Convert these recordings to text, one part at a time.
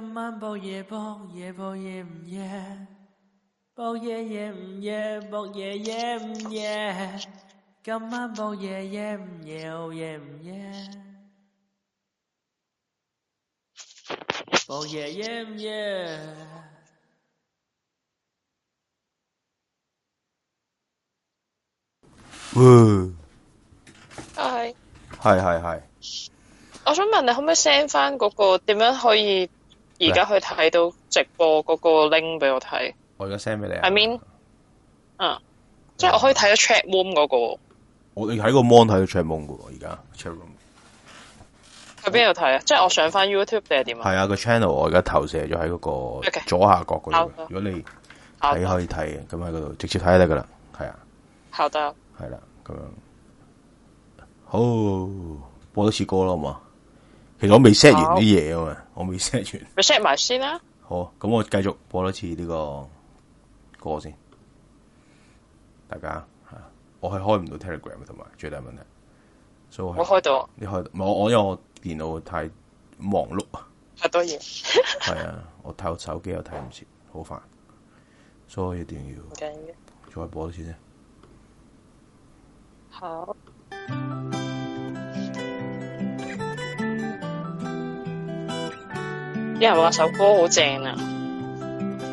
今晚博夜博夜博夜唔夜，博夜夜唔夜，博夜夜唔夜，今晚博夜夜唔夜，夜唔夜，博夜夜唔夜。喂，係，係係係，我想問你可唔可以 send 翻嗰個點樣可以？而家去睇到直播嗰個 link 俾我睇。我而家 send 俾你啊。I mean，嗯，嗯即係我可以睇到 chat room 嗰、嗰個。我你喺個 mon 睇到 chat room 嘅，而家 chat room。去邊度睇啊？即係我上翻 YouTube 定係點啊？係啊，個 channel 我而家投射咗喺嗰個左下角度。Okay. 如果你你可以睇嘅，咁喺嗰度直接睇得噶啦，係啊。好得的。係啦、啊，咁樣。好，播多次歌啦嘛。好其實我未 set 完啲嘢啊嘛，好我未 set 完。你 set 埋先啦。好，咁我繼續播多次呢個歌先。大家吓，我係開唔到 Telegram 同埋最大問題，所以我，我開到。你開到，我我因為我電腦太忙碌啊，太多嘢。係 啊，我睇手機又睇唔切，好煩，所以一定要再播多次先。次。好。嗯有人話首歌好正啊！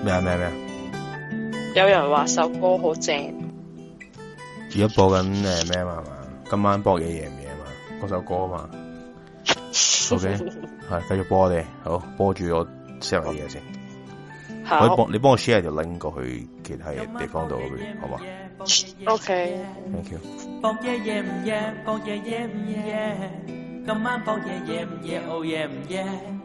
咩啊咩啊咩啊！有人話首歌好正，啊。而家播緊係咩嘛嘛？今晚播夜夜唔夜啊？嘛？嗰首歌啊？嘛？OK，係繼 續播你，好播住我 share 嘢先。好，你幫你幫我 share 條 link 過去其他地方度，好嘛？OK，thank Okay. you 播。播播夜。夜夜。夜。夜夜。夜。夜唔唔唔今晚哦，播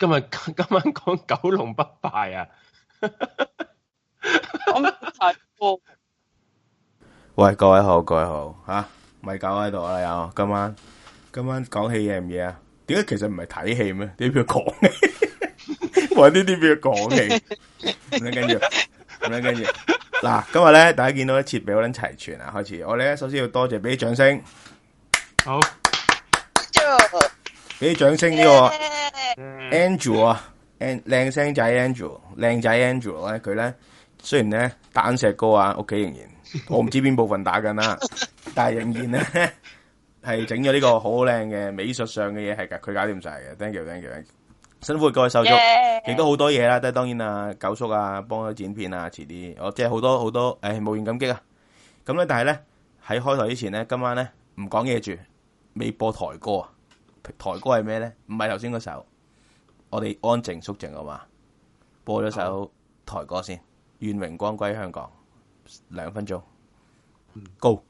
今日今晚講九龍不敗啊！咁係，喂，各位好，各位好，吓咪搞喺度啦！又今晚今晚講戲夜唔夜啊？點解其實唔係睇戲咩？點解要講咧？我呢啲咩講戲？咁樣跟住，咁樣跟住，嗱，今日咧，大家見到啲設備好捻齊全啊！開始，我哋咧首先要多謝，俾啲掌聲，好。俾啲掌聲呢個 Andrew 啊，靚聲仔 Andrew，靚仔 Andrew 咧，佢咧雖然咧打石歌啊，屋企 仍然我唔知邊部分打緊啦，但係仍然咧係整咗呢個好靚嘅美術上嘅嘢係噶，佢搞掂晒嘅。Thank you，thank you，辛苦各位手足。亦都好多嘢啦。都當然啊，九叔啊，幫佢剪片啊，遲啲我即係好多好多，誒，無、哎、感激啊。咁咧，但係咧喺開台之前咧，今晚咧唔講嘢住，未播台歌啊。台歌係咩咧？唔係頭先嗰首，我哋安靜肅靜好嘛？播咗首台歌先。願榮光歸香港，兩分鐘，嗯，Go。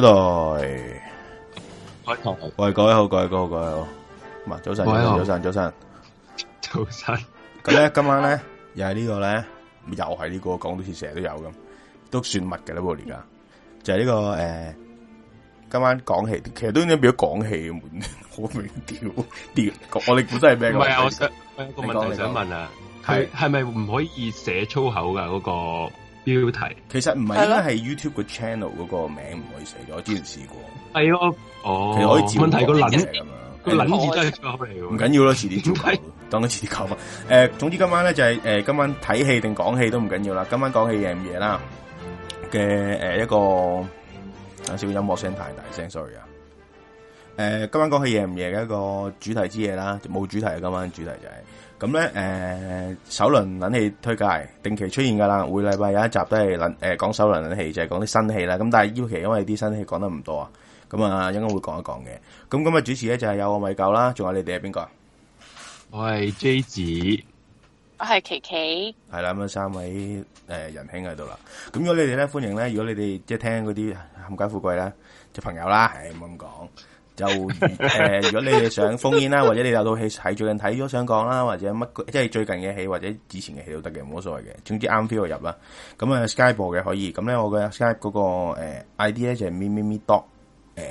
多謝，開台。喂，各位好，各位好，各位好。唔係，早晨，早晨，早晨，早晨。早晨。咁咧，今晚咧，又係呢個咧，又係呢個，講到似成日都有咁，都算密噶啦噃，而家就係呢個誒，今晚講戲，其實都已經變咗講戲咁，我屌屌，我我哋估真係咩？唔係啊，我想有個問題想問啊，係係咪唔可以寫粗口噶嗰個？標題其實唔係啦，係 YouTube 個 channel 嗰個名唔可以寫咗，之前試過。係、哎、哦，其實可以照個問題個撚字啊個撚字係唔緊要咯，遲啲做，題當得遲啲講。誒、呃，總之今晚咧就係、是、誒、呃，今晚睇戲定講戲都唔緊要啦，今晚講戲夜唔夜啦嘅誒、呃，一個有少音樂聲太大聲，sorry 啊。誒、呃，今晚講戲夜唔夜嘅一個主題之夜啦，冇主題啊，今晚主題就係、是。咁咧，誒，首輪撚戲推介定期出現噶啦，每禮拜有一集都係撚，誒，講首輪撚戲就係講啲新戲啦。咁但係尤其因為啲新戲講得唔多啊，咁啊，應該會講一講嘅。咁今日主持咧就係有我米狗啦，仲有你哋係邊個啊？我係 J 子，我係琪琪，係啦咁啊，三位誒人兄喺度啦。咁如果你哋咧歡迎咧，如果你哋即係聽嗰啲冚街富貴啦，就朋友啦，係咁講。 就誒、呃，如果你哋想烽煙啦，或者你有套戲睇最近睇咗想講啦，或者乜即係最近嘅戲或者之前嘅戲都得嘅，冇所謂嘅。總之啱 feel 入啦。咁啊，Skype 嘅可以。咁咧，我嘅 Skype 嗰、那個、呃、ID 咧就係 mimimidog 誒，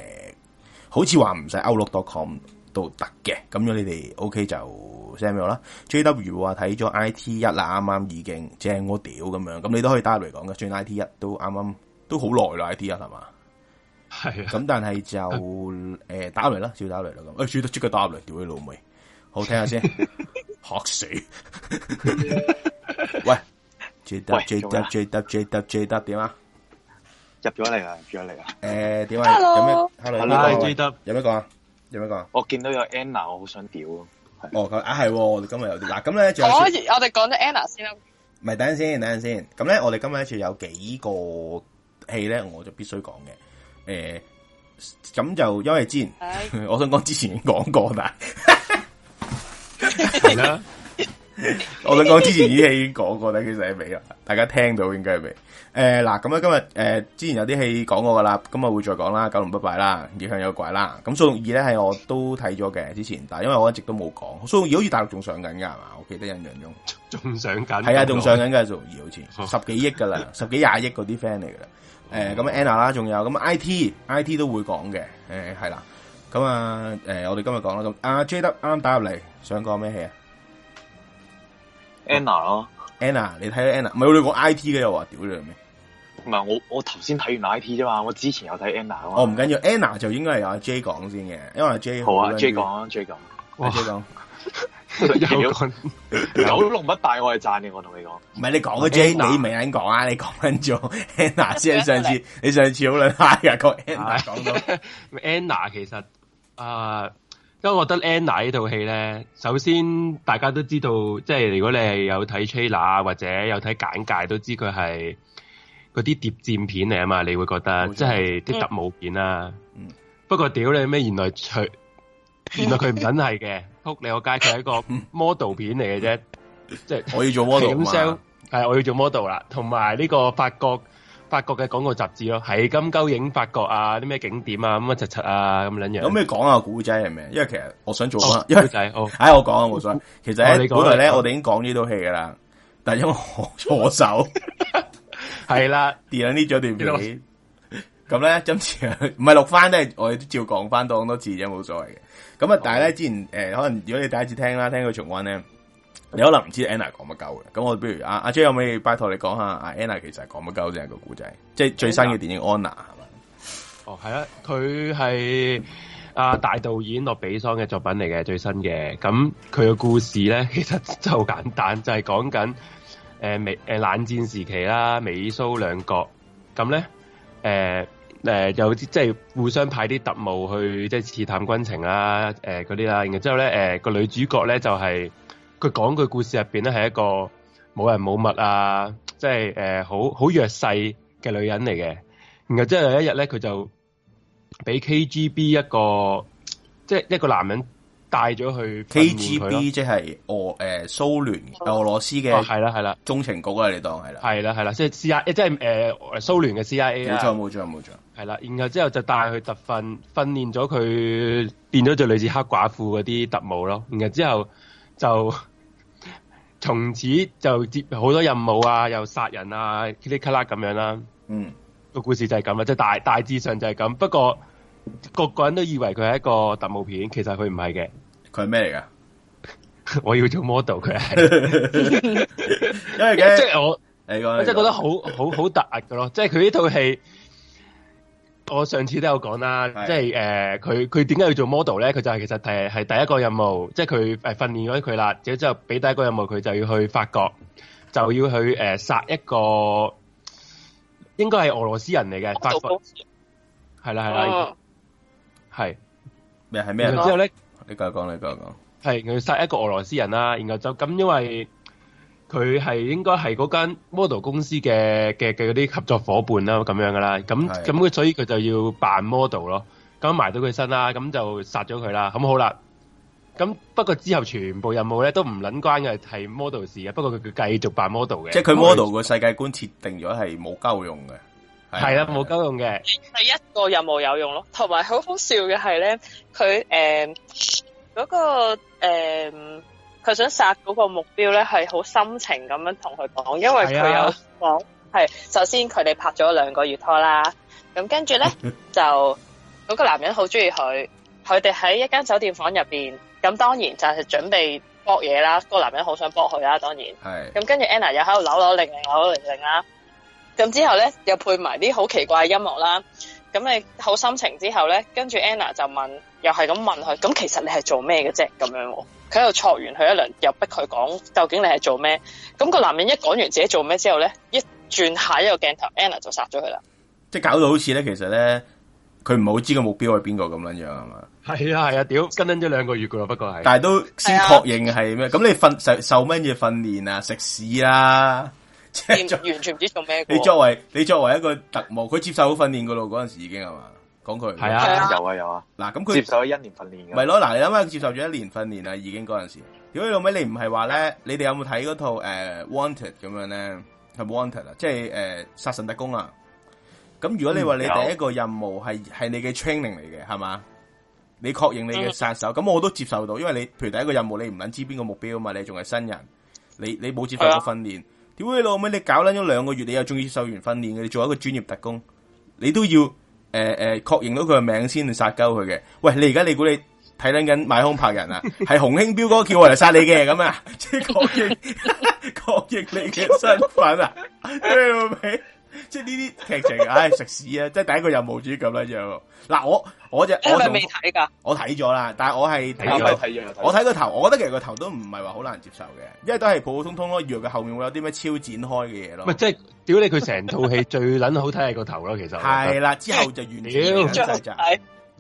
好似話唔使 outlook dot com 都得嘅。咁樣你哋 OK 就 send 俾我啦。JW 話睇咗 IT 一啦，啱啱已經正我屌咁樣。咁你都可以，OK、說剛剛也可以打入嚟講嘅。最 IT 一都啱啱都好耐啦，IT 一係嘛？咁，但係就誒打嚟啦，照打嚟啦咁。誒，朱德即刻打嚟，屌你老味！好聽下先，嚇死。喂，J W J W J W J W J W 點啊？入咗嚟啊！入咗嚟啊！誒，點啊有咩？Hello，Hello，J W 有咩講啊？有咩講啊？我見到有 Anna，我好想屌。哦，係喎，啊係，我哋今日有啲嗱，咁咧就我哋講咗 Anna 先啦。唔係，等陣先，等陣先。咁咧，我哋今日咧就有幾個戲咧，我就必須講嘅。誒，咁、欸、就因為之前，哎、 我想講之前已經講過啦，係啦，我想講之前啲戲已經講過啦，其實係未，啊？大家聽到應該係未。誒、欸，嗱，咁啊，今日誒、欸，之前有啲戲講過噶啦，今日會再講啦，九龍不敗啦，逆向有怪啦，咁《掃毒2》咧係我都睇咗嘅，之前，但係因為我一直都冇講，《掃毒2》好似大陸仲上緊噶係嘛？我記得印象中仲上緊，係啊，仲上緊噶，《掃毒2》好似十幾億噶啦，十幾廿億嗰啲 fan 嚟噶。誒，咁 Anna 啦，仲有咁 IT，IT 都會講嘅，誒係啦，咁啊，誒、欸、我哋今日講啦，咁阿 J 得啱啱打入嚟，想講咩戲啊？Anna 咯，Anna，你睇下 Anna，唔係我哋講 IT 嘅又話，屌你咩？唔係我我頭先睇完 IT 啫嘛，我之前有睇 Anna，哦。我唔緊要，Anna 就應該係阿 J 講先嘅，因為阿 J 好啊，J 講，阿 J 講，阿哇、啊、J 講。 有有龍筆大我係讚嘅，我同你講，唔係你講啊，Anna，你唔係咁講啊，你講緊做 Anna 先，上次你上次好卵嗨啊個 Anna 講到 Anna 其實啊，因為我覺得 Anna 呢套戲咧，首先大家都知道，即係如果你係有睇 trailer 或者有睇簡介都知佢係嗰啲諜戰片嚟啊嘛，你會覺得即係啲特務片啊。不過屌你咩，原來佢，原來佢唔係嘅。你我介佢係一個 model 片嚟嘅啫，即係 我要做 model。咁係， 我要做 model 啦。同埋呢個法國法國嘅廣告雜誌咯，係金鈎影法國啊，啲咩景點啊，咁啊柒柒啊，咁樣樣。有咩講啊？古仔係咩？因為其實我想做啊，古仔哦，唉為、哦哎，我講啊，冇所謂。其實咧，哦、你本來咧，我哋已經講呢套戲噶啦，但係因為我左手，係啦 的，點 樣呢？咗段片咁咧，今次唔係錄翻咧，我哋都照講翻多好多次啫，冇所謂嘅。咁啊！但係咧，Okay. 之前誒、呃，可能如果你第一次聽啦，聽個重温咧，你可能唔知 Anna 講乜鳩嘅。咁我比如阿、啊、阿 J，可唔可以拜託你講下阿 Anna、啊、其實係講乜鳩，定係個故仔？即係最新嘅電影 Anna 係嘛？哦，係啊，佢係大導演諾比桑嘅作品嚟嘅，最新嘅。咁佢嘅故事咧，其實就好簡單，就係講緊誒美誒冷戰時期啦，美蘇兩國咁咧誒。誒、呃、有啲即係互相派啲特務去即係刺探軍情啊，誒啲啦，然後之後咧，誒個女主角咧就係佢講佢故事入邊咧係一個冇人冇物啊，即係誒好好弱勢嘅女人嚟嘅，然後之後有一日咧，佢就俾 KGB 一個即係一個男人。帶咗去 KGB，即係俄誒蘇聯、俄羅斯嘅，係啦，係啦，中情局啊，你當係啦，係啦，係啦，即係 CIA，即係誒蘇聯嘅 CIA，冇錯冇錯冇錯，係啦，然後之後就帶佢特訓，訓練咗佢變咗就類似黑寡婦嗰啲特務咯，然後之後就從此就接好多任務啊，又殺人啊，噼里咔啦咁樣啦，嗯，個故事就係咁啦，即係大大致上就係咁，不過，個個人都以為佢係一個特務片，其實佢唔係嘅。佢係咩嚟噶？ 我要做 model，佢係， 因為即係 我，你說我真係覺得很 好好好突兀嘅咯。即係佢呢套戲，我上次都有講啦，的即係誒，佢佢點解要做 model 咧？佢就係其實係係第一個任務，即係佢誒訓練咗佢啦，之後俾第一個任務，佢就要去法國，就要去誒殺、呃、一個應該係俄羅斯人嚟嘅，法國，係啦係啦。係咩？係咩？然之後咧，你繼續講，你繼續講，係佢殺一個俄羅斯人啦，然後就咁，因為佢係應該係嗰間 model 公司嘅嘅嘅嗰啲合作伙伴啦，咁樣噶啦，咁咁佢所以佢就要扮 model 咯，咁埋到佢身啦，咁就殺咗佢啦，咁好啦。咁不過之後全部任務咧都唔撚關嘅，係 model 事啊。不過佢佢繼續扮 model 嘅，即係佢 model 嘅世界觀設定咗係冇夠用嘅。係啦，冇鳩用嘅。第一個任務有用咯，同埋好好笑嘅係咧，佢誒嗰個誒，佢、嗯、想殺嗰個目標咧，係好深情咁樣同佢講，因為佢有講，係的、嗯、首先佢哋拍咗兩個月拖啦，咁跟住咧就嗰個男人好中意佢，佢哋喺一間酒店房入邊，咁當然就係準備搏嘢啦，個男人好想搏佢啦，當然係，咁跟住 Anna 又喺度扭扭擰擰扭扭擰擰啦、啊。咁之後咧又配埋啲好奇怪嘅音樂啦，咁你好心情之後咧，跟住 Anna 就問，又係咁問佢，咁其實你係做咩嘅啫？咁樣，佢喺度戳完佢一輪，又逼佢講究竟你係做咩？咁、那個男人一講完自己做咩之後咧，一轉一下一個鏡頭，Anna 就殺咗佢啦。即係搞到好似咧，其實咧佢唔好知個目標係邊個咁樣樣啊？係啊係啊，屌跟咗兩個月噶啦，不過係。但係都先確認係咩？咁、啊、你訓受受乜嘢訓練啊？食屎啊！」完全唔知做咩。你作為你作為一個特務，佢接受好訓練噶咯，嗰陣時已經係嘛？講佢係啊、嗯，有啊，有啊。嗱，咁佢接受咗一年訓練。咪咯，嗱，你諗下，佢接受咗一年訓練啊，已經嗰陣時。屌你老味，你唔係話咧？你哋有冇睇嗰套誒《Wanted》咁樣咧？係《Wanted》啊，即係誒《殺神特工》啊。咁如果你話你第一個任務係係、嗯、你嘅 training 嚟嘅，係嘛？你確認你嘅殺手，咁、嗯、我都接受到，因為你譬如第一個任務，你唔捻知邊個目標啊嘛，你仲係新人，你你冇接受過訓練。屌你老味，你搞捻咗兩個月，你又鍾意受完訓練嘅？你做一個專業特工，你都要誒誒確認到佢嘅名先去殺鳩佢嘅。喂，你而家你估你睇捻緊買空拍人啊？係洪興彪哥叫我嚟殺你嘅，咁、即係、啊？確認確認你嘅身份啊？係咪？即係呢啲劇情，唉食屎啊！即係第一個任務主要咁啦，就嗱我我就我未睇噶，我睇咗啦，但係我係睇咗，睇咗，我睇個頭，我覺得其實個頭都唔係話好難接受嘅，因為都係普普通通咯。我以為佢後面會有啲咩超展開嘅嘢咯，唔即係屌你，佢成套戲最捻好睇係個頭咯，其實係啦，之後就完全最細隻，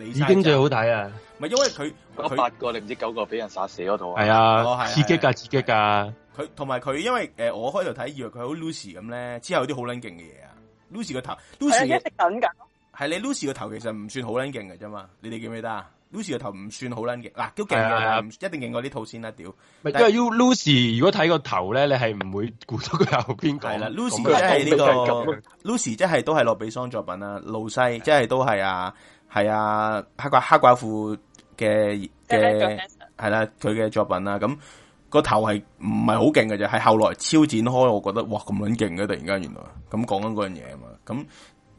已經最好睇啊！唔係因為佢八個你唔知九個俾人殺死嗰套，係啊刺激噶，刺激噶，佢同埋佢因為誒我開頭睇以為佢好 Lucy 咁咧，之後有啲好捻勁嘅嘢。Lucy 個頭，Lucy 識等㗎，係你 Lucy 個頭其實唔算好撚勁嘅啫嘛，你哋記唔記得啊？Lucy 個頭唔算好撚勁，嗱都勁嘅，一定勁過呢套先啦，屌！因為 Lucy 如果睇個頭咧，你係唔會估到佢後邊。係啦，Lucy 即係呢個，Lucy 即係都係洛比桑作品啦，路西即係都係啊，係啊黑寡黑寡婦嘅嘅係啦，佢嘅作品啦，咁。那個頭係唔係好勁嘅啫，係後來超展開，我覺得哇咁撚勁嘅，突然間原來咁講緊嗰樣嘢啊嘛，咁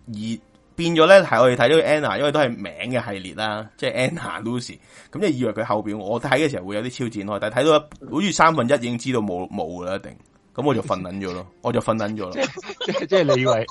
而變咗咧係我哋睇到 Anna，因為都係名嘅系列啦，即係 Anna、Lucy，咁即以為佢後邊我睇嘅時候會有啲超展開，但係睇到好似三分一已經知道冇冇啦，一定，咁我就瞓撚咗咯，我就瞓撚咗咯， 即係你以為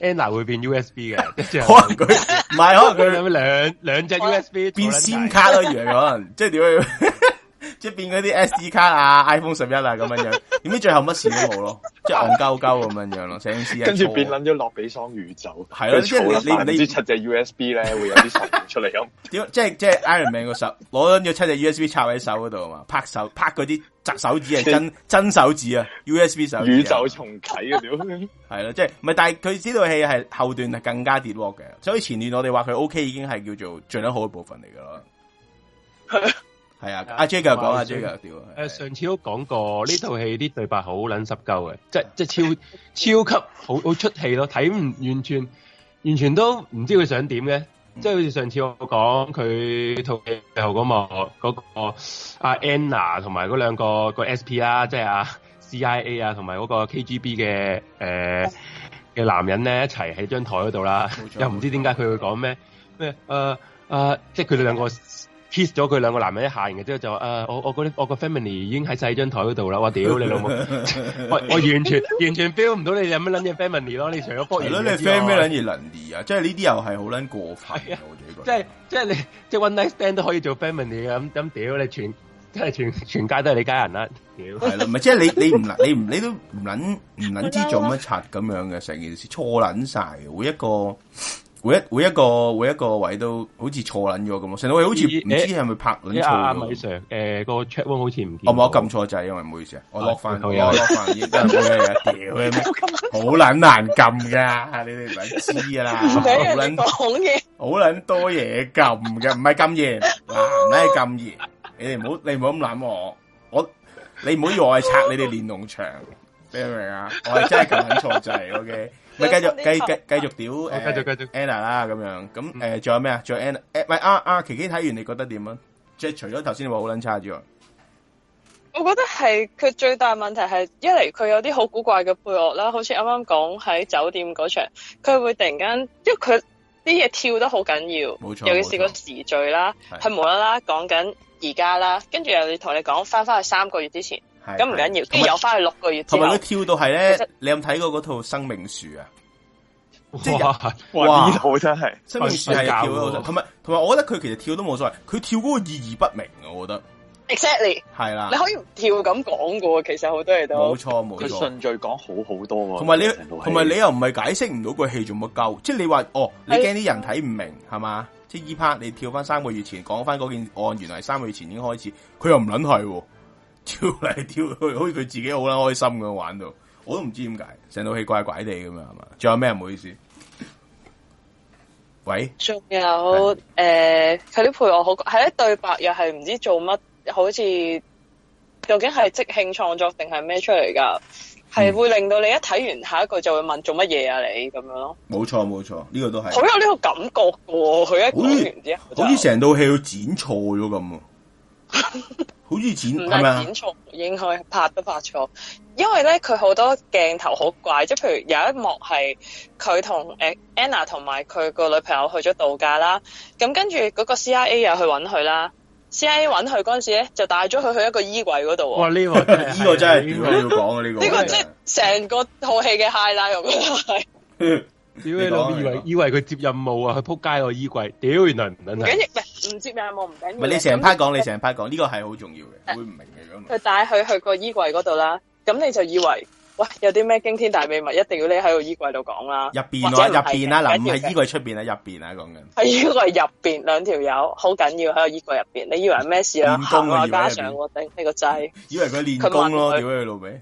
Anna 會變 USB 嘅，可能佢唔係，可能佢諗兩兩隻 USB 變 SIM 卡咯，而可能即係點樣？即係變嗰啲 S D 卡啊，iPhone 十一啊咁樣樣，點知最後乜事都冇咯，即係戇鳩鳩咁樣樣咯，人 跟住變撚咗諾比桑宇宙，係咯、啊，呢係七隻 U S B 咧會有啲事出嚟咁，點 即係即係 Iron Man 手個手攞咗七隻 U S B 插喺手嗰度嘛，拍手拍嗰啲砸手指係真 真手指啊，U S B 手 宇宙重啟啊屌！係咯、 啊，即係唔係？但係佢呢套戲係後段係更加跌落嘅，所以前段我哋話佢 O K 已經係叫做最良好嘅部分嚟噶咯。 係啊，阿 Jack 又講阿 Jack 又屌。誒，上次都講過呢套戲啲對白好撚濕鳩嘅，即係即係超超級好好出戲咯，睇唔完全，完全都唔知佢想點嘅。即係好似上次我講佢套戲後嗰幕嗰個阿 Anna 同埋嗰兩個個 SP 啊，即係啊 CIA 啊，同埋嗰個 KGB 嘅誒嘅男人咧，一齊喺張台嗰度啦，又唔知點解佢會講咩咩誒誒，即係佢哋兩個。kiss 咗佢兩個男人一行嘅，之後就話：誒、啊，我我嗰啲我個 family 已經喺細張台嗰度啦！我屌 你老母，我，我完全 完全 feel 唔到你有有乜捻嘢 family 咯！你除咗博完，係咯，你 family 捻嘢 l i n 啊？即係呢啲又係好捻過分啊！了我自己覺得，即係即係你即係 one night stand 都可以做 family 嘅咁咁屌你全即係全全，全街都係你家人啦屌！係咯， 唔係即係你你唔捻你唔你都唔捻唔捻知做乜柒咁樣嘅成件事錯捻晒，每一個。每一每一個每一個位都好似錯撚咗咁，成日好似唔知係咪拍撚錯咗。阿米常，誒個 check one 好似唔。我冇撳錯掣啊，咪米常，我落飯同人。我落飯亦都係冇咩嘢，屌你咩？好撚難撳噶，你哋唔知噶啦。好撚多講嘢，好撚多嘢撳嘅，唔係撳熱嗱，唔係撳熱，你哋唔好你唔好咁諗我，我你唔好以為我係拆你哋練龍場，你明唔明啊？我係真係撳撚錯掣，OK。咪繼續繼繼繼續屌，哦呃，繼續繼續 Anna 啦咁樣，咁誒仲有咩啊？仲有 Anna，唔係阿阿琪琪睇完你覺得點啊？即係除咗頭先你話好撚差之外，我覺得係佢最大問題係一嚟佢有啲好古怪嘅配樂啦，好似啱啱講喺酒店嗰場，佢會突然間，因為佢啲嘢跳得好緊要，錯尤其是個時序啦，係無啦啦講緊而家啦，是是跟住又同你講翻翻去三個月之前。咁唔緊要，跟住又翻去六個月之後同埋佢跳到係咧，你有睇過嗰套《生命樹》啊？哇！哇！呢套真係《生命樹》係跳嗰個，同埋同埋，我覺得佢其實跳都冇所謂，佢跳嗰個意義不明，我覺得。Exactly，係啦，你可以跳咁講噶，其實好多嘢都冇錯冇錯，順序講好好多。同埋你，同埋你又唔係解釋唔到個戲做乜鳩？即係你話哦，你驚啲人睇唔明係嘛？即係依 part 你跳翻三個月前講翻嗰件案，原來係三個月前已經開始，佢又唔捻係。超跳嚟跳去，好似佢自己好啦，開心咁玩到，我都唔知點解成套戲怪怪地咁樣，係嘛？仲有咩？唔好意思，喂？仲有誒，佢啲配樂好係一對白又係唔知做乜，好似究竟係即興創作定係咩出嚟噶？係、嗯、會令到你一睇完下一句就會問做乜嘢啊你？你咁樣咯？冇錯冇錯，呢、這個都係好有呢個感覺噶、哦。佢一講完之後好似成套戲要剪錯咗咁。 好易剪，係咪啊？應該拍都拍錯，因為咧佢好多鏡頭好怪，即係譬如有一幕係佢同誒 Anna 同埋佢個女朋友去咗度假啦，咁跟住嗰個 CIA 又去揾佢啦，CIA 揾佢嗰陣時咧就帶咗佢去一個衣櫃嗰度。哇，呢個呢個真係應該要講啊！呢個呢個真係成個套戲嘅 highlight，我覺得係。屌你老味！以為以為佢接任務啊，去扑街個衣櫃，屌，原來唔緊要。唔接任務唔緊要。你成排講，你成排講，呢個係好重要嘅，會唔明嘅。佢帶佢去個衣櫃嗰度啦，咁你就以為，喂，有啲咩驚天大秘密，一定要匿喺個衣櫃度講啦。入邊喎，入邊啦，諗喺衣櫃出邊啊，入邊啊，講嘅。喺衣櫃入邊，兩條友好緊要喺個衣櫃入邊，你以為咩事啊？練功啊，加上我頂你個劑。以為佢練功咯，屌你老味。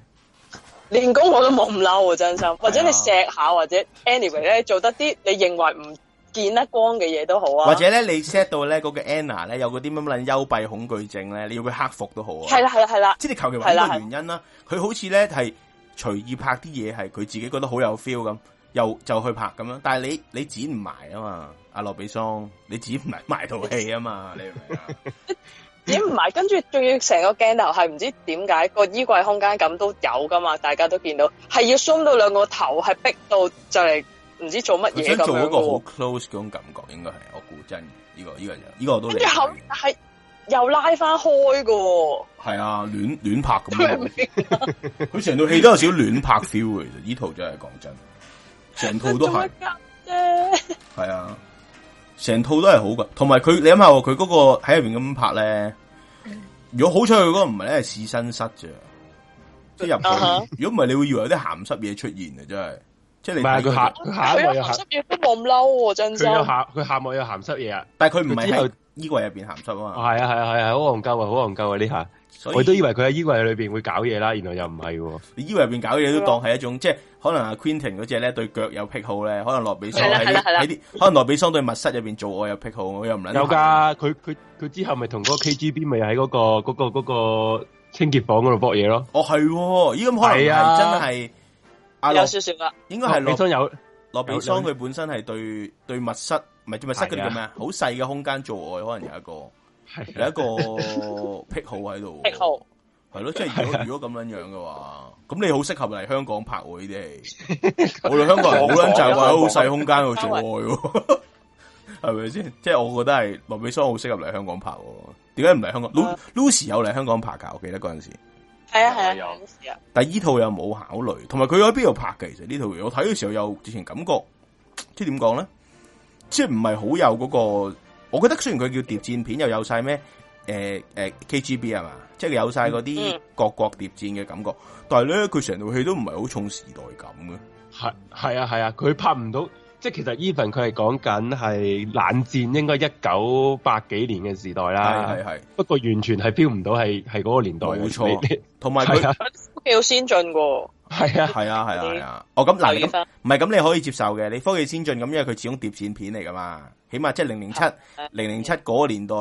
練功我都冇咁嬲啊，真心或者你錫下或者 anyway 咧做得啲你認為唔見得光嘅嘢都好啊，或者咧你 set 到咧個個 Anna 咧有嗰啲咁乜捻幽閉恐懼症咧，你要佢克服都好啊。係啦，係啦，係啦。即係你求其搵個個原因啦，佢好似咧係隨意拍啲嘢，係佢自己覺得好有 feel 咁，又就去拍咁樣。但係你你剪唔埋啊嘛，阿羅比桑，你剪唔埋埋套戲啊嘛， 你明唔明啊？ 咦唔係，跟住仲要成個鏡頭係唔知點解個衣櫃空間咁都有噶嘛？大家都見到係要 Zoom 到兩個頭，係逼到就係唔知做乜嘢咁想做一個好 close 嗰種感覺，應該係我估真呢、這個呢、這個人呢、這個我都後係又拉翻開噶，係啊，亂亂拍咁樣。佢成 套戲都有少亂拍 feel 嘅，其實呢套真係講真，成套都係係啊。成套都係好噶，同埋佢你諗下佢嗰個喺入邊咁拍咧，如果好彩佢嗰個唔係咧係試身室啫，即係入去。如果唔係，你會以為有啲鹹濕嘢出現啊！真係，即係你唔係佢鹹，佢、啊、下一個有鹹濕嘢都冇咁嬲啊！真真佢有佢下我有鹹濕嘢啊！但係佢唔係喺衣櫃入邊鹹濕啊嘛。係啊係啊係啊，好戇鳩啊，好戇鳩啊呢下。我都以為佢喺衣櫃裏邊會搞嘢啦，原來又唔係喎。你衣櫃入邊搞嘢都當係一種，即係可能阿 Quentin 嗰隻咧對腳有癖好咧，可能羅比桑喺啲，可能羅比桑對密室入邊做愛有癖好，我又唔撚有噶。佢佢佢之後咪同嗰個 KGB 咪喺嗰個嗰個嗰個清潔房嗰度搏嘢咯。哦，係，咦，咁可能係真係有少少啦。應該係羅比桑有羅比桑，佢本身係對對密室唔係密室嗰啲叫咩啊？好細嘅空間做愛，可能有一個。係一個癖好喺度，癖好係咯，即係如果是的如果咁樣樣嘅話，咁你好適合嚟香港拍喎呢啲。 我哋香港人好捻就係喺好細空間度做愛，係咪先？即係我覺得係羅美霜好適合嚟香港拍。點解唔嚟香港、啊、l o u c y 有嚟香港拍噶，我記得嗰陣時係啊係啊，但係呢套又冇考慮，同埋佢喺邊度拍嘅？其實呢套我睇嘅時候有之前感覺，即係點講咧？即係唔係好有嗰、嗰個。我覺得雖然佢叫諜戰片，又有晒咩誒誒 KGB 啊嘛，即係有晒嗰啲各國諜戰嘅感覺，但係咧佢成套戲都唔係好重時代感嘅。係係啊係啊，佢、啊、拍唔到，即係其實 even 佢係講緊係冷戰，應該一九八幾年嘅時代啦。係係，不過完全係 feel 唔到係係嗰個年代。冇錯，同埋佢。要先進嘅，係啊，係啊，係啊，係啊。嗯、哦，咁嗱，咁唔係咁，你，你可以接受嘅。你科技先進咁，因為佢始終碟線片片嚟噶嘛，起碼即係零零七、零零七嗰個年代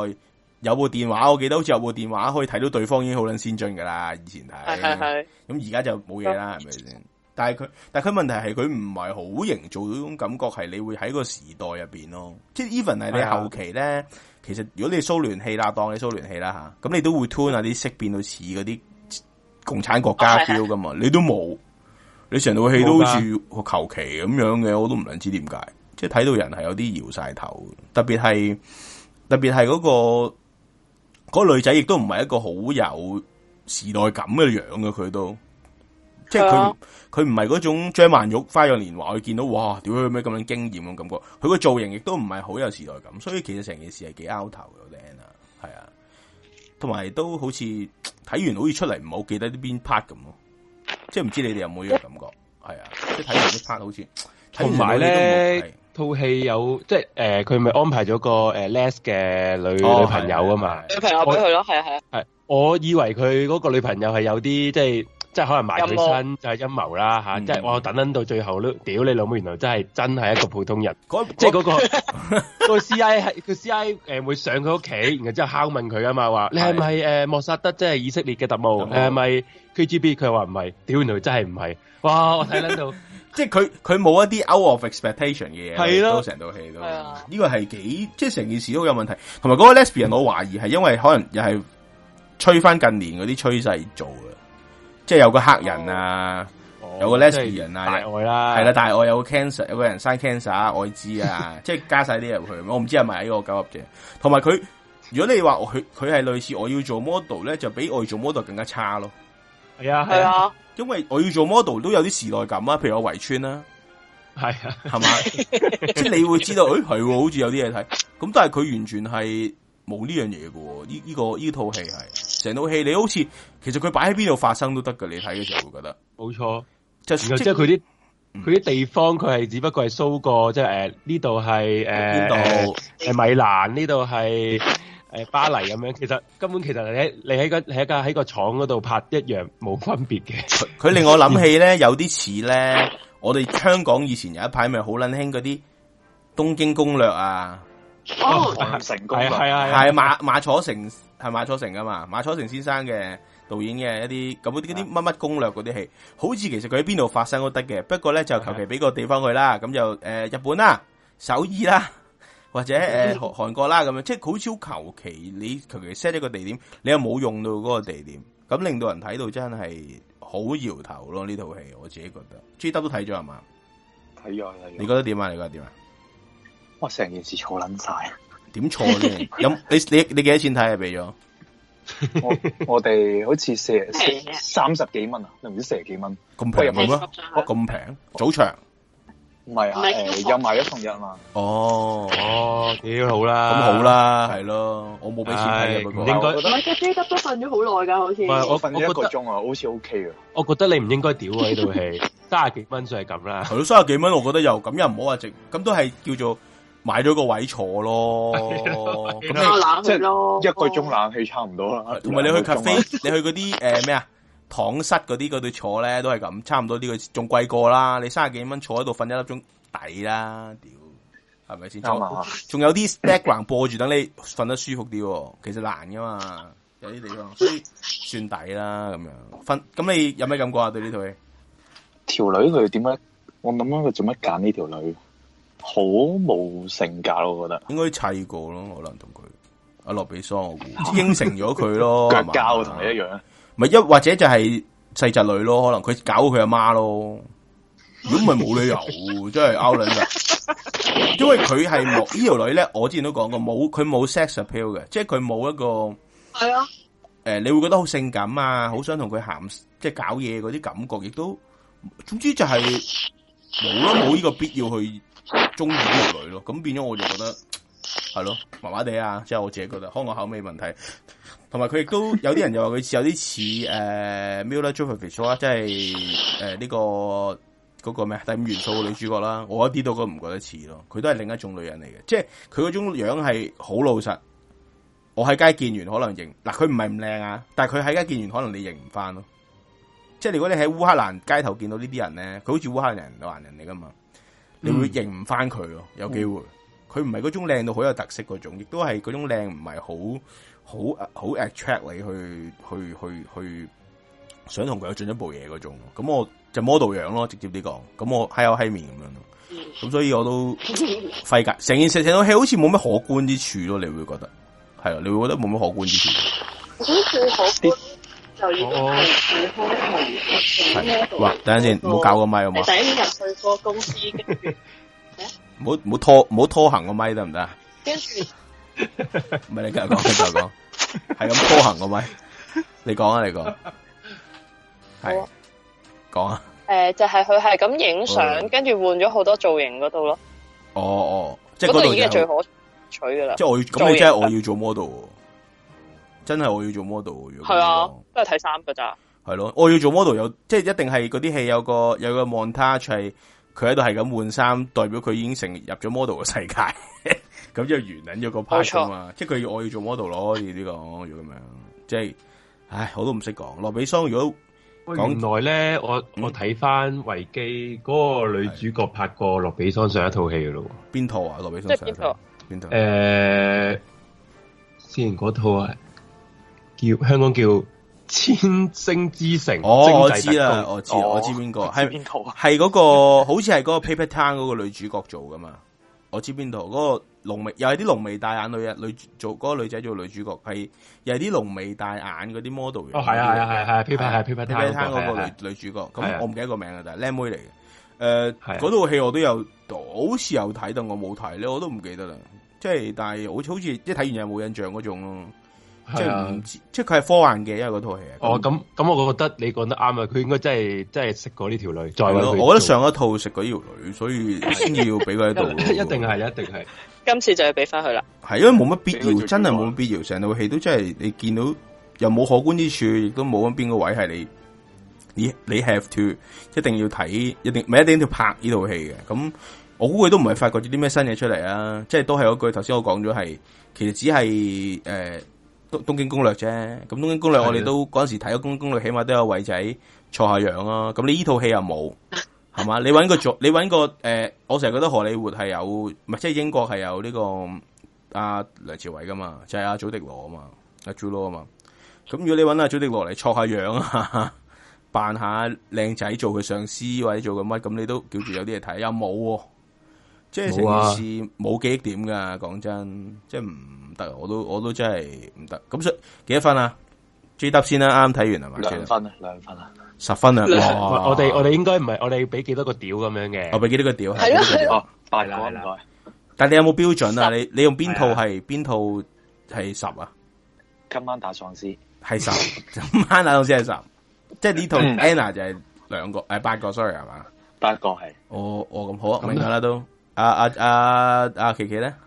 有部電話，的我記得好似有部電話可以睇到對方已經好撚先進噶啦。以前係係係，咁而家就冇嘢啦，係咪先？但係佢，但係佢問題係佢唔係好營造到種感覺，係你會喺個時代入邊咯。即係 even 係你後期咧，的其實如果你蘇聯戲啦，當你蘇聯戲啦吓，咁你都會 turn 吓啲色變到似嗰啲。共產國家 feel 噶嘛？你都冇，你成套戲都好似求其咁樣嘅，我都唔能知點解。即係睇到人係有啲搖晒頭，特別係特別係嗰個嗰個女仔，亦都唔係一個好有時代感嘅樣嘅。佢都即係佢佢唔係嗰種張曼玉《花樣年華》，佢見到哇，屌佢咩咁樣經驗？咁感覺。佢個造型亦都唔係好有時代感，所以其實成件事係幾 out 頭嘅。同埋都好似睇完好似出嚟唔好記得啲邊 part 咁，即係唔知你哋有冇呢個感覺？係啊，即係睇完啲 part 好似。同埋咧，套戲有，有即係誒，佢、呃、咪安排咗個誒 Les 嘅女、哦、女朋友啊嘛，女朋友俾佢咯，係啊係啊。係，我以為佢嗰個女朋友係有啲即係。即係可能埋起身，就係陰謀啦吓！即係我等等到最後都屌你老母，原來真係真係一個普通人。即係嗰個嗰個 C I 係，個 C I 誒會上佢屋企，然後之後敲問佢啊嘛，話你係咪誒莫薩德，即係以色列嘅特務？誒係咪 K G B？佢話唔係，屌！原來真係唔係。哇！我睇到即係佢佢冇一啲 out of expectation 嘅嘢，係咯，成套戲都呢個係幾即係，成件事都有問題。同埋嗰個 Lesbian，我懷疑係因為可能又係吹翻近年嗰啲趨勢做嘅。即係有個黑人啊，oh. Oh. 有個 Lesbian、啊、大愛啦，係啦，但係我有個 cancer，有個人生 cancer，愛滋啊， 即係加晒啲入去，我唔知係咪喺個九合者，同埋佢如果你話佢佢係類似我要做 model 咧，就比我要做 model 更加差咯。係啊係啊，因為我要做 model 都有啲時代感啊，譬如我圍村啦，係啊，係嘛，即係你會知道，誒、哎、係好似有啲嘢睇，咁但係佢完全係冇呢樣嘢㗎喎，呢、呢個呢套戲係。成套戲你好似，其實佢擺喺邊度發生都得噶。你睇嘅時候會覺得冇錯，即係即係佢啲佢啲地方，佢係只不過係 show 過，即係誒呢度係誒邊度係米蘭，呢度係誒巴黎咁樣。其實根本其實你你喺個你喺個喺個廠嗰度拍一樣冇分別嘅。佢令我諗起咧，有啲似咧，我哋香港以前有一排咪好捻興嗰啲《東京攻略》啊，啊韓城攻略啊，係啊係馬馬楚成。係馬楚成啊嘛，馬楚成先生嘅導演嘅一啲咁啲啲乜乜攻略嗰啲戲，好似其實佢喺邊度發生都得嘅，不過咧就求其俾個地方去啦，咁就誒、呃、日本啦、首爾啦，或者誒韓韓國啦咁樣，即係好似求其你求其 set 一個地點，你又冇用到嗰個地點，咁令到人睇到真係好搖頭咯呢套戲，我自己覺得。G W 睇咗係嘛？睇咗，睇咗。你覺得點啊？你覺得點啊？我成件事錯捻晒。點錯咧？有你你你幾多錢睇啊？俾咗我我哋好似四四三十幾蚊啊，定唔知四十幾蚊咁平咁平？咁平早場唔係啊？有買一送一嘛？哦哦，幾好啦，咁好啦，係咯，我冇俾錢睇嘅應該。唔係嘅，J 耷都瞓咗好耐噶，好似瞓咗一個鐘啊，好似 OK 啊。我覺得你唔應該屌啊呢套戲，三十幾蚊就係咁啦。係咯，三十幾蚊，我覺得又咁又唔好話值，咁都係叫做。買咗個位坐咯，即係咯，一個鐘冷氣差唔多啦。同埋、哦、你去 cafe， 你去嗰啲誒咩啊躺室嗰啲嗰度坐咧都係咁，差唔多呢、這個仲貴過啦。你卅幾蚊坐喺度瞓一粒鐘抵啦，屌係咪先？仲吧有仲有啲 background 播住等你瞓得舒服啲，其實難噶嘛，有啲地方所以算抵啦咁樣。瞓咁你有咩感覺啊？對呢套戲，條女佢點解？我諗諗佢做乜揀呢條女？好冇性格咯，我覺得應該砌過、啊啊、咯，可能同佢阿洛比桑應承咗佢咯，教膠同你一樣，唔係一或者就係細侄女咯，可能佢搞佢阿媽咯，如果唔係冇理由， 真係 out 因為佢係、這個、呢條女咧，我之前都講過，冇佢冇 sex appeal 嘅，即係佢冇一個係啊，誒、呃、你會覺得好性感啊，好想同佢咸即係搞嘢嗰啲感覺，亦都總之就係冇咯，冇呢個必要去。中意呢個女咯，咁變咗我就覺得係咯，麻麻地啊，即係、就是、我自己覺得，香港口味問題，同埋佢亦都有啲人又話佢似有啲似誒 Milla Jovovich 啦，即係誒呢個嗰、那個咩第五元素嘅女主角啦。我一啲都覺得唔覺得似咯，佢都係另一種女人嚟嘅，即係佢嗰種樣係好老實。我喺街見完可能認，嗱佢唔係唔靚啊，但係佢喺街見完可能你認唔翻咯。即係如果你喺烏克蘭街頭見到呢啲人咧，佢好似烏克蘭人、俄人嚟噶嘛。你會認唔翻佢咯？有機會，佢唔係嗰種靚到好有特色嗰種，亦都係嗰種靚唔係好好好 attract 你去去去去想同佢有進一步嘢嗰種。咁我就 model 樣咯，直接啲講。咁我 high 有 high 面咁樣，咁所以我都費格成件事成套戲好似冇咩可觀之處咯。你會覺得係喇，你會覺得冇咩可觀之處？好似可就已經係去等下先，唔好搞個咪、哦、好唔嗎好？你第一日去個公司，跟住唔好唔好拖唔好拖行個咪得唔得啊？跟住唔係你繼續講，繼 續講，係咁拖行個咪。你講啊，你講，係講啊。誒、哦吧呃，就係佢係咁影相，跟住換咗好多造型嗰度咯。哦哦，即係嗰度已經係最可取噶啦。即係我咁，型我即係我要做 model。真係我要做 model，啊，如果係啊，都係睇衫噶咋？係咯，我要做 model，有即係一定係嗰啲戲有個有個 montage 係佢喺度係咁換衫，代表佢已經成入咗 model 嘅世界。咁即係完撚咗個 part 啊嘛，錯即係佢要我要做 model 咯，以、這、呢個要咁樣。即係，唉，我都唔識講。羅比桑如果講來咧，我我睇翻維基嗰，那個女主角拍過羅比桑上一套戲嘅咯，邊套啊？羅比桑邊套？邊套？誒，uh, 之前嗰套啊。叫香港叫千星之城，我知啦，我知，我知邊個，係邊套啊？係嗰個，好似係嗰個 paper town 嗰個女主角做噶嘛？我知邊套，嗰個濃眉又係啲濃眉大眼女啊，女做個女仔做女主角，係又係啲濃眉大眼嗰啲 model。哦，係啊，係啊，係啊，paper 係 paper paper town 嗰個女女主角。咁我唔記得個名啦，但係靚妹嚟嘅。誒，嗰套戲我都有，好似有睇到，我冇睇咧，我都唔記得啦。即係但係好似好似一睇完又冇印象嗰種咯。啊、即係唔知即係佢係科幻嘅，因為嗰套戲。哦，咁咁那，我覺得你講得啱啊！佢應該真係真係識過呢條女。再咯的，做我覺得上一套識過呢條女，所以先至要俾佢喺度。一定係，一定係。今次就要俾翻佢啦。係因為冇乜必要，必要真係冇乜必要。成套戲都真係你見到又冇可觀之處，亦都冇邊個位係你你你 have to 一定要睇，一定唔係一定要拍呢套戲嘅。咁我估佢都唔係發覺啲咩新嘢出嚟啊！即係都係嗰句，頭先我講咗係，其實只係誒。呃東京攻略啫，咁東京攻略我哋都嗰陣的時睇《東京攻略》，起碼都有偉仔坐下樣啊！咁你依套戲又冇，係嘛？你搵個做，你搵個誒、呃，我成日覺得荷里活係有，唔係即係英國係有呢、這個阿、啊、梁朝偉噶嘛，就係、是、阿、啊、祖迪羅啊嘛，阿朱羅啊嘛。咁如果你搵阿祖迪羅嚟坐下樣啊，哈哈扮下靚仔做佢上司或者做佢乜，咁你都叫住有啲嘢睇，又、啊、冇。即係成件事冇記憶點噶講真，即係唔得，我都我都真係唔得。咁所以幾多分啊？GW 先啦，啱啱睇完係咪？兩分啊，兩分啊，十分啊，我哋我哋應該唔係，我哋俾幾多個屌咁樣嘅，我俾幾多個屌係咯，係咯，拜拜唔該。但你有冇標準啊？你你用邊套係邊套係十啊？今晚打喪屍係十，今晚打喪屍係十，即係呢套 Anna 就係兩個，係八個，sorry 係嘛？八個係，哦哦咁好，明白啦都。阿阿阿阿琪琪咧，咁、啊啊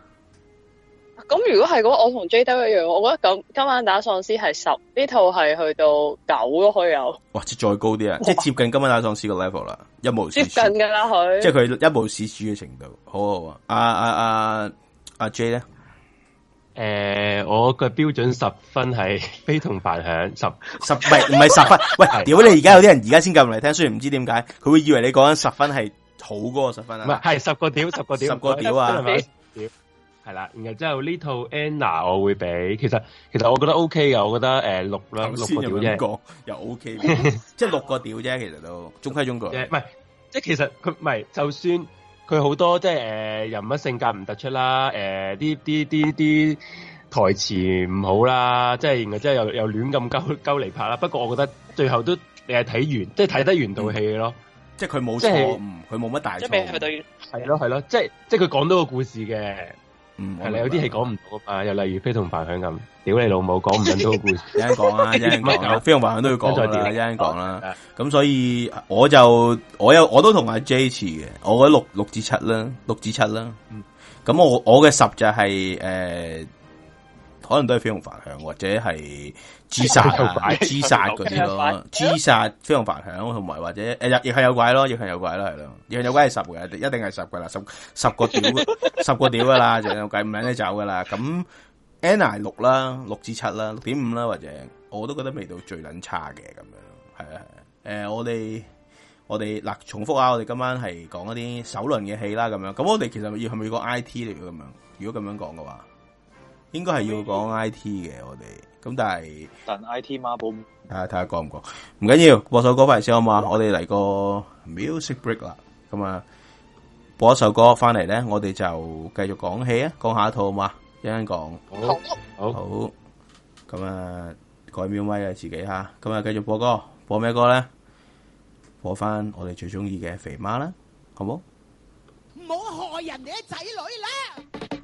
啊啊、如果係嘅、那個、我同 J 都一樣，我覺得咁今晚打喪屍係十呢套係去到九咯，佢又哇即再高啲啊，哇即係接近今晚打喪屍個 level 啦，一無接近噶啦佢，即係佢一無是處嘅程度，好,好啊，阿阿阿 J 咧，誒、啊啊呃，我個標準十分係非同凡響，十十唔係唔係十分， 喂，如果你而家有啲人而家先撳入嚟聽，雖然唔知點解，佢會以為你講緊十分係。 好過十分啊，唔係，係十個屌，十個屌，十個屌怪啊係咪？係啦，然後之後呢套 Anna 我會俾，其實其實我覺得 OK 嘅，我覺得誒六啦，六，剛才 六個屌啫，又 OK， 即係六個屌啫，其實都中規中矩，唔、呃、係即係其實佢唔係就算佢好多即係誒人物性格唔突出啦，誒啲啲啲啲台詞唔好啦，即係然後之後又又亂咁鳩鳩嚟拍啦，不過我覺得最後都你係睇完，即係睇得完套戲咯。嗯即係佢冇錯，佢冇乜大錯。即係佢對係咯係咯，即係即係佢講到個故事嘅，係咪、嗯、是有啲係講唔到啊？又例如非同凡響咁，屌你老母講唔到個故事，的一陣講啦，一陣講非同凡響都要講啦，一陣講啦。咁的所以我就我有，我都同阿 Jay 似嘅，我嘅六六至七啦，六至七啦。咁、嗯、我我嘅十就係、是、誒。呃可能都係非常凡響，或者係自殺啊，自殺嗰啲咯，自殺非常凡響，同埋或者誒，亦係有鬼咯，亦係有鬼咯，係咯，有鬼係十嘅，一定係十嘅啦，十十個屌，十個屌噶 啦，就有鬼唔肯走噶啦。咁 Anna 六啦，六至七啦，六點五啦，或者我都覺得未到最撚差嘅咁樣，係啊，誒、呃，我哋我哋嗱重複下，我哋今晚係講一啲首輪嘅戲啦，咁樣，咁我哋其實要係咪要個 I T 嚟咁樣？如果咁樣講嘅話。應該係要講 I T 嘅，我哋咁但係但 I T 孖寶，睇下睇下講唔講，唔緊要，播首歌翻嚟先好嘛，我哋嚟個 music break 啦，咁啊播一首歌翻嚟咧，我哋就繼續講戲啊，講下一套好嘛，一陣講，好，好，咁啊，改變威嘅自己吓，咁啊繼續播歌，播咩歌咧？播翻我哋最中意嘅肥媽啦，好冇？唔好害人哋嘅仔女啦！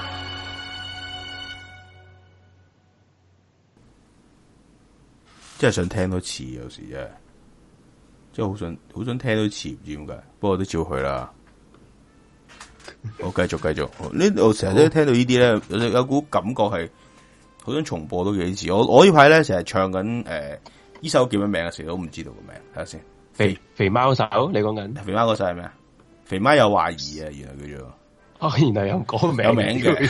真係想聽多次，有時啫，真係好想好想聽多次，唔知點解。不過都照去啦。好，繼續繼續。呢度成日都聽到呢啲咧，有有股感覺係好想重播多幾次。我我呢排咧成日唱緊誒呢首叫咩名啊？成日都唔知道個名。睇下先。肥肥貓首，你講緊肥貓嗰首係咩啊？肥貓有懷疑啊，原來叫做。啊！然唔講改名嘅，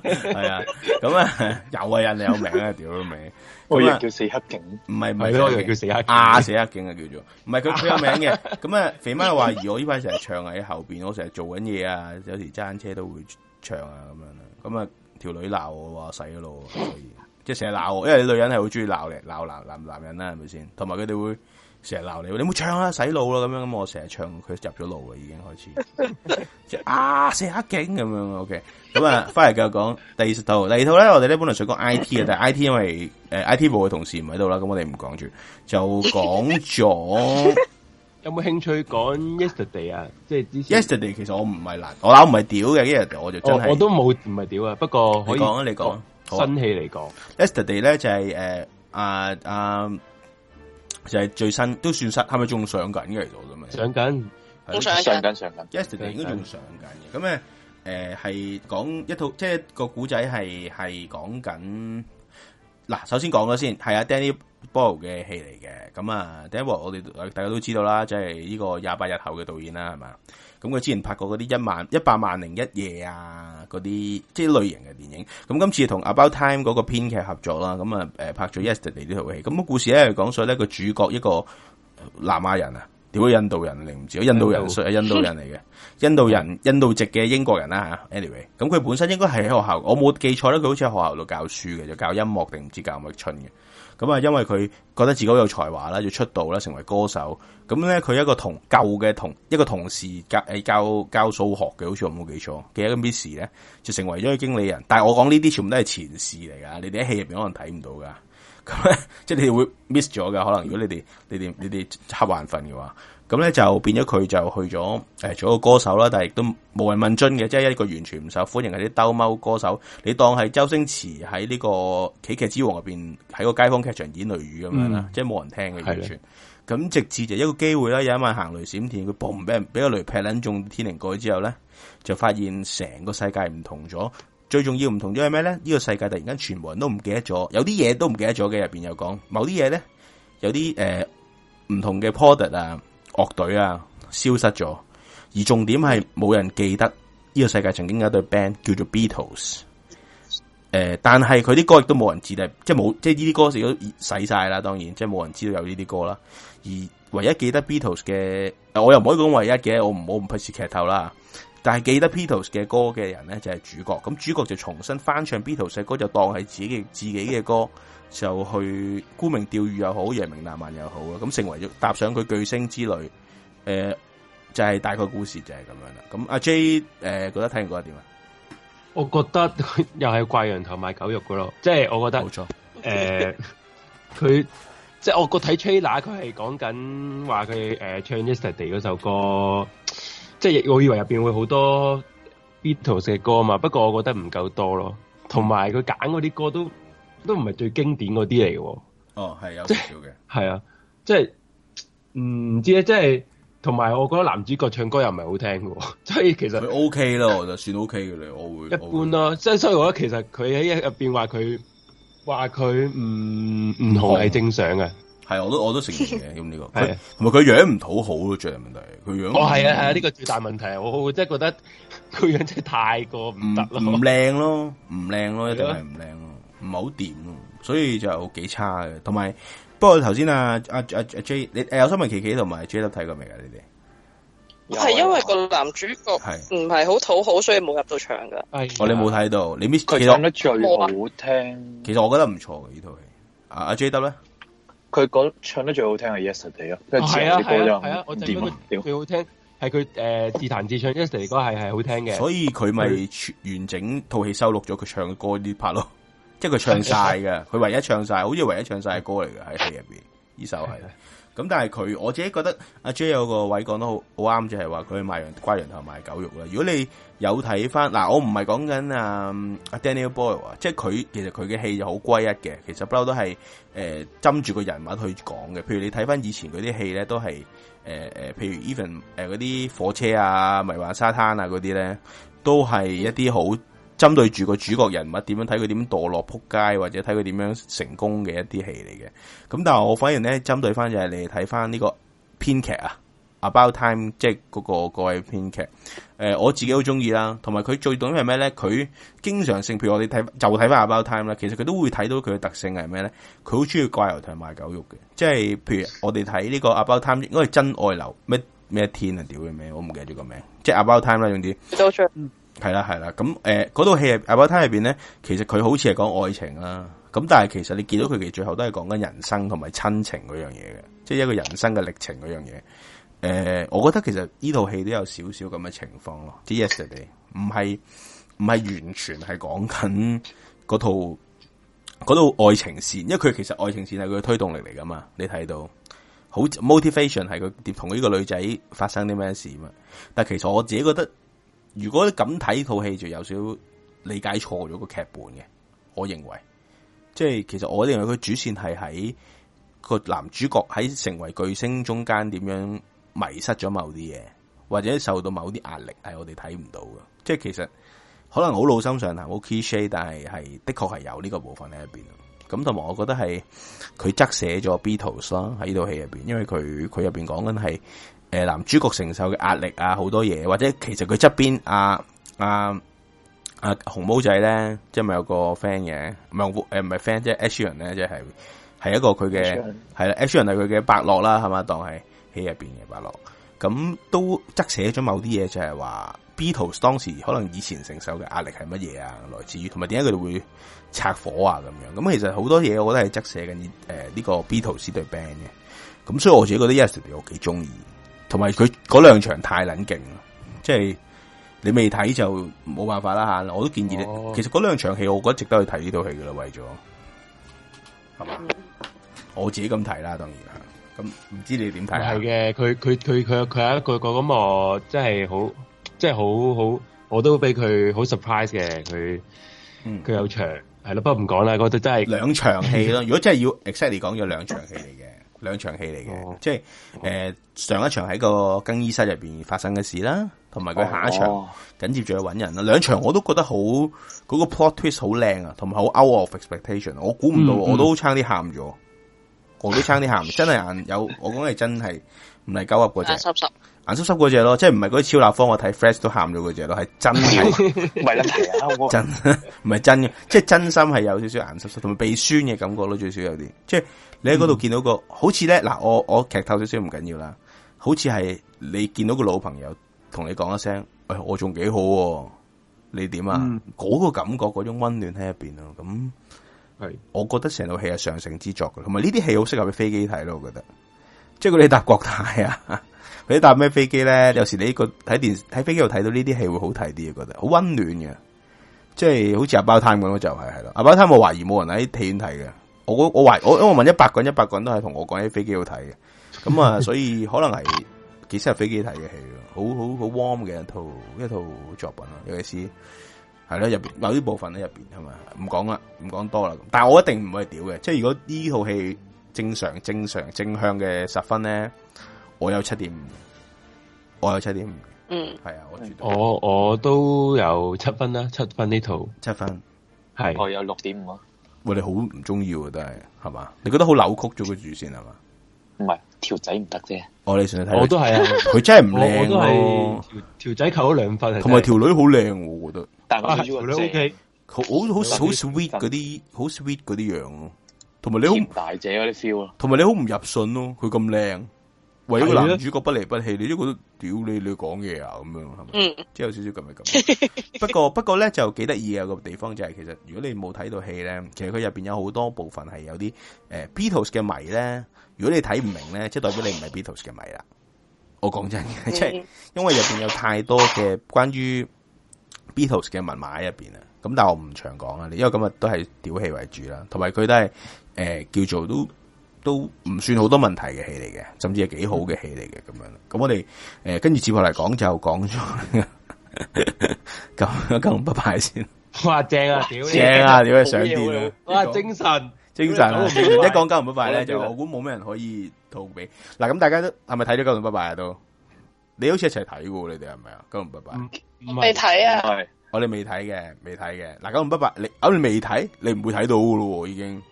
係啊，咁啊有啊人哋有名啊，屌嘅 名，個嘢 那叫四黑警，唔係唔係咯，個嘢叫四黑，字啊，四黑警啊叫做，唔係佢佢有名嘅，咁啊 肥媽又話：「而我呢排成日唱喺後邊，我成日做緊嘢啊，有時揸車車都會唱啊咁樣，咁啊條女鬧我話死咯，即係成日鬧我，因為女人係好中意鬧咧，鬧男男，男人啦、啊，係咪先？同埋佢哋會。成日鬧你，你冇唱啊，洗腦咯咁樣咁，我成日唱，佢入咗腦啦，已經開始。啊，成日勁咁樣，OK，咁啊，翻嚟繼續講第二套，第二套咧，我哋咧本來想講 I T 嘅，但係 I T 因為誒 I T 部嘅同事唔喺度啦，咁我哋唔講住，就講咗。有冇興趣講 yesterday 啊？即係之前 yesterday 其實我唔係難，我扭唔係屌嘅，yesterday 我就真係。我都冇唔係屌啊，不過可以你講新戲嚟講 yesterday 咧就係誒啊啊。就係最新，都算失，係咪仲上緊嘅嚟做嘛？上緊，上緊上緊 Yesterday 應該仲上緊了嘅，咁咧了，誒係講一套，即係個古仔係係講緊。嗱、啊，首先講咗先，係啊 Danny Boyle 嘅戲嚟嘅，咁啊 Danny Boyle 我哋大家都知道啦，即係呢個廿八日後嘅導演啦，係嘛？咁佢之前拍過嗰啲一萬一百萬零一夜啊，嗰啲即係類型嘅電影。咁今次同 About Time 嗰個編劇合作啦，咁啊誒拍咗 Yesterday 呢套戲。咁、那個故事咧係講咗咧個主角一個南亞人啊，屌咗、嗯、印度人？嗯、你唔知印度人？嗯、印度人嚟嘅，印度人、嗯、印度籍嘅英國人啦、啊、吓。Anyway，咁佢本身應該係喺學校，我冇記錯咧，佢好似喺學校度教書嘅，就教音樂定唔知教乜春嘅。咁啊，因為佢覺得自己好有才華啦，要出道啦，成為歌手。咁咧，佢一個同舊嘅同一個同事教誒教教數學嘅，好似我冇記錯，記得個 miss 咧就成為咗個經理人。但係我講呢啲全部都係前事嚟噶，你哋喺戲入邊可能睇唔到噶。咁咧，即係你會 miss 咗噶。可能如果你哋你哋你哋黑眼瞓嘅話。咁咧就變咗佢就去咗誒、哎，做一個歌手啦，但係亦都無人問津嘅，即係一個完全唔受歡迎嘅啲兜踎歌手。你當係周星馳喺呢個喜劇之王入邊喺個街坊劇場演雷雨咁樣啦，嗯、即係冇人聽嘅完全。咁的直至就一個機會啦，有一晚行雷閃電，佢搏唔俾俾個雷劈撚中天靈蓋之後咧，就發現成個世界唔同咗。最重要唔同咗係咩咧？呢、這個世界突然間全部人都唔記得咗，有啲嘢都唔記得咗嘅。入邊又講某啲嘢咧，有啲誒唔同嘅 product 啊。樂隊啊，消失咗，而重點係冇人記得呢個世界曾經有一對 band 叫做 Beatles。誒、呃，但係佢啲歌亦都冇人知道，即係即係呢啲歌亦都洗晒啦。當然，即係冇人知道有呢啲歌啦。而唯一記得 Beatles 嘅，我又唔可以講唯一嘅，我唔好唔 p u 劇透啦。但係記得 Beatles 嘅歌嘅人咧，就係、是、主角。咁主角就重新翻唱 Beatles 嘅歌，就當係自己嘅自己嘅歌。就去沽名釣譽又好，揚名立萬又好啊！咁成為咗踏上佢巨星之旅，誒、呃，就係、是、大概故事就係咁樣啦。咁、啊、阿 J a、呃、誒，覺得睇完嗰下點啊？我覺得又係掛羊頭賣狗肉噶咯，即係我覺得冇錯。誒，佢即係我個睇 trailer 佢係講緊話佢誒唱 Yesterday 首歌，即係我以為入邊會好多 Beatles 嘅歌嘛，不過我覺得唔夠多咯，同埋佢揀嗰啲歌都。都唔係最經典嗰啲嚟嘅，哦，係有少少嘅，係啊，即係唔、嗯、知啊，即係同埋，我覺得男主角唱歌又唔係好聽嘅，所以其實佢 OK 咯，我就算 OK 嘅咧， 我會一般啦，即係會所以我覺得其實佢喺入入邊話佢話佢唔唔紅係正常嘅，係， 我都我都承認嘅咁，呢個，係同埋佢樣唔討好咯，最大問題，佢樣好哦係啊係啊，呢、這個最大問題，我即係覺得佢樣真係太過唔得咯，唔靚咯，唔靚咯，一定係唔靚咯。唔好掂，所以就幾差嘅。同埋，不過頭先啊啊啊，啊 J，你誒，有心問琪琪同埋 Jade 睇過未啊？你哋係因為個男主角係唔係好討好，所以冇入到場噶。我哋冇睇到，你 miss 佢唱得最好聽。其實我覺得唔錯嘅呢套戲。阿 Jade 咧，佢唱得最好聽係 Yesterday 咯。係啊係啊係啊，啊，我點啊點佢好聽，係佢誒自彈自唱 Yesterday 歌係係好聽嘅。所以佢咪完整套戲收錄咗佢唱歌呢 part 咯。.即係佢唱晒嘅，佢唯一唱晒，好似唯一唱晒嘅歌嚟嘅喺戲入邊，呢首係啦。咁但係佢我自己覺得阿、啊、J 有個位講得好好啱，就係話佢賣羊掛、羊頭賣狗肉啦。如果你有睇翻嗱，我唔係講緊阿 Daniel Boyle 啊，即係佢其實佢嘅戲就好歸一嘅，其實不嬲都係誒針住個人物去講嘅。譬如你睇翻以前嗰啲戲咧，都係誒誒，譬如 Even 誒嗰啲火車啊、迷幻沙灘啊嗰啲咧，都係一啲好。針對住個主角人物，點樣睇佢點墮落撲街，或者睇佢點樣成功嘅一啲戲嚟嘅。咁但係我反而咧，針對翻就係你睇翻呢個編劇啊，About Time，即係嗰、嗰個各位編劇。誒、呃，我自己好中意啦。同埋佢最懂係咩咧？佢經常性，譬如我哋睇就睇翻 About Time 啦。其實佢都會睇到佢嘅特性係咩咧？佢好中意掛油同埋賣狗肉嘅。即係譬如我哋睇呢個 About Time，因為真愛流咩咩天啊屌嘅咩，我唔記得咗個名，即係 About Time 啦，總之。 係啦，係啦，咁誒，嗰套戲 About Time 入邊咧，其實佢好似係講愛情啦，啊，咁但係其實你見到佢哋最後都係講緊人生同埋親情嗰樣嘢嘅，即係一個人生嘅歷程嗰樣嘢。誒、呃，我覺得其實呢套戲都有少少咁嘅情況咯，即係唔係唔係完全係講緊嗰套嗰套愛情線，因為佢其實愛情線係佢嘅推動力嚟噶嘛，你睇到好 motivation 係佢同呢個女仔發生啲咩事嘛，但係其實我自己覺得。如果咁睇套戲，就有少理解錯咗個劇本嘅。我認為，即係其實我認為佢主線係喺個男主角喺成為巨星中間點樣迷失咗某啲嘢，或者受到某啲壓力，係我哋睇唔到嘅。即係其實可能好老心上頭，好 cliche，但係係的確係有呢個部分喺入邊。咁同埋，我覺得係佢側寫咗 Beatles 咯，喺呢套戲入邊，因為佢佢入邊講緊係。誒，男主角承受嘅壓力啊，好多嘢，或者其實佢側邊阿阿阿紅毛仔咧，即係咪有個 friend 嘅？唔係誒，唔係 friend 即係 H 人咧，即係係一個佢嘅係啦。H 人係佢嘅伯洛啦，係嘛？當係戲入邊嘅伯洛，咁都則寫咗某啲嘢，就係話 b e a t l e s 當時可能以前承受嘅壓力係乜嘢啊？來自於同埋點解佢哋會拆火啊？咁樣咁其實好多嘢，我都係則寫緊誒呢個 b e a t l e s 對 band 嘅。咁所以我自己覺得 y e s t e 我幾中意。.同埋佢嗰兩場太冷勁啦，即係你未睇就冇辦法啦吓。我都建議你，其實嗰兩場戲，我覺得值得去睇呢套戲噶啦，為咗，係嘛？我自己咁睇啦，當然啦咁唔知你點睇？係嘅，佢佢佢佢佢係一個個咁，我真係好，即係好真好，好，我都俾佢好 surprise 嘅佢。佢、嗯、有場係喇。不過唔講啦，嗰、那、對、個、真係兩場戲咯。 如果真係要 exactly 講，咗兩場戲嚟嘅。兩場戲嚟嘅，哦、即係誒、呃、上一場喺個更衣室入邊發生嘅事啦，同埋佢下一場緊接住去搵人啦。哦哦、兩場我都覺得好，嗰、個 plot twist 好靚啊，同埋好 out of expectation，我估唔到，嗯、我都差啲喊咗，我都差啲喊，啊、真係眼有，我講係真係唔係鳩噏嗰隻。眼濕濕嗰隻咯，即係唔係嗰啲超立方，我睇 fresh 都喊咗嗰隻咯，係真嘅，唔係啦，真唔係真嘅，即係真心係有少少眼濕濕同埋鼻酸嘅感覺咯，最少有啲，即係你喺嗰度見到個，嗯、好似咧嗱，我我劇透少少唔緊要啦，好似係你見到個老朋友同你講一聲，誒、哎，我仲幾好，你點啊？嗰、嗯、個感覺，嗰種溫暖喺入邊咯，咁係，是我覺得成套戲係上乘之作嘅，同埋呢啲戲好適合畀飛機睇咯，我覺得，即係嗰啲搭國泰啊。 你搭咩飛機咧？有時你呢個睇電喺飛機度睇到呢啲戲會好睇啲，我覺得好温暖嘅，即係好似 About Time 咁咯，就係係咯。About Time 我懷疑冇人喺戲院睇嘅，我我懷疑我因為我問一百個人，一百個人都係同我講喺飛機度睇嘅，咁啊， 所以可能係幾適合飛機睇嘅戲，好好好 warm 嘅一套一套，一套作品咯，尤其是係咯，入邊有啲部分喺入邊係嘛，唔講啦，唔講多啦，但係我一定唔會係屌嘅，即係如果呢套戲正常正常正向嘅十分咧。我有七點五，我有七點五，嗯，係啊，我我我都有七分啦，七分呢套，七分係，我有六點五，啊。喂，你好唔中意啊，都係，係嘛？你覺得好扭曲咗個主線係嘛？唔係，條仔唔得啫，我你上次睇，我都係啊，佢真係唔靚咯，條仔扣咗兩分，同埋條女好靚，我覺得，但係條女 O K，好好好 sweet 嗰啲，好 sweet 嗰啲樣，同埋你好大姐嗰啲 feel 啊，同埋你好唔入信咯，佢咁靚。喂的男不不，男主角不離不棄，你都覺得屌你，你講嘢啊咁樣，係咪？即係有少少咁嘅咁。不過不過咧就幾得意啊個地方就係、是、其實如果你冇睇到戲咧，其實佢入邊有好多部分係有啲誒、呃、Beatles 嘅迷咧。如果你睇唔明咧，即係代表你唔係 Beatles 嘅迷啦。我講真嘅，即係、嗯、 因為入邊有太多嘅關於 Beatles 嘅密碼喺入邊啊。咁但係我唔長講啊，因為今日都係屌戲為主啦，同埋佢都係誒叫做都。都唔算好多問題嘅戲嚟嘅，甚至係幾好嘅戲嚟嘅咁樣。咁我哋誒跟住接落嚟講就講咗《九龍不敗》先。哇正啊，屌正啊，屌佢上癲啊！哇精神精神，一講《九龍不敗》咧，就我估冇咩人可以逃避。嗱，咁大家都係咪睇咗《九龍不敗》啊？都你好似一齊睇嘅喎，你哋係咪啊？《九龍不敗》未睇啊？我哋未睇嘅，未睇嘅。嗱，《九龍不敗》你啱，你未睇，你唔會睇到嘅咯，已經。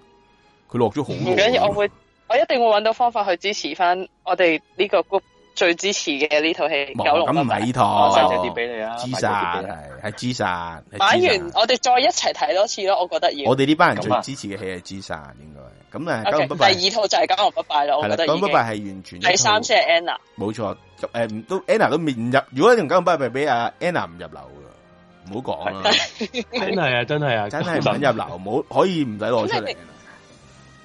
佢落咗好唔緊要，我會我一定會揾到方法去支持翻我哋呢個 group 最支持嘅呢套戲《九龍不敗》。我送隻碟俾你啦。《誅殺》係，係《誅殺》。玩完我哋再一齊睇多次咯，我覺得要。我哋呢班人最支持嘅戲係《誅殺》應該。咁啊，九龍不敗第二套就係《九龍不敗》咯，係啦。《九龍不敗》係完全第三先係 Anna，冇錯。誒，都 Anna 都免入。如果同《九龍不敗》比，阿 Anna 唔入流噶，唔好講真係啊，真係啊，真係唔入流，冇可以唔使攞出嚟。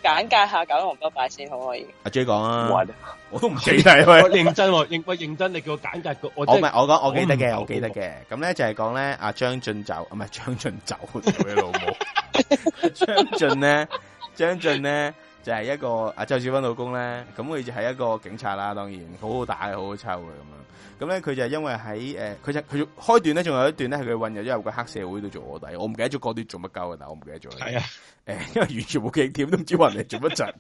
簡介下九龍不敗先，好唔可以？阿 J 講啊，哇我都唔記得喂，啊，我認真，哦，認認 認真？你叫我簡介，我唔係我講，我記得嘅，我記得嘅。咁咧就係講咧，阿張晉走，唔係張晉走，佢老母，張晉咧，張晉咧。 就係一個阿周小芬老公咧，咁佢就係一個警察啦，當然好好打、嗯、好打好抽嘅咁樣。咁咧佢就係因為喺誒，佢、呃、就佢開段咧，仲有一段咧係佢混入咗入個黑社會度做卧底。我唔記得咗嗰段做乜鳩，但我唔記得咗。係啊，誒、欸，因為完全冇記點，都唔知混嚟做乜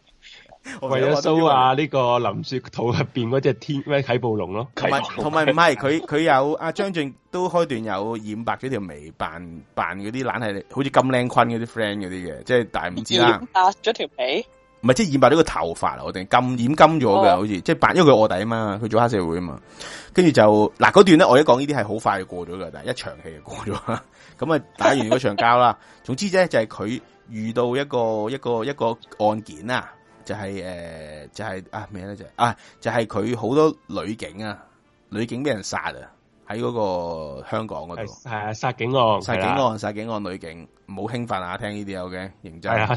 我為咗收啊呢個林雪肚入邊嗰隻天咩？啟暴龍咯，同埋唔係佢佢有阿、 啊、張俊都開段有染白咗條眉，扮扮嗰啲懶係好似金靚坤嗰啲 friend 嗰啲嘅，即係 但係唔知啦，咗條眉。唔係即係染白咗個頭髮啊！我哋金染金咗嘅，好似即係白，因為佢臥底啊嘛，佢做黑社會啊嘛，跟住就嗱嗰段咧，我一講呢啲係好快就過咗㗎，但係一場戲就過咗啦。咁 啊打完嗰場交啦，總之呢，就係、是、佢遇到一個一個一個案件啊，就係、是、就係、是、啊咩咧就是、啊就係佢好多女警啊，女警俾人殺啊！喺嗰個香港嗰度，係殺警案，殺、啊、警案，殺警案，女警唔好興奮啊！聽呢啲有嘅認真係啊，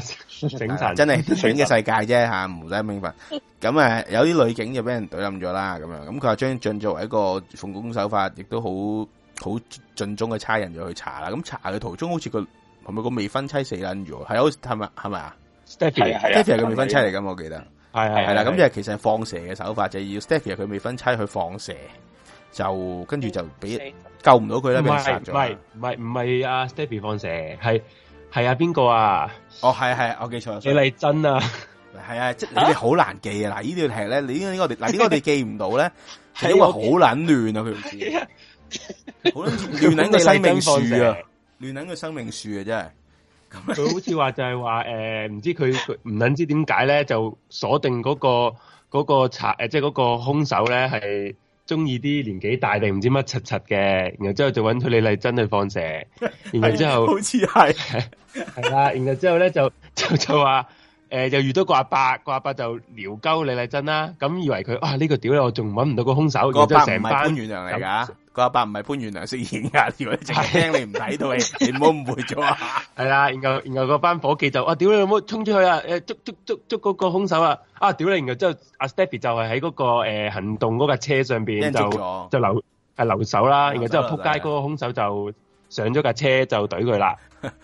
整神 真係整嘅世界啫吓，唔使興奮。咁啊， 有啲女警就俾人懟冧咗啦，咁樣。咁佢話將俊作為一個奉公手法，亦都好好盡忠嘅差人，就去查啦。咁查嘅途中好像他，好似佢，係咪個未婚妻死撚咗？係？好係咪？係咪啊？Stephie，Stephie 係個未婚妻嚟噶，我記得係係係啦。咁即係其實係放蛇嘅手法，就係要 Stephie 佢未婚妻去放蛇。就跟住就俾救唔到佢咧，俾人殺咗。唔係唔係唔係唔係阿 Stephy 放蛇，係係啊邊個啊？哦係係，我記錯咗。李麗珍啊，係啊，即係你哋好難記啊！嗱，呢條題咧，你呢個我哋嗱，應該我哋記唔到咧？係因為好撚亂啊！佢好撚亂，亂諗個生命樹啊，亂諗個生命樹啊，真係。佢好似話就係話誒，唔知佢佢唔撚知點解咧，就鎖定嗰個嗰個賊誒，即係嗰個凶手咧，係。鍾意啲年紀大定唔知乜柒柒嘅，然後之後就揾佢李麗珍去放蛇，然後之後好似係係啦， 然後之後咧就就就話誒又遇到個阿伯，個阿伯就撩鳩李麗珍啦，咁以為佢啊呢、這個屌咧，我仲揾唔到個兇手，然阿伯唔係官嚟㗎。阿伯唔係潘元良飾演噶，如果真係你唔睇到你，你唔好誤會咗啊！係啦，然後然後嗰班伙計就哇，屌你，唔好衝出去啊！誒，捉捉捉捉嗰個兇手啊！啊，屌你！然後之後阿 Stephie 就係喺嗰個誒行動嗰架車上邊就就留係留守啦。然後之後撲街嗰個兇手就上咗架車就懟佢啦。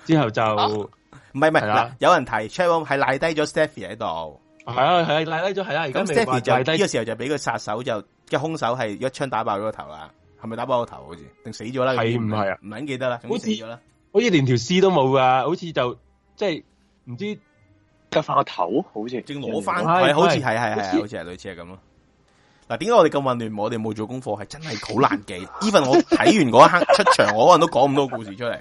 之後就唔係唔係啦，有人提 check 係賴低咗 Stephie 喺度，係啊係賴低咗，係啦。咁 Stephie 就呢個時候就俾個殺手就即係兇手係一槍打爆咗個頭啦。係咪打爆個頭好似？定死咗啦？係唔係啊？唔肯記得啦，好似死咗啦，好似連條屍都冇啊！好似就即係唔知割發個頭，好似正攞翻，係好似係係係，好似係類似係咁咯。嗱，點解我哋咁混亂？我哋冇做功課，係真係好難記。even 我睇完嗰一刻出場，我可能都講咁多故事出嚟。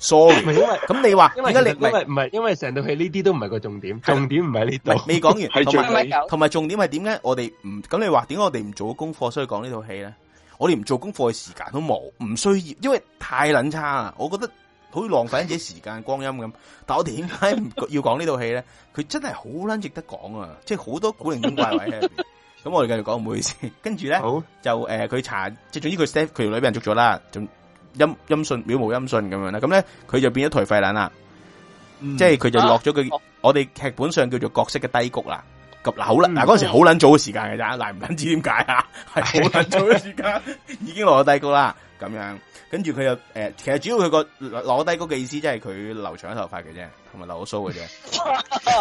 sorry，唔係因為咁，你話因為你因為唔係，因為成套戲呢啲都唔係個重點，重點唔係呢度。未講完，同埋同埋重點係點解我哋唔咁，你話點解我哋唔做功課，所以講呢套戲咧？我哋唔做功課嘅時間都冇，唔需要，因為太撚差啦。我覺得好浪費自己時間光陰咁。但係我點解要講呢套戲咧？佢真係好撚值得講啊！即係好多古靈精怪位嘅。咁我哋繼續講，唔好意思。跟住咧，就誒，佢查即係總之佢 staff 佢裏邊俾人捉咗啦，就音音訊渺無音訊咁樣啦。咁咧佢就變咗頹廢撚啦，即係佢就落咗個我哋劇本上叫做角色嘅低谷啦。好啦，嗱嗰、嗯嗯、時好捻早嘅時間嘅咋，嗱唔捻知點解啊，係好捻早嘅時間， 已經落咗低谷啦，咁樣，跟住佢又誒，其實主要佢、嗰個落低谷嘅意思，即係佢留長頭髮嘅啫，同埋留咗鬚嘅啫。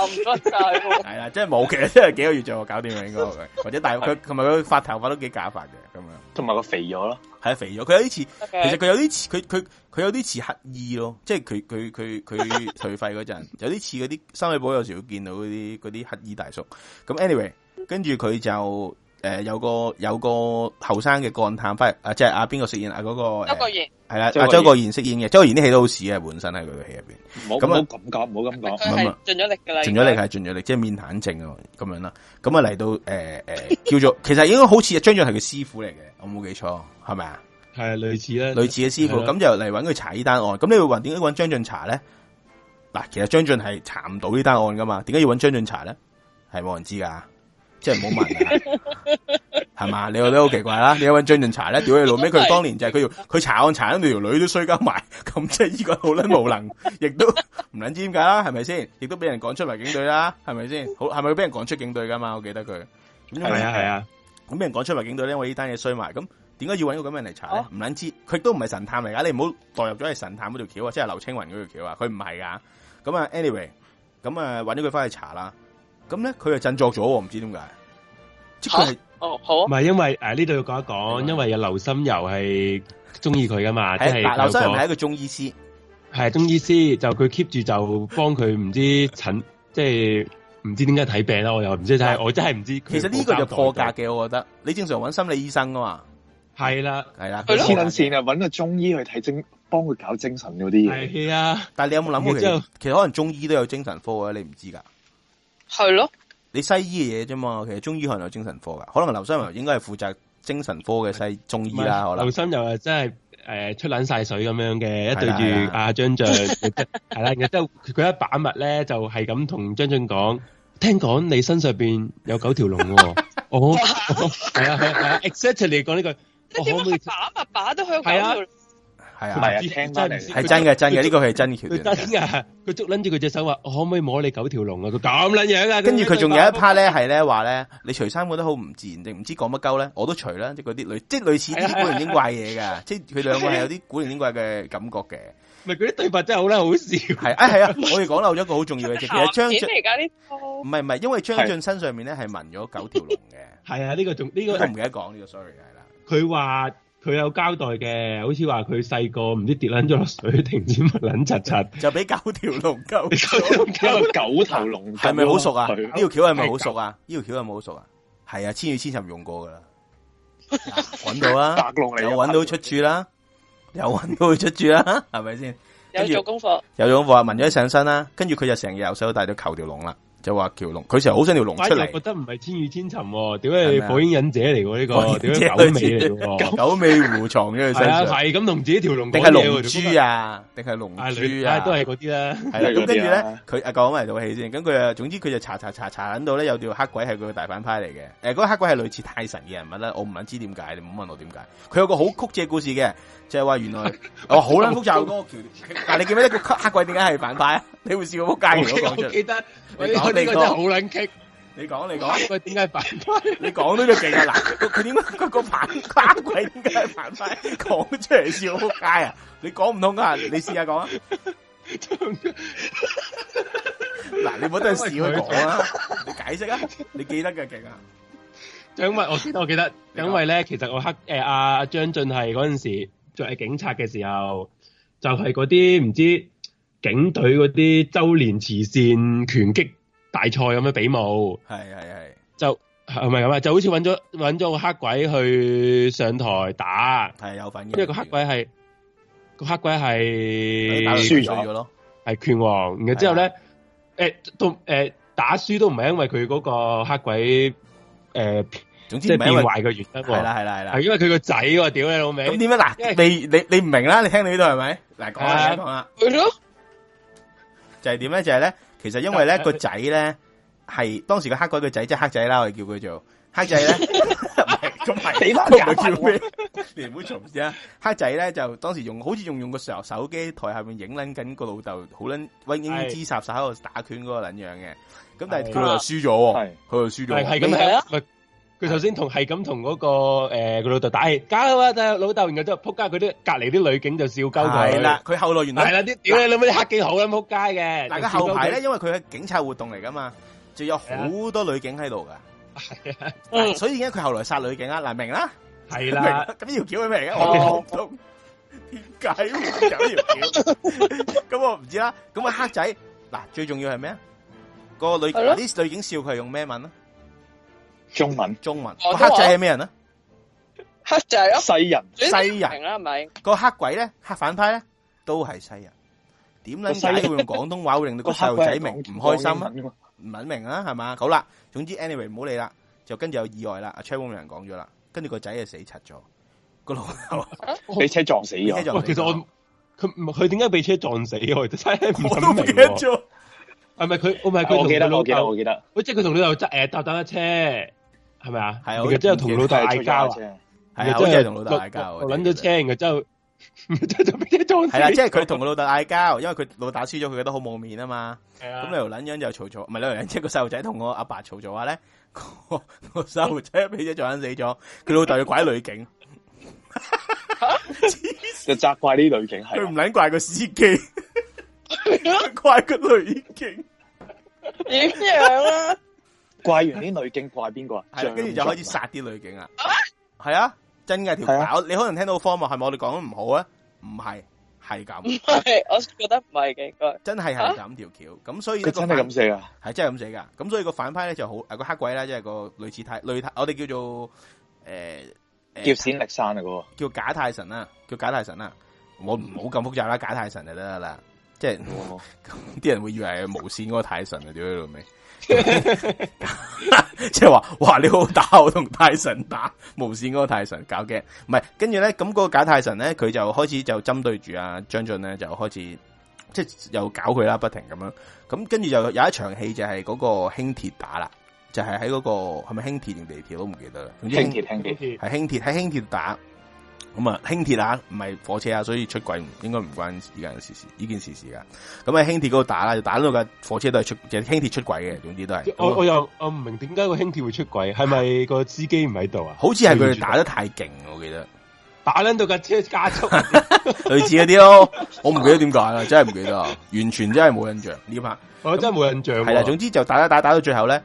唔該晒。係啦，即係冇，其實真係幾個月就搞掂應該， 或者大佢同埋佢髮頭髮都幾假髮嘅，咁樣，同埋個肥咗咯。係啊，肥咗佢有啲似，Okay. 其實佢有啲似佢佢佢有啲似乞衣咯，即係佢佢佢佢頹廢嗰陣有啲似嗰啲深水埗，有時會見到嗰啲嗰啲乞衣大叔。咁 anyway，跟住佢就。誒、呃，有個有個後生嘅幹探翻啊，即係阿邊個飾演啊嗰、那個，呃、周國賢係啦，阿周國賢飾演嘅，周國賢啲戲都好屎啊，本身喺佢嘅戲入邊，唔好唔好咁講，唔好咁講，佢係盡咗力噶啦，盡咗力係盡咗力，即係面癱症啊，咁樣啦，咁啊嚟到誒誒、呃，叫做 其實應該好似張晉係佢師傅嚟嘅，我冇記錯係咪啊？係類似啦，類似嘅師傅，咁、啊、就嚟搵佢查呢單案，咁你會話點解揾張晉查咧？嗱，其實張晉係查唔到查呢單案噶嘛，點解要揾張晉查咧？係冇人知噶。即係唔好問，係嘛？ 你覺得好奇怪啦？你有搵張俊查咧，屌你老尾！佢當年就係佢要佢查案查到條女都衰交埋，咁即係呢個好捻無能，亦都唔捻知點解啦？係咪先？亦都俾人趕出埋警隊啦？係咪先？好係咪俾人趕出警隊噶嘛？我記得佢係啊係啊，咁俾人趕出埋警隊咧，我呢單嘢衰埋。咁點解要搵個咁樣嚟查咧？唔捻知，佢都唔係神探嚟噶。你唔好代入咗係神探嗰條橋啊，即係劉青雲嗰條橋啊，佢唔係噶。咁啊，anyway，咁啊，搵咗佢翻去查啦。咁咧，佢又振作咗，唔知點解？即係哦，好唔係因為誒，呢度要講一講，因為有劉心悠係中意佢噶嘛。係劉心悠係一個中醫師，係中醫師就佢 keep 住就幫佢唔知診，即係唔知點解睇病咯。我又唔知真係，我真係唔知。其實呢個就破格嘅，我覺得你正常揾心理醫生噶嘛。係啦，係啦，佢黐撚線呀揾個中醫去睇精，幫佢搞精神嗰啲嘢。係啊，但係你有冇諗過其實可能中醫都有精神科呀？你唔知噶。係咯，你西醫嘅嘢，啫嘛，其實中醫可能有精神科噶，可能劉生又應該係負責精神科嘅西中醫啦。劉生又係真係誒、呃、出撚晒水咁樣嘅，一的對住阿張俊，係啦雀， 即係佢一把脈咧就係咁同張俊講，聽講你身上邊有九條龍喎，哦係啊係啊，exactly 講呢句，我點會把脈把都去九條？係啊係啊，真係，係真嘅真嘅，呢個係真橋嘅。真嘅，佢捉捻住佢隻手話：可唔可以摸你九條龍啊？佢咁捻樣啊！跟住佢仲有一 part 咧，係咧話咧，你除衫覺得好唔自然定唔知講乜鳩咧？我都除啦，即係嗰啲類，即係類似啲古靈精怪嘢嘅，即係佢兩個係有啲古靈精怪嘅感覺嘅。咪嗰啲對白真係好啦，好笑。係啊係啊，我哋講漏咗一個好重要嘅嘢。錢嚟噶啲，唔係唔係，因為張晉身上面咧係紋咗九條龍嘅。係啊，呢個仲呢個都唔記得講呢個，sorry 係啦。佢話。佢有交代嘅，好似話佢細個唔知跌捻咗落水，停止捻柒柒，就俾九條龍救。九條龍救。九頭龍係咪好熟啊？呢條橋係咪好熟啊？呢條橋係咪好熟啊？係啊，千與千尋用過噶啦，搵到啦，又搵到出處啦，有搵到佢出處啦，係咪先？有做功課，有做功課，聞咗上身啦，跟住佢就成日由細到大都求條龍啦。就話橋龍，佢成日好想條龍出嚟，覺得唔係千與千尋，點解火影忍者嚟？呢個九尾九尾狐藏喺佢身上，係咁同自己條龍定係龍珠啊？定係龍珠啊？都係嗰啲啦。係啦，咁跟住咧，佢啊講埋套戲先。咁佢啊，總之佢就查查查查到咧，有條黑鬼係佢嘅大反派嚟嘅。誒，嗰個黑鬼係類似泰神嘅人物啦。我唔撚知點解，你唔好問我點解。佢有個好曲折嘅故事嘅，就係話原來哦，好撚複雜。但係你見唔見到個黑鬼點解係反派啊？你會笑個撲街？我我記得，我呢個真係好撚棘。你講，你講。喂，點解扮你講都要記得嗱，佢點解個個反派鬼點解係反派？講出嚟笑個撲街啊！你講唔通啊！你試下講啊！嗱，你冇真係笑佢講啊？你解釋啊！你記得嘅勁啊！因為我記得，我記得，因為咧，其實我黑誒阿張晉係嗰陣時做警察嘅時候，就係嗰啲唔知。警隊嗰啲周年慈善拳擊大賽咁樣比武，係係係就係咪咁啊？就好似揾咗揾咗個黑鬼去上台打，係有份嘅。因為個黑鬼係個黑鬼係輸咗咯，係拳王。然之後咧，誒都誒打輸都唔係因為佢嗰個黑鬼誒，總之係變壞嘅原因。係啦係啦係啦，係因為佢個仔喎，屌你老味。咁點咧？嗱，你你你唔明啦，你聽你呢度係咪？嗱，講下講下，就係點咧？就係咧，其實因為咧個仔咧係當時個黑鬼個仔即係黑仔啦，我哋叫佢做黑仔咧，唔係仲係俾翻佢做咩？你唔好嘈啊！黑仔咧就當時用好似仲用個時候手機台下面影捻緊個老豆好捻溫英姿颯颯喺度打拳嗰個捻樣嘅，咁但係佢老豆輸咗，係佢又輸咗，係咁係啊。佢頭先同係咁同嗰個誒佢老豆打氣，搞啊老豆，然後就扑街，佢啲隔籬啲女警就笑鳩佢。係啦，佢後來原來係啦啲屌你老母，黑警好咁扑街嘅。但係佢後排咧，因為佢係警察活動嚟噶嘛，就有好多女警喺度噶。係啊，所以而家佢後來殺女警啊？嗱，明啦，係啦，咁條橋係咩嚟噶？我唔通點解會有條橋？咁我唔知啦。咁啊黑仔嗱，最重要係咩啊？個女警啲女警笑佢係用咩文啊？中文中文，黑仔係咩人啊？黑仔係西人，西人啦，係咪？個黑鬼咧，黑反派咧，都係西人。點解西會用廣東話會令到個細路仔明唔開心啊？唔明啊，係嘛？好啦，總之 anyway 唔好理啦。就跟住有意外啦。阿車翁明人講咗啦，跟住個仔啊死柒咗，個老友俾車撞死咗。其實我佢唔佢點解俾車撞死？我都唔記得咗。係咪佢？我咪佢？我記得我記得我記得。喂，即係佢同你執誒搭搭一車。係咪啊？係，佢真係同老豆嗌交啊！係吧真係同 老豆嗌交，我諗咗聽嘅，就唔知做咩撞死。係啦，即係佢同佢老豆嗌交，因為佢老豆輸咗，佢覺得好冇面啊嘛。咁是、啊、你，就吵你就吵吵 吵了又撚樣又嘈嘈，唔係撚樣即係個細路仔同我阿爸嘈嘈話咧，個細路仔俾車，撞死咗，佢老豆要拐女警，就 責經、啊、怪呢女警係，佢唔撚怪個司機， 佢怪個女警，點 樣啊？怪完啲女警怪邊個啊？跟住就開始殺啲女警啊！係啊，真嘅條橋，啊、你可能聽到荒謬，係冇？我哋講得唔好啊？唔係，係咁。我覺得唔係嘅。啊、真係係咁條橋，咁、啊、所以真係咁死呀？係真係咁死噶，咁所以個反派咧就好誒個黑鬼啦，即、就、係、是、個類似太類似，我哋叫做誒、呃呃、叫仙力山嗰個叫假泰神啦，啊，叫假泰神啦，我唔好咁複雜啦，假泰神就得啦。即係咁啲人會以為係無綫嗰個泰神啊，屌你老味！ 即係話，哇！你好打，我同泰神打，無綫嗰個泰神搞嘅。唔係，跟住咧，咁嗰個假泰神咧，佢就開始就針對住阿張俊咧，就開始即係又搞佢啦，不停咁樣。咁跟住就有一場戲就係嗰個輕鐵打啦，就係喺嗰個係咪輕鐵定地鐵都唔記得啦。輕鐵輕鐵輕鐵係輕鐵喺輕鐵打。咁啊，輕鐵啊，唔係火車啊，所以出軌應該唔關依家嘅事事，呢件事件事噶。咁喺輕鐵嗰度打啦，就打到架火車都係出，即輕鐵出軌嘅，總之都係。我又我又我唔明點解個輕鐵會出軌，係咪個司機唔喺度啊？係係啊，好似係佢哋打得太勁，我記得打撚到架車加速，類似嗰啲咯。 我唔記得點解啦，真係唔記得啊，完全真係冇印象。呢拍 ，我真係冇印象。係啦，總之就打打打打到最後咧。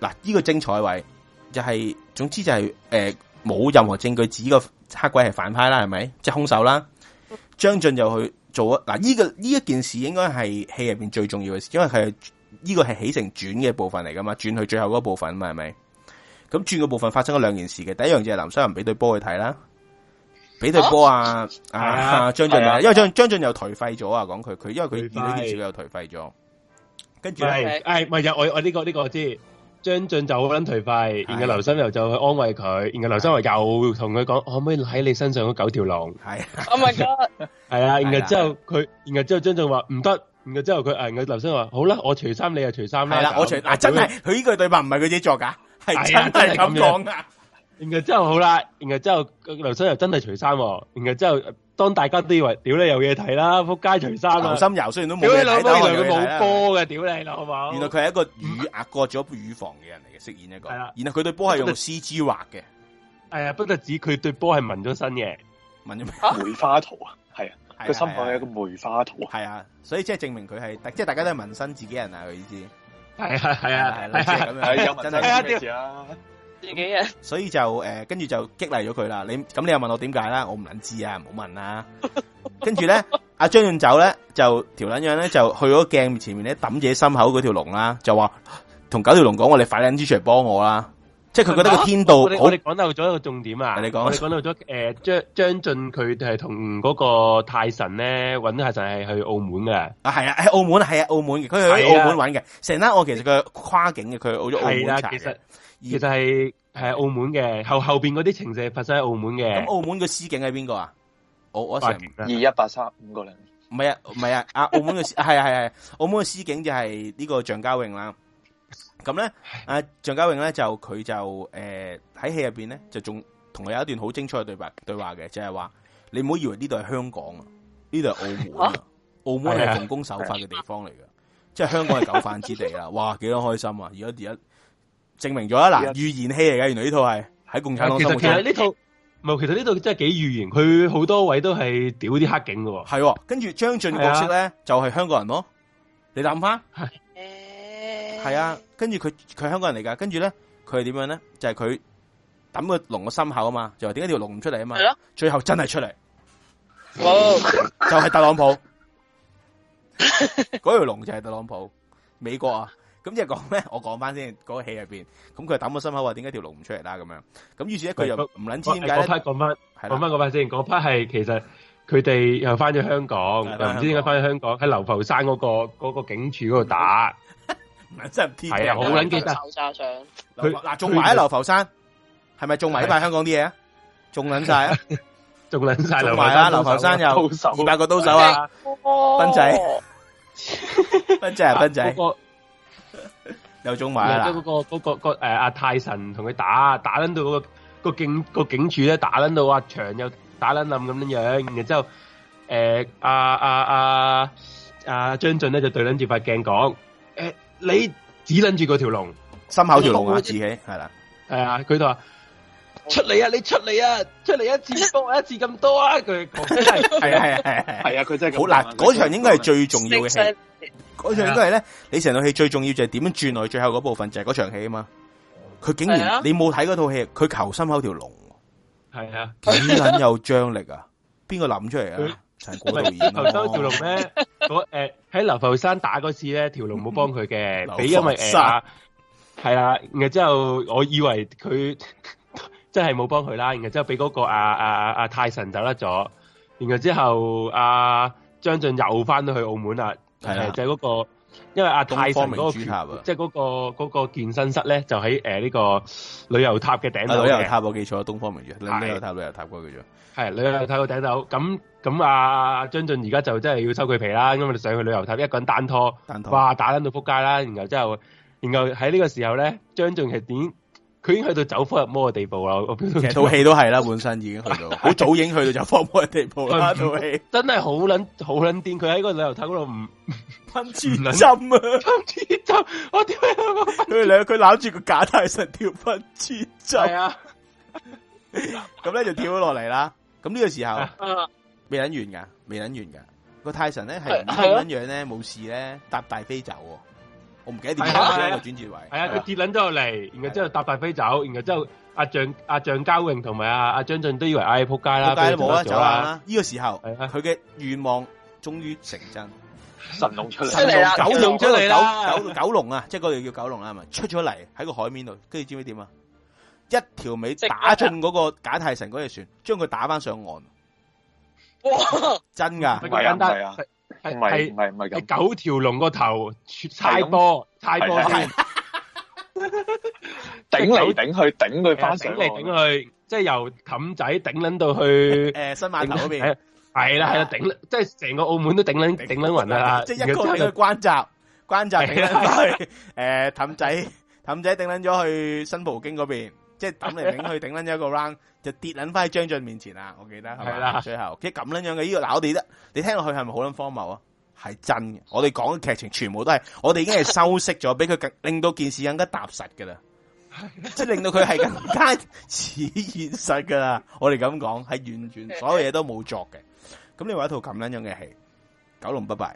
嗱，呢個精彩位就係、是，總之就係、是、誒，冇、呃、任何證據指個。黑鬼係反派啦，係咪？即係凶手啦。張晉、嗯、又去做嗱，呢、啊這個呢一件事應該係戲入邊最重要嘅事，因為佢呢、這個係起承轉嘅部分嚟㗎嘛，轉去最後嗰部分嘛，係咪？咁轉嘅部分發生咗兩件事嘅，第一樣嘢係林心如俾對波去睇啦，俾對波啊啊！張晉、啊、因為張張晉又頹廢咗啊，講佢佢因為佢演呢件事佢又頹廢咗，跟住係係唔係我我呢、這個呢個我知。張晉就好撚頹廢，然後劉心悠就去安慰佢，然後劉心悠同佢講可唔可以喺你身上嗰九條龍？係，Oh my god！係啊，然後之後佢，然後之後張晉話唔得，然後之後佢誒，個劉心悠話好啦，我除衫你又除衫啦，係啦，我除嗱真係，佢呢句對白唔係佢自己作噶，係真係咁講啊！然後之後好啦，然後之後劉心悠真係除衫，然後之後。當大家都以為屌你有，嘢睇啦，仆街除衫啊！劉心游雖然都冇人睇到佢，屌你冇波嘅，屌你老好唔好？原來佢係一個乳癌割咗乳房嘅人嚟嘅，飾演一個。係啦，然後佢對波係用 C G 畫嘅。係啊，不特止佢對波係紋咗身嘅，紋咗咩梅花圖啊？係啊，個心口有個梅花圖。係啊，所以即係證明佢係，即係大家都係紋身自己人啊！佢意思係啊，係啊，係咁樣有真係啊。自己啊，所以就誒，跟住就激勵咗佢啦。你咁，你又問我點解啦？我唔捻知啊，唔好問啦。跟住咧，阿張晉走咧，就條捻樣咧，就去咗鏡前面咧，抌自己心口嗰條龍啦，就話同九條龍講，我哋快啲出場幫我啦。即係佢覺得個天道，我哋講到咗一個重點啊。你講，我哋講到咗誒，張張晉佢係同嗰個泰臣咧，揾泰臣係去澳門嘅。啊，係啊，喺澳門，係啊，澳門，佢去澳門揾嘅，成粒我其實佢跨境嘅，佢去咗澳門查嘅。其實係澳門嘅，後後邊嗰啲情節發生喺澳門嘅。咁澳門嘅司警係邊個啊？我我成二一八三五個零。唔係啊，唔係啊，啊澳門嘅係係澳門嘅司警就係呢個張家穎啦。咁咧，啊張家穎咧就佢就誒喺戲入邊咧就仲同佢有一段好精彩嘅對白對話嘅，就係話你唔好以為呢度係香港啊，呢度係澳門啊，澳門係奉公守法嘅地方嚟嘅， 即係香港係九反之地啦。哇，幾多開心啊！而家證明咗啦，預言戲嚟噶，原來呢套係喺共產黨心機。其實其實呢套唔係，其實呢套真係幾預言。佢好多位都係屌啲黑警噶，係、啊。跟住張晉嘅角色咧，啊、就係香港人咯。你諗下，係，係是啊。跟住佢佢香港人嚟噶，跟住咧佢係點樣咧？就係佢抌個龍個心口啊嘛，就係點解條龍唔出嚟啊嘛？啊最後真係出嚟，哦哇，就係特朗普。嗰條龍就係特朗普，美國啊。咁即係講咩？我講翻先，嗰戲入邊，咁佢又抌咗心口話，點解條路唔出嚟啦？咁樣，咁於是咧，佢又唔捻知點解咧？嗰批講翻，係講翻嗰批先。嗰批係其實佢哋又翻咗香港，又唔知點解翻咗香港，喺流浮山嗰個嗰個警署嗰度打，真係係啊，好捻記得。收沙槍，佢嗱種埋喺流浮山，係咪種埋喺香港啲嘢啊？種捻晒啊，種捻晒，種埋啊，流浮山有二百個刀手啊，斌仔，斌仔啊，斌仔。 有種埋啦，即係嗰個、那個、那個誒，阿、呃、泰、啊、臣同佢打打，捻到嗰、那個、那個那個警、那個警署咧、啊，打捻到阿長又打捻冧咁樣樣，然後之後誒，阿阿阿阿張晉咧就對捻住塊鏡講：誒、呃，你只捻住嗰條龍，心口條龍啊自己係啦，係啊，佢就話。出嚟啊！你出嚟啊！出嚟一次幫我一次咁多啊！佢講真係係啊係啊係啊係啊！佢真係好嗱，嗰場應該係最重要嘅戲。嗰場應該係咧，你成套戲最重要就係點樣轉落去最後嗰部分，就係嗰場戲啊嘛。佢竟然你冇睇嗰套戲，佢求心口條龍。係啊，幾撚有張力啊？邊個諗出嚟啊？陳國導演求偷條龍咩？我誒喺流浮山打嗰次咧，條龍冇幫佢嘅，俾因為誒係啦，然後之後我以為佢。即係冇幫佢啦，然後之後俾嗰個啊啊阿泰臣走甩咗，然後之後阿張晉又翻到去澳門啦、啊呃，就係、是、嗰、那個，因為阿、啊、泰臣嗰個,、啊那個，即係嗰個嗰個健身室咧就喺誒呢個旅遊塔嘅頂度、啊、旅遊塔我記錯咗，東方明珠。啊、旅遊塔旅遊塔嗰個叫做，係旅遊塔嘅頂度。咁咁阿張晉而家就真係要收佢皮啦，因為佢上去旅遊塔一個人單拖，單拖哇打親到扑街啦，然後之後，然後喺呢個時候咧，張晉係點？佢已經去到走火入魔嘅地步啦，套戲都係啦，本身已經去到好 早已經去到走火入魔嘅地步啦。套戲 真係好捻好捻癲，佢喺個旅遊塔嗰度唔噴針心啊！噴針！我點解佢攬住個假泰神跳噴針？係是啊， 咁咧就跳咗落嚟啦。咁呢個時候未捻完噶，未捻完噶，個泰神咧係唔一樣咧，冇事咧，搭大飛走。唔記得點解轉轉位，係啊！佢跌撚咗落嚟，然後之後搭大飛走，然後之後阿張阿張家榮同埋阿阿張俊都以為唉仆街啦，仆街冇啦，走啦！呢個時候佢嘅願望終於成真，神龍出嚟啦！九龍出嚟九九九龍啊，即係嗰度叫九龍啊，係咪出咗嚟喺個海面度？跟住知唔知點啊？一條尾打進嗰個假太神嗰隻船，將佢打返上岸。哇！真㗎，唔係啊！係係係唔係咁，九條龍個頭太多太多先，頂嚟頂去頂佢翻，頂嚟頂去，即係由氹仔頂捻到去誒新馬路嗰邊，係啦係啦，頂即係成個澳門都頂捻頂捻勻啦吓，即係一個都關閘，關閘頂捻去誒氹仔，氹仔頂捻咗去新葡京嗰邊。即係抌嚟抌去，頂捻咗一個 round 就跌捻翻喺張晉面前啦。我記得係嘛，是的 最後即係咁捻樣嘅呢，這個鬧地得，你聽落去係咪好捻荒謬啊？係真嘅，我哋講嘅劇情全部都係我哋已經係修飾咗，俾佢令到件事是的 更加踏實噶啦，即係令到佢係更加似現實噶啦。我哋咁講係完全所有嘢都冇作嘅。咁你話一套咁捻樣嘅戲，《九龍不敗》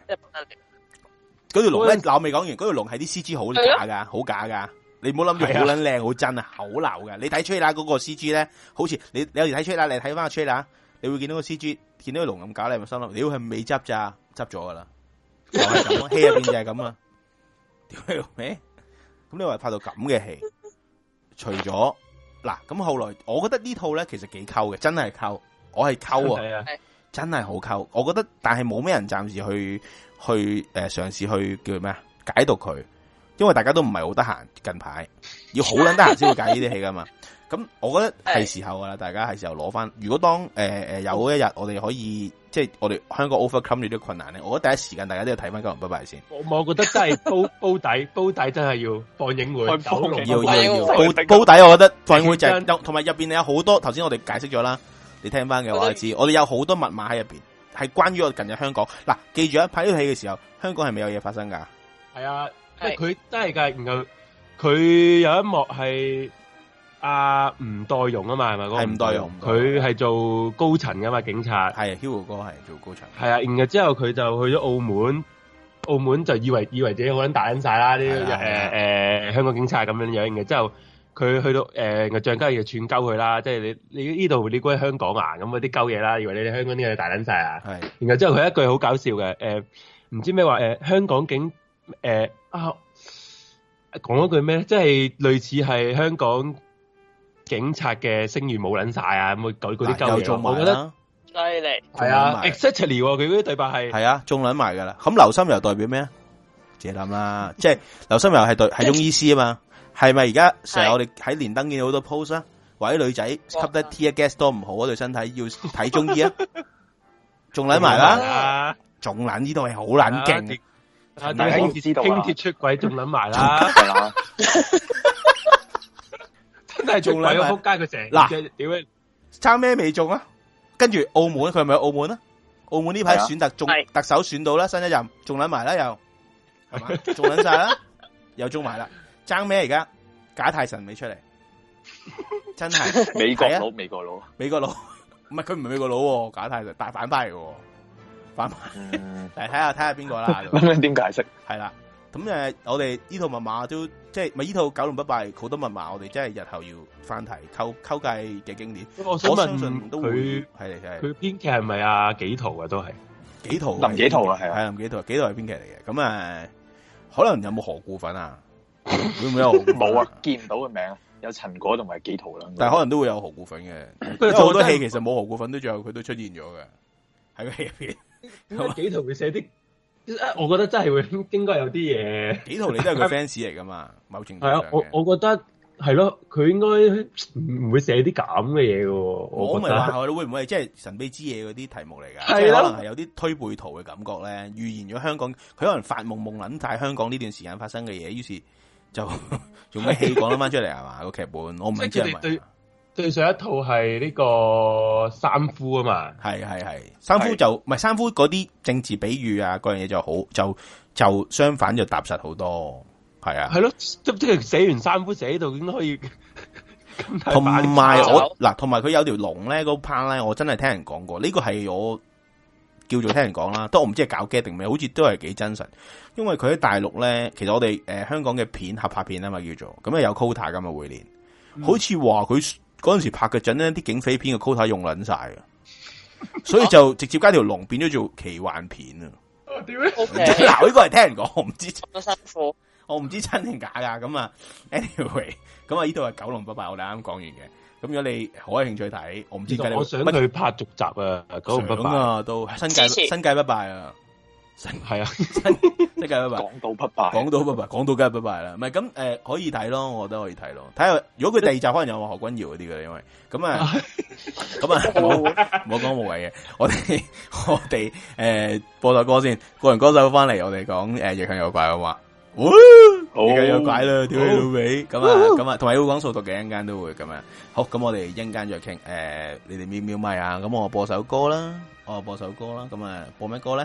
嗰條龍咧，我未講完，嗰條龍係啲 C G 好假噶，好假噶。你唔好諗住好撚靚好真啊，好流嘅。你睇吹打嗰個 C G 咧，好似你你有時睇吹打，你睇翻個吹打，你會見到個 C G 見到個龍咁搞，你咪心諗，屌係未執咋？執咗噶啦，就係咁囉，戲入邊就係咁啊！屌咩？咁你話拍到咁嘅戲？除咗嗱，咁後來我覺得套呢套咧其實幾溝嘅，真係溝，我係溝啊，真係好溝我覺得，但係冇咩人暫時去去誒嘗試去叫咩啊？解讀佢。因為大家都唔係好得閒，近排要好捻得閒先會揀呢啲戲噶嘛。咁 我覺得係時候啦，大家係時候攞翻。如果當誒誒、呃、有一日我哋可以即係我哋香港 overcome 呢啲困難咧，我覺得第一時間大家都要睇翻《Good Bye Bye》先我。我覺得真係煲， 煲底，煲底真係要放映會要，要，要，要 煲，煲底。我覺得放映會就同埋入邊你有好多。頭先我哋解釋咗啦，你聽翻嘅話 知。我哋有好多密碼喺入邊，係關於我近日香港嗱。記住一、啊、拍呢個戲嘅時候，香港係咪有嘢發生噶？係啊。佢是真係噶，然後佢有一幕係阿、啊、吳岱融啊嘛，係咪嗰個吳岱融？佢係做高層噶嘛，警察。係 Hugo 哥係做高層。係啊的，然後之後佢就去咗澳門，澳門就以為以為自己好撚大撚晒啦，呢誒誒香港警察咁樣樣嘅。之後佢去到誒帳街又串鳩佢啦，即係你你呢度你估香港啊，咁啲鳩嘢啦，以為你哋香港啲嘢大撚晒啊。係。是的 然後之後佢一句好搞笑嘅，誒、呃、唔知咩話誒香港警誒。呃啊，講嗰句咩即係類似係香港警察嘅聲譽冇捻晒啊！咁佢舉嗰啲鳩樣，冇覺得犀利係啊！exactly 佢嗰啲對白係係啊，仲捻埋噶啦。咁劉心悠代表咩啊？借諗啦，即係劉心悠係對係中醫師啊嘛。係咪而家成日我哋喺連登見到好多 post 啊？或者女仔吸得 T 嘅 gas 多唔好啊，對身體要睇中醫啊，仲捻埋啦，仲捻呢度係好撚勁。啊大但係輕鐵輕鐵出軌仲諗埋啦，係 真係仲諗埋，扑街佢成嗱，屌爭咩未中啊？跟住澳門，佢係咪澳門啊？澳門呢排選特、啊、中特首選到啦，新一任仲諗埋啦又，係咪？仲諗晒啦？ 又中埋啦？爭咩而家？假太神未出嚟？真係美國佬，啊、美國佬，美國佬，唔係佢唔係美國佬，啊，假太神大反派嚟喎！密碼嚟睇下睇下邊個啦，咁樣點解釋？係啦，咁誒，我哋呢套密碼都即係咪呢套九龍不敗好多密碼，我哋真係日後要翻睇，扣扣計嘅經典。我相信都會係係。佢編劇係咪啊？幾圖啊？都係幾圖林幾圖啊？係係林幾圖？幾圖係編劇嚟嘅。咁啊，可能有冇何故粉啊？會唔會有？冇啊！見唔到嘅名有陳果同埋幾圖啦。但係可能都會有何故粉嘅，因為好多戲其實冇何故粉，到最後佢都出現咗嘅喺個戲入邊。幾圖佢寫啲？我覺得真係會應該有啲嘢。幾圖你都係佢 fans 嚟噶嘛？某程度。係啊，我我覺得係咯，佢應該唔會寫啲咁嘅嘢喎。我咪話，會唔會即係神秘之夜嗰啲題目嚟噶？係咯了，即可能係有啲推背圖嘅感覺咧，預言咗香港。佢可能發夢夢諗大香港呢段時間發生嘅嘢，於是就 做咩戲講得翻出嚟係嘛個劇本？我唔知係對上一套係呢、這個三夫啊嘛，係係係三夫就唔係三夫嗰啲政治比喻啊，嗰樣嘢就好就就相反就踏實好多，係啊，係咯，即係寫完三夫寫到該可以咁同埋我嗱，同埋佢有條龍咧，嗰 part 咧，我真係聽人講過，呢、這個係我叫做聽人講啦，都我唔知係搞嘅定咩，好似都係幾真實，因為佢喺大陸咧，其實我哋誒、呃、香港嘅片合拍片啊嘛，叫做咁啊有 quota 噶嘛，會連，好似話佢。嗯嗰陣時拍嘅陣咧，啲警匪片嘅高體用捻晒嘅，所以就直接加條龍變咗做奇幻片啊！嗱、啊，呢 Okay. 個係聽人講，我唔知真辛苦，我唔知真定假噶。咁、嗯、啊，anyway，咁、嗯、啊，呢度係九龍不敗，我哋啱啱講完嘅。咁、嗯、如果你好有興趣睇，我唔知你我想去拍續集啊，九龍不敗啊，到新界持新界不敗啊。係啊，講到 不敗，講到不敗，講到梗係不敗啦。唔係咁誒，可以睇咯，我覺得可以睇咯。睇下如果佢第二集可能有我何君堯嗰啲嘅，因為咁啊，咁、嗯、啊，冇冇講無謂嘅。我哋我哋誒、呃，播首歌先，個人歌手翻嚟我哋講誒，越強越怪好嘛？哇、哦，越有越怪啦，屌你老味！咁啊，咁啊、哦，同埋會講數獨嘅一間都會咁樣。好，咁我哋一陣間再傾。誒、呃，你哋瞄唔咪啊？咁我播首歌啦，我播首歌啦。咁啊，播咩歌咧？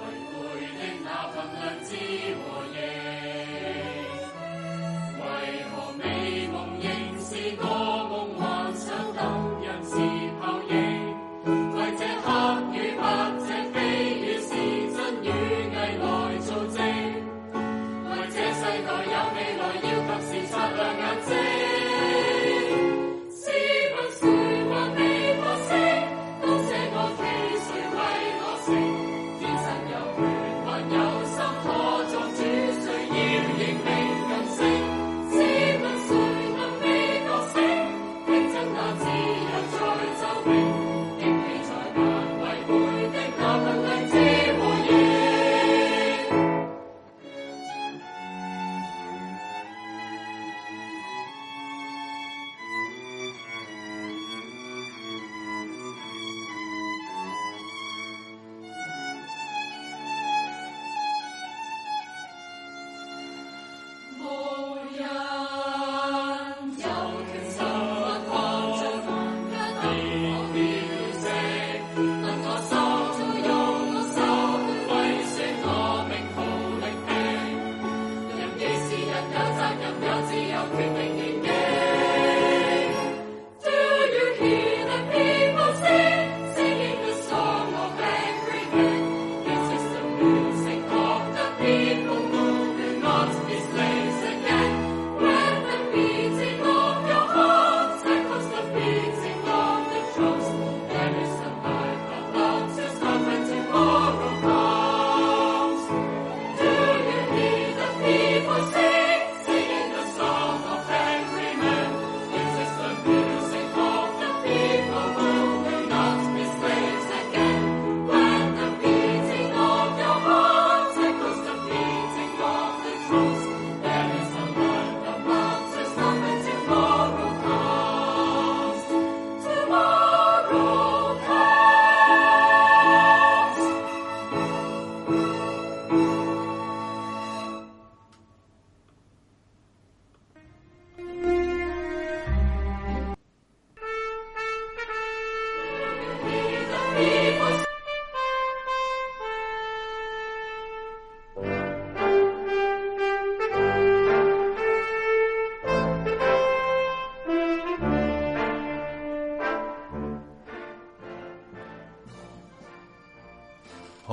徘徊的那份良知和影？為何美夢仍是個夢，幻想等人是泡影？為這黑與白。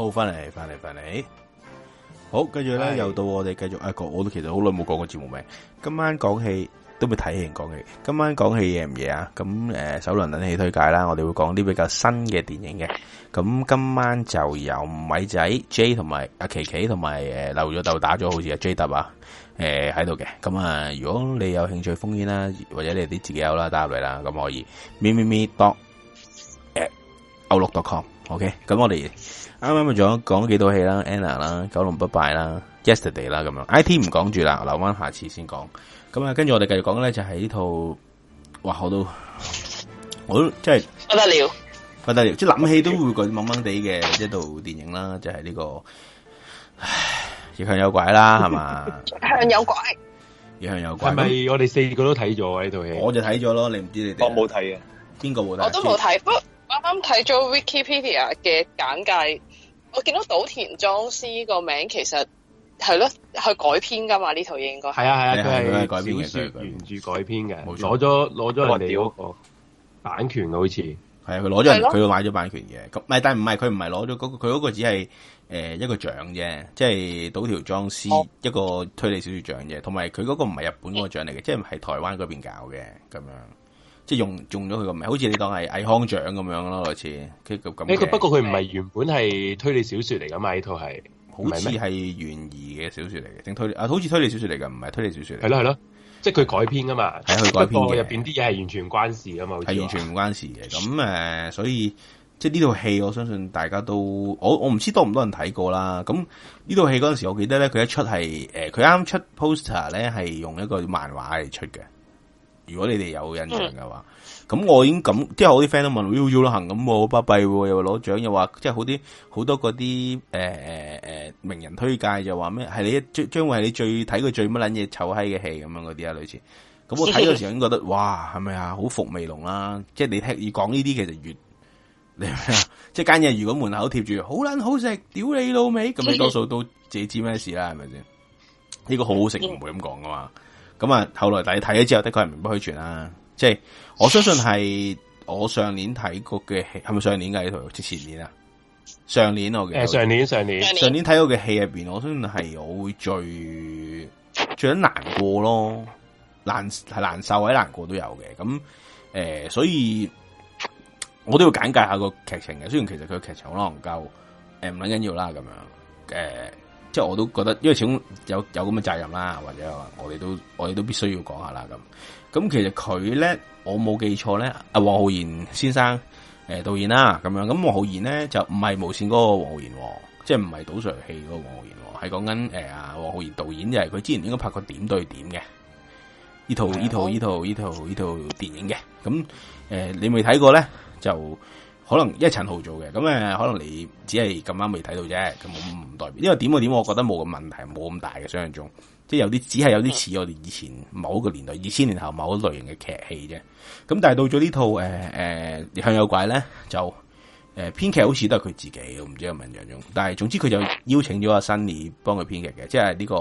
好翻嚟，翻嚟，翻嚟，好，跟住咧又到我哋繼續啊！講、哎、我都其實好耐冇講過節目名，今晚講戲都未睇完講戲，今晚講戲夜唔夜啊？咁誒、呃，首輪撚戲推介啦，我哋會講啲比較新嘅電影嘅。咁今晚就有米仔 J 同埋阿琪琪同埋誒漏咗豆打咗，好似 J W 誒喺度嘅。咁啊，如果你有興趣 phone in 啦，或者你啲自己有啦，打入嚟啦，咁可以咪咪咪。dog at outlook dot com。OK，咁我哋啱啱咪仲講幾套戲啦，Anna 啦，九龍不敗啦，Yesterday 啦，咁樣 IT 唔講住啦，留翻下次先講。咁啊，跟住我哋繼續講咧，就係、是、呢套，哇，我都，我都真係不得了，不得了，得了即係諗起都會覺得懵懵地嘅一套電影啦，就係、是、呢、這個，要向有鬼啦，係嘛？ 向有鬼，要向有鬼係咪？是是我哋四個都睇咗呢套戲，戲我就睇咗咯。你唔知你哋。我冇睇呀，邊個冇睇？我都冇睇。G 我啱啱睇咗 Wikipedia 嘅簡介，我見到島田莊司個名其實係咯，去改編噶嘛呢套嘢應該係啊係啊，佢係小說原著改編嘅，攞咗攞咗人哋嗰個版權好似係啊，佢攞咗佢買咗版權嘅，咁係但係唔係佢唔係攞咗嗰個佢嗰個只係誒一個獎啫，即係島田莊司一個推理小說獎啫，同埋佢嗰個唔係日本個獎嚟嘅，即係係台灣嗰邊搞嘅咁樣。即係用中咗佢個名，好似你當係艾康獎咁樣咯，類似咁。不過佢唔係原本係推理小說嚟噶嘛？呢套係，好似係懸疑嘅小說嚟嘅，正推理好似推理小說嚟噶，唔係推理小說嚟。係咯係咯，即係佢改編噶嘛？係佢改編嘅。不過入邊啲嘢係完全唔關事噶嘛，係完全唔關事嘅。咁誒，所以即係呢套戲，我相信大家都我我唔知多唔多人睇過啦。咁呢套戲嗰陣時，我記得咧，佢一出係誒，佢啱出 poster 咧，係用一個漫畫嚟出嘅。如果你哋有印象嘅話，咁、嗯、我已經咁，嗯、即係我啲 friend 都問 Will 行咁，好巴閉，又攞獎，又話即係好啲好多嗰啲誒誒名人推介就，就話咩係你將將會係你最睇過最乜捻嘢醜閪嘅戲咁樣嗰啲啊，那類似。咁我睇嗰時已經覺得，哇，係咪啊，好伏味濃啦！即係你聽，越講呢啲，其實越你咩啊？ 即係間嘢，如果門口貼住 好捻好食，屌你老味！咁你多數都自己知咩事啦，係咪先？呢、這個好好食，唔會咁講噶嘛。咁啊，後來大家睇咗之後的確明虛傳，的確係名不虛傳啦。即係我相信係我上年睇過嘅戲，係咪上年㗎？呢套即係前年啊？上年我嘅係上年上年上年睇過嘅戲入邊，我相信係我會最最難過咯，難係難受或者難過都有嘅。咁誒、呃，所以我都要簡介下個劇情嘅。雖然其實佢嘅劇情可能唔夠誒，唔緊要啦，咁樣、呃即係我都覺得，因為始終有有咁嘅責任啦，或者我哋都我哋都必須要講下啦咁。咁其實佢咧，我冇記錯咧，阿黃浩然先生誒導演啦，咁樣咁黃浩然咧就唔係無線嗰個黃浩然，即係唔係賭石戲嗰個黃浩然，係講緊誒黃浩然導演，就係、是、佢之前應該拍過點對點嘅呢套呢的套呢的套呢套呢套電影嘅。咁誒、呃，你未睇過咧就？可能一做的，因為陳浩做嘅，咁誒可能你只係咁啱未睇到啫，咁唔代表，因為點個點，我覺得冇咁問題，冇咁大嘅想像中，即係有啲只係有啲似我哋以前某個年代二千年後某一類型嘅劇戲啫。咁但係到咗呢套誒誒、呃、向有鬼》咧，就誒、呃、編劇好似都係佢自己，唔知阿文楊仲，但係總之佢就邀請咗阿新兒幫佢編劇嘅，即係呢個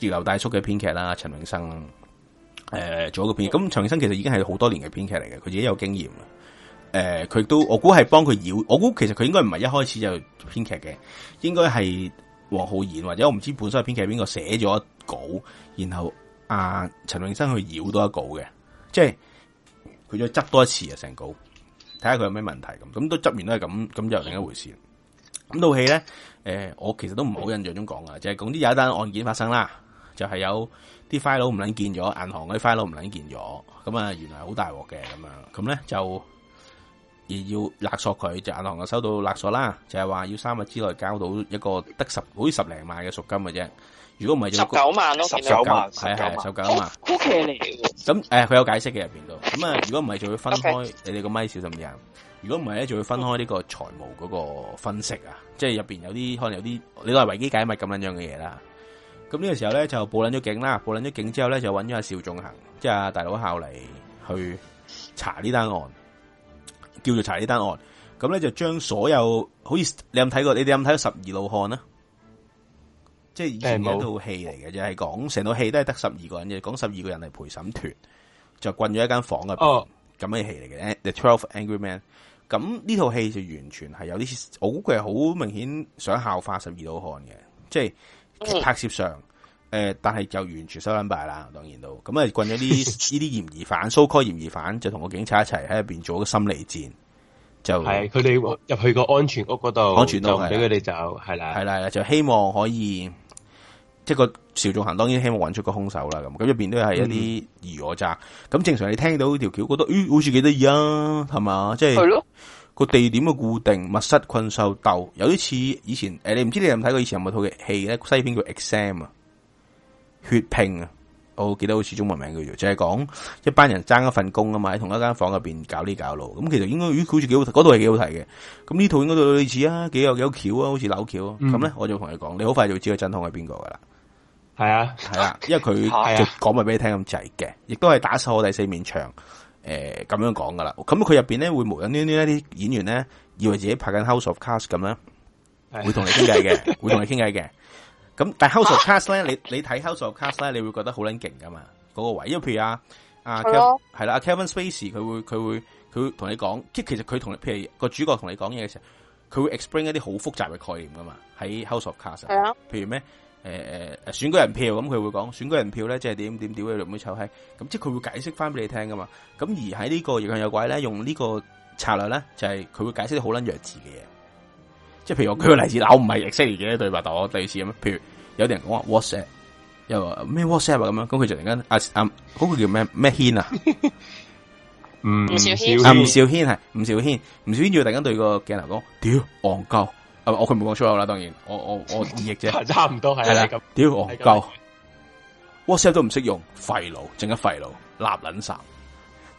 熱流大叔嘅編劇啦，陳永生誒、呃、做一個編劇，咁陳永生其實已經係好多年嘅編劇嚟嘅，佢自己有經驗。誒，佢都我估係幫佢繞，我估其實佢應該唔係一開始就編劇嘅，應該係黃浩然或者我唔知本身係編劇邊個寫咗一稿，然後、啊、陳陳永生去繞多一稿嘅，即係佢再執多一次啊成稿，睇下佢有咩問題咁，咁都執完都係咁，咁就另一回事。咁套戲咧，誒、呃，我其實都唔係好印象中講啊，就係講啲有一單案件發生啦，就係、是、有啲 file 唔捻見咗，銀行嗰啲 file 唔捻見咗，咁啊，原來係好大鑊嘅咁樣呢，咁咧就。而要勒索佢，就銀行就收到勒索啦。就係、是、話要三日之內交到一個得十好似十零萬嘅贖金嘅啫。如果唔係就十九萬咯，十九萬係係十九萬。咁誒九，佢有解釋嘅入邊度。咁啊，如果唔係就會分開白你哋個咪小心啲。如果唔係咧，就會分開呢個財務嗰個分析啊。嗯、即係入邊有啲可能有啲，你都係維基解密咁樣樣嘅嘢啦。咁呢個時候咧就報撚咗警啦，報撚咗警之後咧就揾咗阿邵仲恒，即係阿大佬孝嚟去查呢單案。叫做查呢單案，咁咧就將所有好似你有冇睇過？你哋有冇睇《十二怒漢》咧？即係以前一套戲嚟嘅，欸、就係講成套戲都係得十二個人嘅，講十二個人嚟陪審團，就棍咗一間房入面哦咁樣戲嚟嘅 The Twelve Angry Men，咁呢套戲就完全係有啲，我估佢係好明顯想效化《十二怒漢》嘅，即係拍攝上。誒，但係就完全收冧晒啦。當然都咁啊，就棍咗啲呢啲嫌疑犯，蘇科、 so、嫌疑犯就同個警察一齊喺入邊做個心理戰。就係佢哋入去個安全屋嗰度，安全就俾佢哋就係啦，係啦的，就希望可以即個、就是、邵仲恒當然希望揾出個兇手啦。咁咁入邊都係一啲疑我渣咁。嗯、正常你聽到呢條橋，覺得咦，好似幾得意啊，係嘛？即係個地點嘅固定密室困獸鬥，有啲似以前誒、呃，你唔知你有冇睇過以前有冇套嘅戲咧？西片叫 Exam 啊。血拼啊！我記得好似中文名叫做，就係、是、講一班人爭一份工啊嘛，喺同一間房入邊搞呢搞路。咁其實應該、呃、好似幾好睇，嗰套係幾好睇嘅。咁呢套應該都類似啊，幾有幾好橋啊，好似扭橋咁咧。我就同你講，你好快就會知道真兇係邊個噶啦。係啊，係啊，因為佢就講埋俾你聽咁滯嘅，亦都係打我第四面牆誒咁樣講噶啦。咁佢入邊咧會無影呢啲演員咧，以為自己拍緊 House of Cards 咁樣，會同你傾偈嘅，會同你傾偈嘅。咁但 House of Cards 咧，你你睇 House of Cards 咧，你會覺得好撚勁噶嘛？嗰、那個位，因為譬如阿阿係啦，阿、啊、Kevin 對吧、啊、Spacey 佢會佢會佢同你講，即其實佢同你，譬如個主角同你講嘢嘅時候，佢會 explain 一啲好複雜嘅概念噶嘛？喺 House of Cards 係譬如咩誒誒選舉人票咁，佢會講選舉人票咧即係點點屌你老母臭閪，咁即係佢會解釋翻俾你聽噶嘛？咁而喺呢、這個異向有鬼咧，用呢個策略咧，就係、是、佢會解釋啲好撚弱智嘅嘢。即係譬如我舉個例子，我唔係 exactly 嘅對話，但我第二次咁。譬如有啲人講話：Wh 啊「WhatsApp 又話咩 WhatsApp 咁樣，咁佢就突然間阿阿嗰個叫咩咩軒啊，吳小軒，吳小軒係吳小軒，吳小軒要突然間對個鏡頭講屌戇鳩，我佢冇講粗口啦，當然我我我亦啫，差唔多係啦，屌戇鳩，WhatsApp 都唔識用，廢腦，淨係廢腦，立撚殺，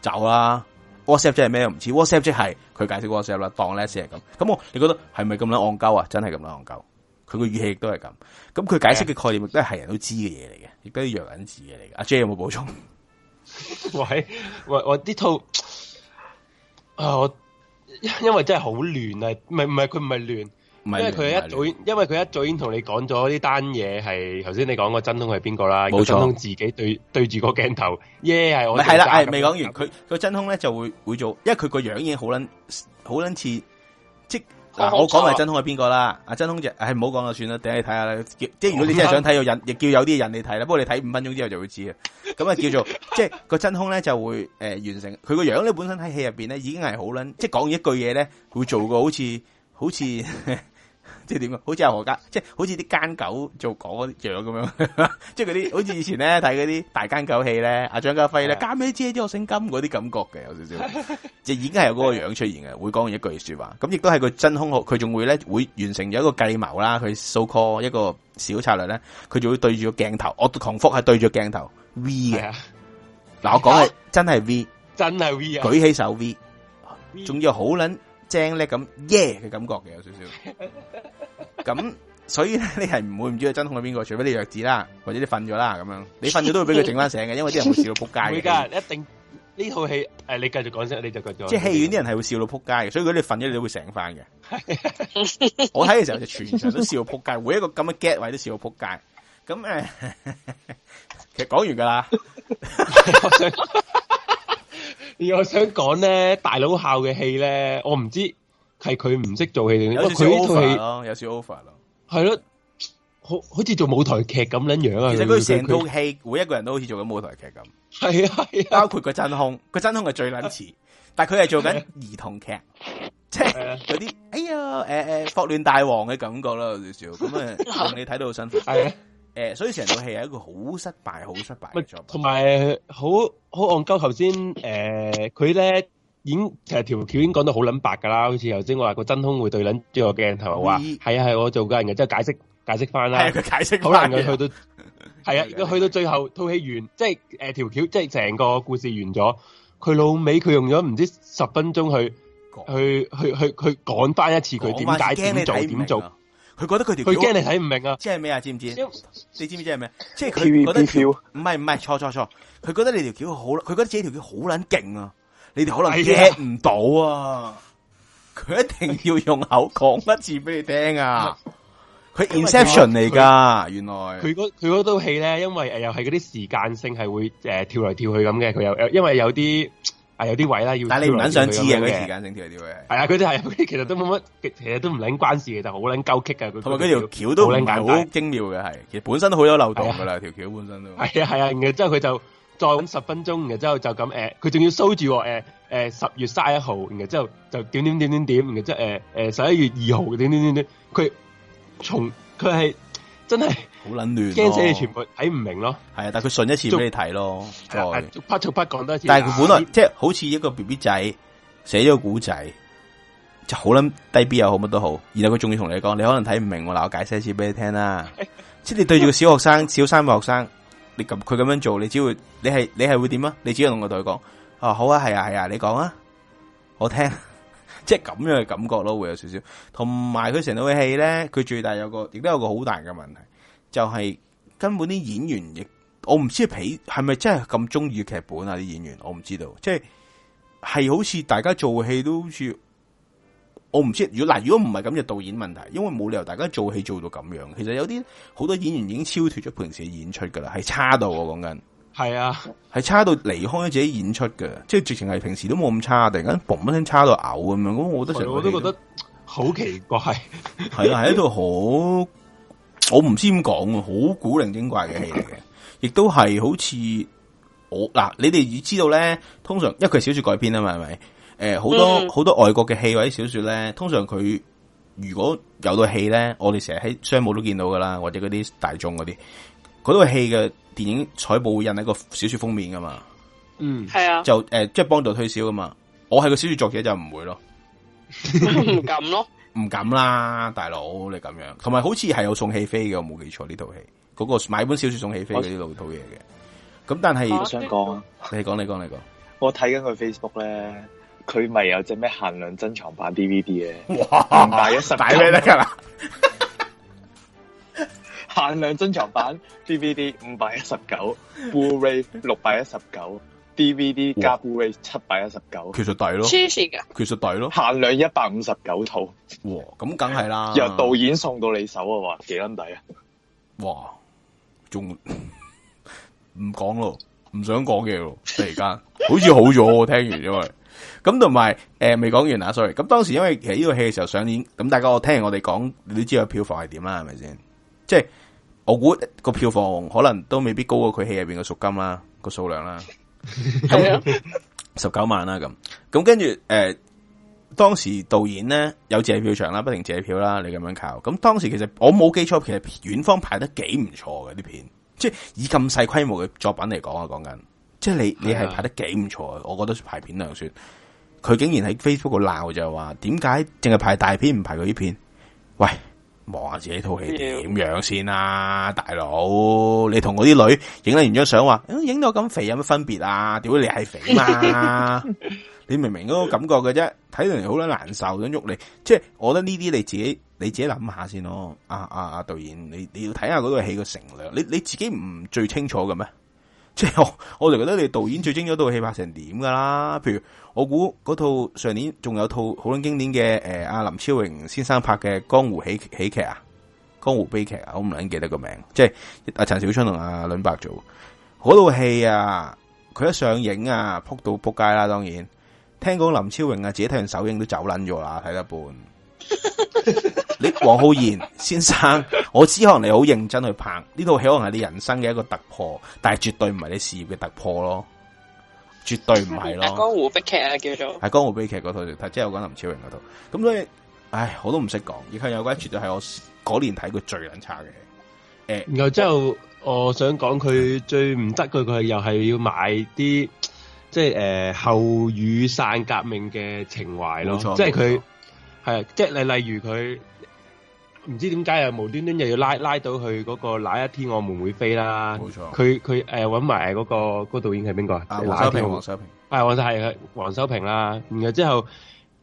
走啦。WhatsApp 即係咩？唔似 WhatsApp 即係佢解釋 WhatsApp 啦，當咧先係咁。咁我你覺得係咪咁樣戇鳩啊？真係咁樣戇鳩。佢個語氣亦都係咁。咁佢解釋嘅概念亦都係人都知嘅嘢嚟嘅，亦都係弱人字嚟嘅。阿 J 有冇補充？ 喂，喂，我呢套，啊、我因因為真係好亂啊！唔係唔係，佢唔係亂。因為佢一早，因為佢一早已經同你講咗呢單嘢係，頭先你講個真兇係邊個啦。冇錯，自己對對住個鏡頭，耶、yeah, 係我係啦，係未講完。佢個真兇咧就會會做，因為佢個樣已經好撚好撚似。即嗱，可我講埋真兇係邊個啦。阿真兇就係唔好講啦，哎、了算啦，等你睇下啦。即係如果你真係想睇，到人，亦叫有啲人嚟睇啦。不過你睇五分鐘之後就會知啊。咁啊叫做， 即係個真兇咧就會誒、欸、完成。佢個樣咧本身喺戲入邊咧已經係好撚，即係講一句嘢咧會做過好似好似。 即係點啊？好似阿何家，即係好似啲奸狗做講嗰啲樣咁樣，即係嗰啲好似以前咧睇嗰啲大奸狗戲咧，阿張、 啊、家輝咧的加咩啫？多姓金嗰啲感覺嘅有少少，就 已經係有嗰個樣出現嘅，的會講完一句說話。咁亦都係個真空佢仲會咧會完成咗一個計謀啦。佢 so call 一個小策略咧，佢仲會對住個鏡頭，我狂複係對住鏡頭 V 嘅。嗱的、嗯，我講係真係 V，真係 V 啊！V, 舉起手 V，仲 V 要好捻。精叻咁耶嘅感覺嘅有少少，咁 所以咧，你係唔會唔知佢真兇係邊個，除非你弱智啦，或者你瞓咗啦咁樣，你瞓咗都會俾佢整翻醒嘅， 因為啲人會笑到扑街嘅。唔會噶，一定呢套戲，誒，你繼續講先，你就繼續即係戲院啲人係會笑到扑街嘅，所以如果你瞓咗，你都會醒翻嘅。 我睇嘅時候就全場都笑到扑街，每一個咁嘅 get 位都笑到扑街。咁誒、呃，其實講完噶啦。 我想講咧，大佬校嘅戲咧，我唔知係佢唔識做戲定，佢呢套戲咯，有少 over 咯，係咯，好好似做舞台劇咁樣樣啊！其實佢成套戲每一個人都好似做緊舞台劇咁，係啊，包括個真空，個真空係最捻似，但係佢係做緊兒童劇，即係嗰啲哎呀，誒誒，霍亂大王嘅感覺囉。少少咁啊，你睇到好辛苦，係啊。誒、呃，所以成套戲係一個好失敗、好失敗同埋好好戇鳩，頭先誒佢咧演，其實條橋已經講到好撚白㗎啦。好似頭先我話個真空會對撚照個鏡頭，係咪話？係啊係、啊啊，我做緊嘅，即係解釋解釋翻啦。解釋好、啊、難嘅，去到係嗎啊， 去到最後套戲完，即係誒條橋，即係成個故事完咗。佢老尾佢用咗唔知十分鐘去說去去去去講翻一次佢點解點做點做。佢覺得佢條佢驚你睇唔明啊！即係咩啊？知唔知？為你知唔知係咩？即係咩？即係佢覺得唔係唔係錯錯錯！佢 覺得你條橋好，佢覺得自己條橋好撚勁！啊！你哋可能 get 唔到啊！佢的、啊、一定要用口講一次俾你聽啊！佢 inception 嚟噶，佢原來佢嗰佢嗰套戲咧，因為又係嗰啲時間性係會誒、呃、跳來跳去咁嘅，佢有因為有啲。係、啊、有啲位啦，要但係你唔想知嘅時間性條條嘅，係啊，佢哋係，佢哋其實都冇乜，其實都唔撚 關事嘅，但係好撚糾結噶。同埋嗰條橋都好靈簡，好精妙嘅係，其實本身都好有漏洞的。噶啦的，條橋、啊、本身都係啊係啊，然之後佢就再諗十分鐘，然之後就咁誒，佢、呃、仲要收住誒誒十月卅一號，然之後就點點點點點，然之後誒誒十一月二號點點點點，佢從佢係真係。好捻亂，啊，驚死你！全部睇唔明咯。係啊，但佢順一次俾你睇咯。錯，逐 part 講多一次。但係佢本來即係好似一個 B B 仔寫咗個古仔，就好捻低 B 又好乜都好。然後佢仲要同你講，你可能睇唔明，我嗱我解釋一次俾你聽啦。哎、即係你對住個小學生、哎、小三嘅學生，你咁佢咁樣做，你只會你係你係會點啊，啊，啊，啊，啊？你只要同我同佢講，哦好啊，係啊係啊，你講啊，我聽。即係咁樣嘅感覺咯，會有少少。同埋佢成套戲咧，佢最大有個亦都有個好大嘅問題。就係根本啲演員亦，我唔知皮係咪真係咁中意劇本啊？啲演員我唔知道，即係係好似大家做戲都好似，我唔知。如果嗱，如果唔係咁就導演問題，因為冇理由大家做戲做到咁樣。其實有啲好多演員已經超脱咗平時嘅演出噶啦，係差到我講緊，係啊，係差到離開咗自己演出嘅，即係直情係平時都冇咁差，突然間嘣一聲差到嘔咁樣。我我我都覺得好奇怪，係 係啊，係一套好。我唔知點講喎，好古靈精怪嘅戲嚟嘅，亦都係好似我嗱、啊，你哋已知道咧，通常因為佢小說改編啊嘛，係咪？誒、呃，好多好、嗯、多外國嘅戲或者小說咧，通常佢如果有到戲咧，我哋成日喺商務都見到噶啦，或者嗰啲大眾嗰啲，嗰啲戲嘅電影彩報會印喺個小說封面噶嘛。嗯，係啊，就誒，即係幫助推銷噶嘛。我係個小說作者就唔會咯，唔敢囉。咯。唔敢啦，大佬你咁樣，同埋好似係有送戲飛嘅，我冇記錯呢套戲。嗰、嗰個買本小說送戲飛嗰啲老土嘢嘅。咁但係我想講啊，你講你講你講。我睇緊佢 Facebook 咧，佢咪有隻咩限量珍藏版 DVD 嘅？哇，五百一十大咩嚟噶？ 限量珍藏版 DVD 五百一十九，Blu-ray 六百一十九。D V D 加布瑞七百一十九，其實抵咯，黐線㗎。其實抵咯，限量一百五十九套，咁梗係啦，由導演送到你手啊，話幾撚抵啊，哇，仲唔講咯，唔 想講嘅咯，突然間好似好咗， 聽完因為。咁同埋誒未講完啊，sorry，咁當時因為其實呢個戲嘅時候上演，咁大家我聽完我哋講，你都知道票房係點啦，係咪先？即係我估個票房可能都未必高過佢戲入邊嘅贖金啦，個數量啦。十九 萬啦咁，咁跟住誒，當時導演咧有借票場啦，不停借票啦，你咁樣靠。咁當時其實我冇記錯，其實遠方排得幾唔錯嘅啲片，即係以咁細規模嘅作品嚟講啊，講緊，即係你你係排得幾唔錯是、啊、我覺得排片量算。佢竟然喺 Facebook 度鬧就係話，點解淨係排大片唔排佢呢片？喂！望下自己套戲點樣先、啊、啦，大佬，你同我啲女影咗完張相話，影到咁肥有乜分別啊？屌，你係肥嘛？你明唔明嗰個感覺嘅啫？睇到人好鬼難受想喐你，即係我覺得呢啲你自己你自己諗下先咯、啊。啊啊啊，導演，你你要睇下嗰套戲嘅成量，你你自己唔最清楚嘅咩？即係我，我就覺得你導演最精嗰套戲拍成點㗎啦？譬如我估嗰套上年仲有套好撚經典嘅，誒、呃、阿林超榮先生拍嘅《江湖喜喜劇》啊，《江湖悲劇》啊，我唔撚記得個名。即係阿陳小春同阿倫伯做嗰套戲啊，佢一上映啊，扑到扑街啦。當然，聽講林超榮啊，自己睇完首映都走撚咗啦，睇得半。 你黃浩然先生，我知可能你好認真去拍呢套戲，這裡可能係你人生嘅一個突破，但係絕對唔係你事業嘅突破咯，絕對唔係咯，啊。江湖悲劇啊，叫做係、啊、江湖悲劇嗰套，即、就、係、是、我講林超榮嗰套。咁所以，唉，我都唔識講，而係有關，絕對係我嗰年睇佢最撚差嘅。誒、欸，然後之後，我，我，我想講佢最唔得佢，佢又係要買啲即係誒後雨傘革命嘅情懷咯，即係佢係即係你，例如佢。唔知點解又無端端又要拉拉到去嗰個那一天我們會飛啦？冇錯，佢佢誒揾埋誒嗰個嗰導演係邊個啊？黃修平，黃修平係，黃修平啦。然後之後，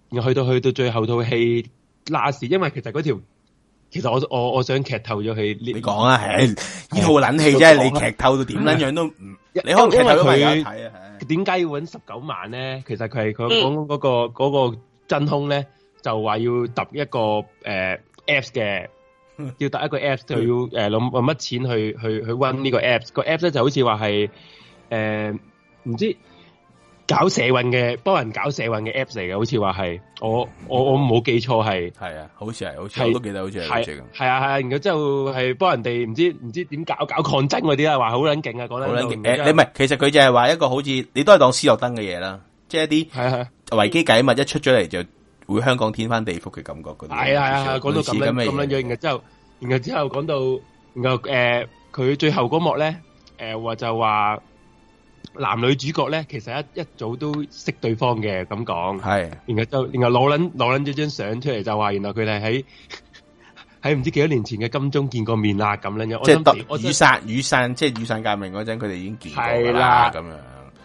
然後去到去到最後套戲那時，因為其實嗰條其實我我我想劇透咗佢，你講啊，誒，呢套冷氣真係你劇透到點樣都唔，你可以劇透俾大家睇啊。點解要揾十九萬呢？其實佢係佢講嗰個嗰個真凶咧，就話要揼一個誒。Apps 嘅，要得一個 apps 就要誒諗用乜錢去去去溫呢個 apps，個 apps 咧就好似話係誒唔知搞社運嘅，幫人搞社運嘅 apps 嚟嘅，好似話係我我我冇記錯係係啊，好似係好似我都記得好似係咁係啊係啊，然之後係幫人哋唔知唔知點搞搞抗爭嗰啲啦，話好撚勁啊，講得好撚勁嘅，你唔係其實佢就係話一個好似你都係當斯諾登嘅嘢啦，即係一啲維基解密一出咗嚟就。會香港天翻地覆嘅感覺嗰啲，係啊係啊，講到咁樣咁樣樣，然後之後，然後之後講到，然後誒，佢最後嗰幕咧，誒話就話男女主角咧，其實一一早都識對方嘅，咁講係。然後就然後攞捻攞捻咗張相出嚟，就話，原來佢哋喺喺唔知幾多年前嘅金鐘見過面啦，咁樣樣。即係雨傘雨傘，即係雨傘革命嗰陣，佢哋已經見過啦，咁樣，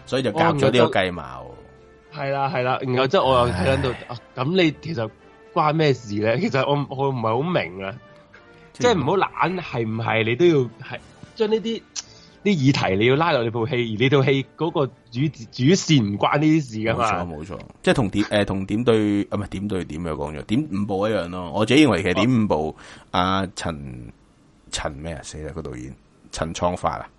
所以就夾咗呢個計謀。係啦，係啦，然後即係我又喺緊度唉。咁、啊、你其實關咩事咧？其實我我唔係好明啊。即係唔好懶，係唔係你都要將呢啲啲議題，你要拉落你部戲，而你套戲嗰個主主線唔關呢啲事噶嘛？冇錯，冇錯即係同點同、呃、點對啊？唔係點對點又講咗點五步一樣咯。我自己認為其實點五步阿陳陳咩啊，啊死啦、個導演陳創發啊！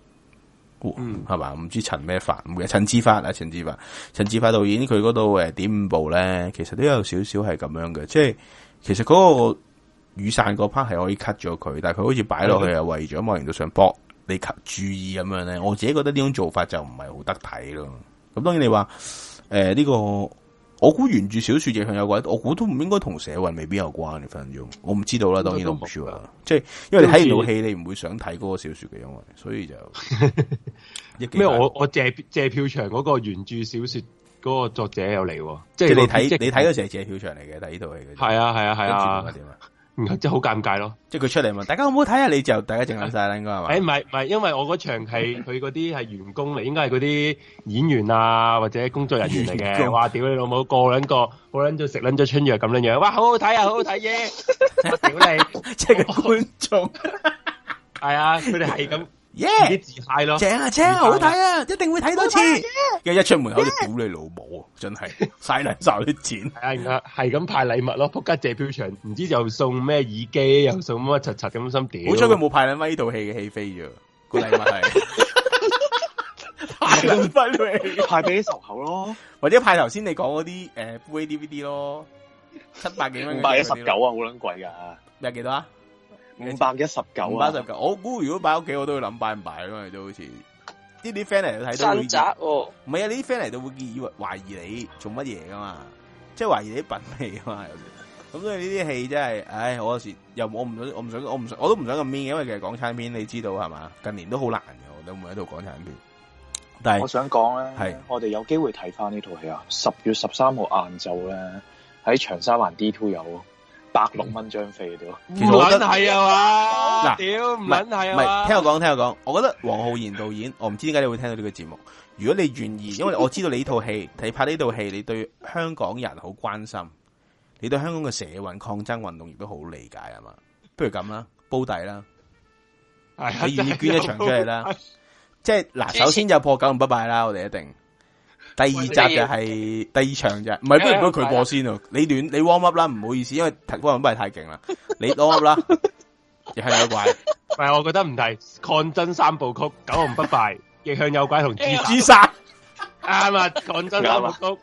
嗯，係嘛、嗯？唔知陳咩發嘅，陳志發啊，陳志發，陳志發導演佢嗰度點五步咧，其實都有少少係咁樣嘅，即係其實嗰個雨傘嗰 part 係可以 cut 咗佢，但係佢好似擺落去係為咗望完就想搏你吸注意咁樣咧。嗯、我自己覺得呢種做法就唔係好得睇咯。咁當然你話呢、呃呢個。我估原著小説亦係有關，我估都唔應該同社運未必有關。你分分鐘，我唔知道啦。當然都唔知啦。即係、就是、因為你睇完套戲，你唔會想睇嗰個小説嘅，因為所以就咩？ 我我謝票場嗰個原著小説嗰個作者有嚟，即、就、係、是那個、你睇、就是、你睇嗰時謝票場嚟嘅，睇呢套戲嘅。係啊係啊係啊。 然係即係好尷尬咯，即係佢出嚟問大家好唔好睇下，你就大家靜下晒啦，應該係嘛？誒、欸，唔係唔係，因為我嗰場係佢嗰啲係員工嚟， 應該係嗰啲演員啊或者工作人員嚟嘅。 哇，屌你老母，個捻個，好捻咗食捻咗春藥咁樣樣，哇，好好睇啊， 好好睇嘢！我、yeah、屌你，即係個觀眾，係啊我，佢哋係咁。耶！啲自 high 咯，正啊正，好睇啊，一定會睇多次。跟住一出門口就屌你老母，真係晒兩手啲錢。係咁派禮物咯，仆街借票場，唔知又送咩耳機，又送乜柒柒咁心屌。好彩佢冇派禮物呢套戲嘅戲飛啫，個禮物係派唔翻派俾熟口咯，或者派頭先你講嗰啲誒 V A D V D 咯，七百幾蚊，五百一十九啊，好撚貴噶，你係幾多啊？五百一十九啊！五百一十九，我估如果擺屋企，我都會諗擺唔擺，因為都好似呢啲 friend 嚟睇到會宅哦。唔係啊，呢啲 friend 嚟到會以為懷疑你做乜嘢噶嘛？即係懷疑你啲品味啊嘛？咁所以呢啲戲真係，唉，我有時又我唔想，我唔想，我唔，我都唔想咁 mean 嘅，因為其實港產片你知道係嘛？近年都好難嘅，我都唔喺度講港產片。但係我想講咧，係是我哋有機會睇翻呢套戲啊！十月十三號晏晝咧喺長沙灣 D Two 有。百六蚊張飛嘅屌，好穩係啊嘛！嗱不，屌唔穩係啊嘛！唔係，聽我講，聽我講，我覺得黃浩然導演，我唔知點解你會聽到呢個節目。如果你願意，因為我知道你呢套戲，睇 拍呢套戲，你對香港人好關心，你對香港嘅社運抗爭運動亦都好理解啊嘛。不如咁啦，煲底啦，哎、呀你願意捐一場出嚟、哎呀就是、啦？即係嗱，首先就破九龍不敗啦，我哋一定。第二集就係第二場啫，唔係不如俾佢播先啊！你亂你 warm up 啦，唔好意思，因為台灣唔係太勁啦，你 warm up 啦，亦係有鬼，但係我覺得唔係，抗爭三部曲，九龍不敗，逆向有鬼同 G 殺，啱啊！抗爭三部曲，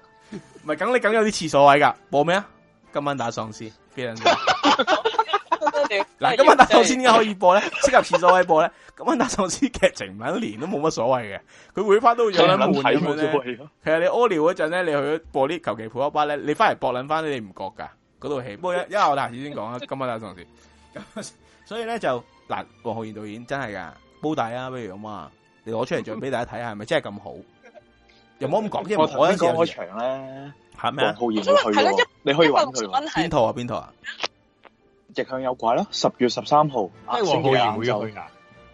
唔係、啊，咁你梗有啲廁所位噶，播咩啊？今晚打喪屍，俾人嗱， 今日打喪屍點解可以播咧，適合廁 所位播咧。咁啊，打喪屍劇情唔係一年都冇乜所謂嘅，佢會翻都會再捻換嘅。其實個 你屙尿嗰陣咧，你去播啲求其陪一班咧，你翻嚟搏捻翻，你唔覺噶嗰套戲。不過因一我我頭先先講啦，今日打喪屍所以咧就嗱王浩然導演真係噶煲底啊，不如咁啊。你攞出嚟再俾大家睇下，係咪 真係咁好？又冇咁講，即係 我一講開場咧，係咩係一你可以邊 套啊，邊套啊？直向有怪啦！十月十三號星期五晏晝，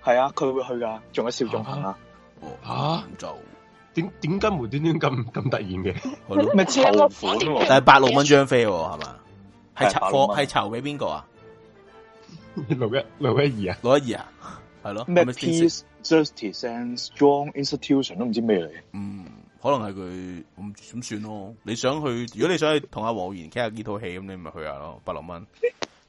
係啊，佢會去噶，仲有邵仲衡啊，吓就做？點點解無端端咁咁突然嘅？咪係簽個款，但係八六蚊張飛係嘛？係籌，係籌俾邊個啊？六一六一二啊，六一二啊，係咯？咩 s t r o n g Institution 都唔知咩嚟？嗯，可能係佢咁點算咯？你想去？如果你想去同阿黃浩然傾下呢套戲咁，你咪去下咯，八六蚊。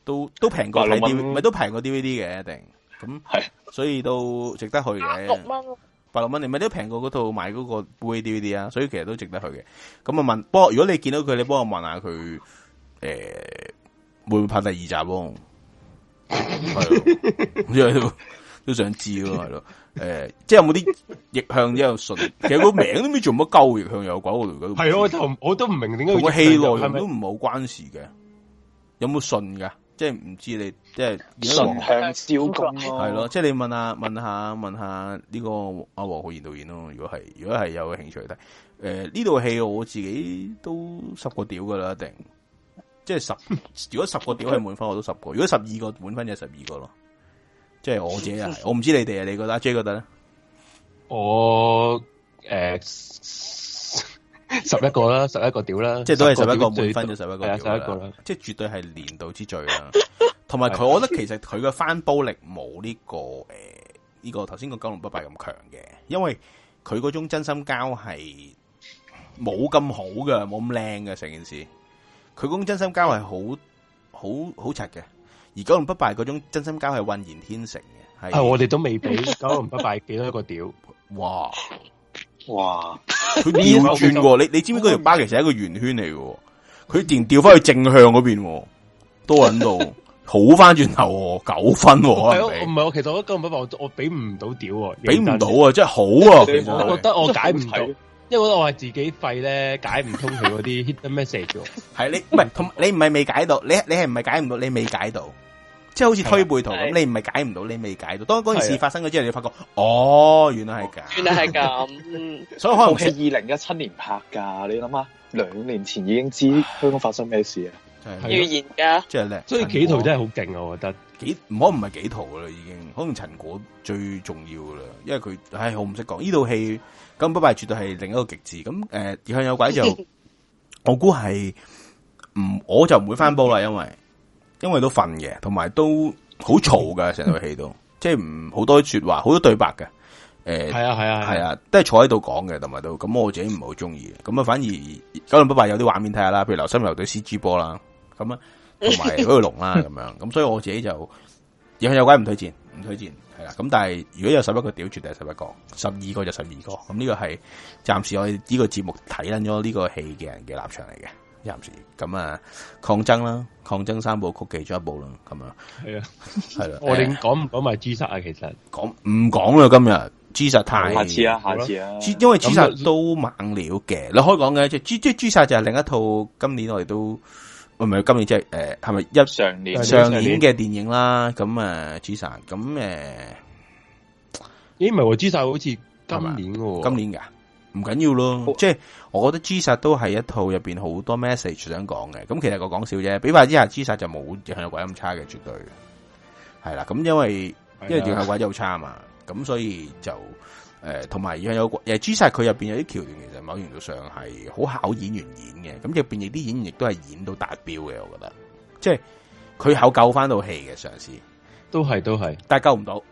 都都平過嚟咪磊都平過 D V D 嘅，一定咁，係的所以都值得去嘅。八、啊、六蚊八六蚊你咪都平過嗰套買嗰個杯 D V D 啊，所以其實都值得去嘅。咁啊問，不過如果你見到佢，你幫我問下佢，誒、欸、會唔會拍第二集咯？係咯，因為都都想知咯，係咯。誒、欸，即係有冇啲逆向之後順？其實個名都未做乜鳩逆向又鬼我嚟嘅。係咯，就我都唔明點解個戲內容都唔係好關事嘅，的有冇信㗎？即係唔知你即係順向小工係咯，即係、啊、你問下問下問下呢、這個阿黃浩然導演咯，如果係如果係有興趣睇，誒，呢套戲我自己都十個屌噶啦，一定即係十 如果十個屌係滿分我都十個，如果十二個滿分就十二個咯，即係我自己，就是，我唔知你哋啊，你覺得阿 J 覺得咧？我誒。呃十一個啦，十一個屌啦，即係都係十一個，滿分就十一個，十一個啦，即係絕對係年度之最啦。同埋佢，我覺得其實佢嘅翻煲力冇呢、這個誒，呢、呃這個頭先個九龍不敗咁強嘅，因為佢嗰種真心膠係冇咁好嘅，冇咁靚嘅成件事。佢種真心膠係好好好柒嘅，而九龍不敗嗰種真心膠係渾然天成嘅。係、啊、我哋都未俾九龍不敗幾多一個屌，哇！哇！佢調轉喎，你你知唔知嗰條巴其實係一個圓圈嚟喎？佢電調翻去正向嗰邊，都搵到好翻轉頭，九分。係咯，唔係我其實我今日唔係我我俾唔到屌，俾唔到啊，真係好啊！我覺得我解唔到，因為我我係自己廢咧，解唔通佢嗰啲 hidden message 咩射住，係你唔係同，你唔係未解到，你你係唔係解唔到，你未解到。即係好似推背圖咁，你唔係解唔到，你未解到。當嗰件事發生咗之後，你發覺哦，原來係咁。原來係咁，所以可能係二零一七年拍噶。你諗下，兩年前已經知香港發生咩事啊？預言噶，即係叻。所以幾套真係好勁，我覺得幾，唔可唔係幾套啦，已經。可能陳果最重要噶啦，因為佢係我唔識講。呢套戲《金不敗》絕對係另一個極致。咁誒，《夜向有鬼》就我估係唔，我就唔會翻煲啦，因為。因為都瞓嘅，同埋都好嘈噶，成套戲都即係唔好多說話，好多對白嘅。誒、呃，係啊，係啊，係啊，啊都係坐喺度講嘅，同埋都咁我自己唔係好中意。咁啊，反而《九龍不敗》有啲畫面睇下啦，譬如劉心悠對 C G 波啦，咁啊，同埋許樂龍啦，咁樣。咁所以我自己就亦 有鬼唔推薦，唔推薦係啦。咁但係如果有十一個屌絕，定係十一個；十二個就十二個。咁呢個係暫時我哋呢個節目睇緊咗呢個戲嘅人嘅立場嚟嘅。暫時咁啊，抗爭啦，抗爭三部曲其中一部啦，咁啊，係啊，係啦，我哋講唔講埋 G 殺啊？其實講唔講啦？今日 G 殺太，下次啊，下次啊，G, 因為 G 殺、嗯、都猛料嘅，你可以講嘅，即係 G 即係 G 殺就係另一套，今年我哋都唔係今年即係誒，係咪一上年上年嘅電影啦？咁啊，G 殺咁誒，咦？唔係 G 殺好似今年嘅，今年噶。唔緊要咯，係好即係我覺得，《G 殺》都係一套入邊好多 message 想講嘅，咁其實我講笑啫。比話之下，《G 殺》就冇有鬼咁差嘅，絕對係係啦。咁因為的因為電話鬼又差嘛，咁所以就誒同埋家有誒《G 殺》佢入邊有啲橋段，其實某程度上係好考演員演嘅。咁入邊亦啲演員亦都係演到達標嘅，我覺得。即係佢考救翻到戲嘅嘗試，都係都係，但係救唔到，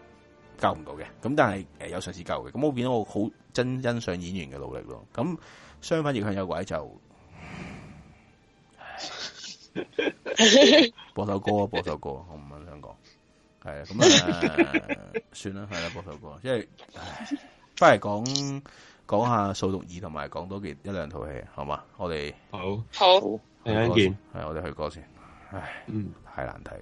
救唔到嘅。咁但係誒有嘗試救嘅，咁我見到好。真欣賞演員嘅努力咯，咁相反亦向有鬼就播首歌啊，播首歌 我唔想講，係啊，咁啊算啦，係啦，播首歌，因為不如講講下《掃毒二》同埋講多幾一兩套戲，好嘛？我哋好，好，再見，係我哋去歌先，唉，嗯，太難睇。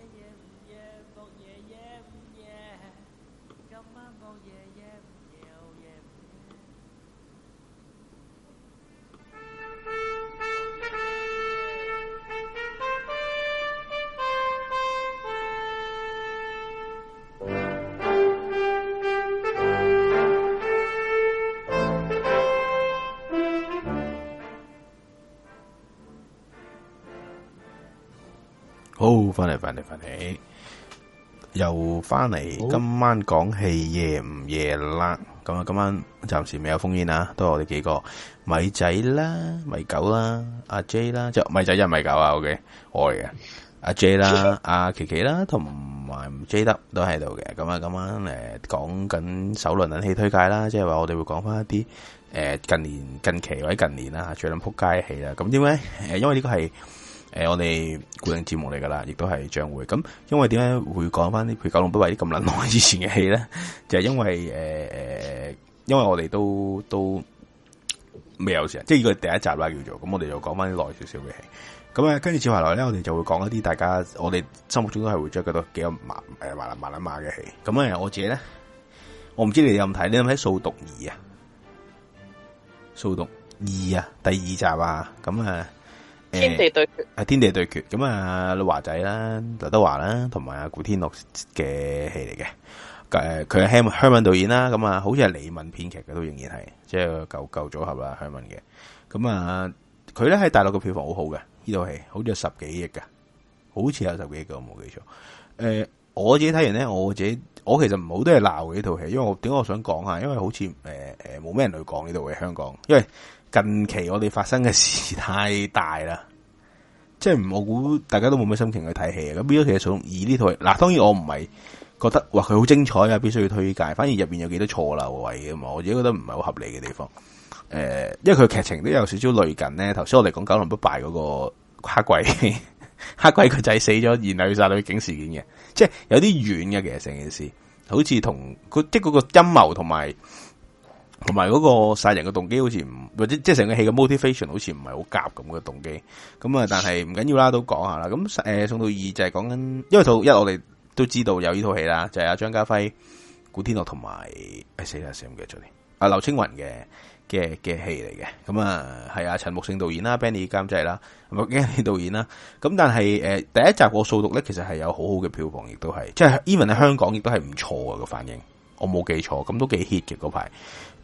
翻嚟，翻嚟，翻嚟，又翻嚟。今晚講戲夜唔夜啦，咁啊，今晚暫時未有烽煙啊，都係我哋幾個米仔啦、米狗啦、阿 J 啦，即係米仔一米狗啊。O K，我嚟嘅，阿 J 啦、阿琪琪啦，同埋 J 得都喺度嘅。咁啊，今晚誒講緊首輪撚戲推介啦，即係話我哋會講翻一啲誒近年近期或者近年啦，最捻撲街戲啦。咁點解？誒，因為呢個係。誒、呃，我哋固定節目嚟噶啦，亦都係將會咁，因為點解會講翻啲佢九龍不敗啲咁耐以前嘅戲咧？就係、是、因為誒誒、呃，因為我哋都都未有事，即係呢個第一集啦、啊、叫做。咁我哋就講翻啲耐少少嘅戲。咁啊，跟住接下來咧，我哋就會講一啲大家我哋心目中都係會着得幾有麻誒麻麻捻麻嘅戲。咁啊，我自己咧，我唔知你哋有冇睇，你有冇睇《掃毒二》啊？《掃毒二》啊，第二集啊，咁啊。天地對決，啊，天地對決咁啊，老華仔啦，劉德華啦，同埋阿古天樂嘅戲嚟嘅，誒佢係香香港導演啦，咁啊，好似係李敏編劇嘅，都仍然係，即係舊舊組合啊，香港嘅，咁啊，佢咧喺大陸嘅票房好好嘅，呢套戲好似有十幾億噶，好似有十幾億我冇記錯，誒我自己睇完咧，我自己我其實唔好都係鬧呢套戲，因為我點解我想講下，因為好似誒誒冇咩人去講呢套嘅香港，因為。近期我哋發生嘅事太大啦，即係我估大家都冇乜心情去睇戲啊！咁變咗其實從而呢套，嗱當然我唔係覺得話佢好精彩啊，必須要推介。反而入邊有幾多錯漏位嘅嘛，我自己覺得唔係好合理嘅地方。誒、呃，因為佢劇情都有少少累近咧。頭先我哋講《九龍不敗》嗰、那個黑鬼，黑鬼佢仔死咗，然後去殺女警事件嘅，即係有啲遠嘅其實成件事，好似同即係嗰個陰謀同埋。同埋嗰個殺人嘅動機好似唔或者即係成個戲嘅 motivation 好似唔係好夾咁嘅動機咁啊！但係唔緊要啦，都講下啦。咁誒、呃，送到二就係講緊，因為一套一我哋都知道有呢套戲啦，就係、是、阿張家輝、古天樂同埋誒死啦死唔記咗你啊劉青雲嘅嘅嘅戲嚟嘅。咁啊係啊陳木勝導演啦，Benny 監製啦，麥基利導演啦。咁、hmm. 啊、但係誒、呃、第一集個掃毒咧，其實係有好好嘅票房，亦都係即係 even 喺香港亦都係唔錯啊、個反應。我冇記錯咁都幾 hit 嘅嗰排。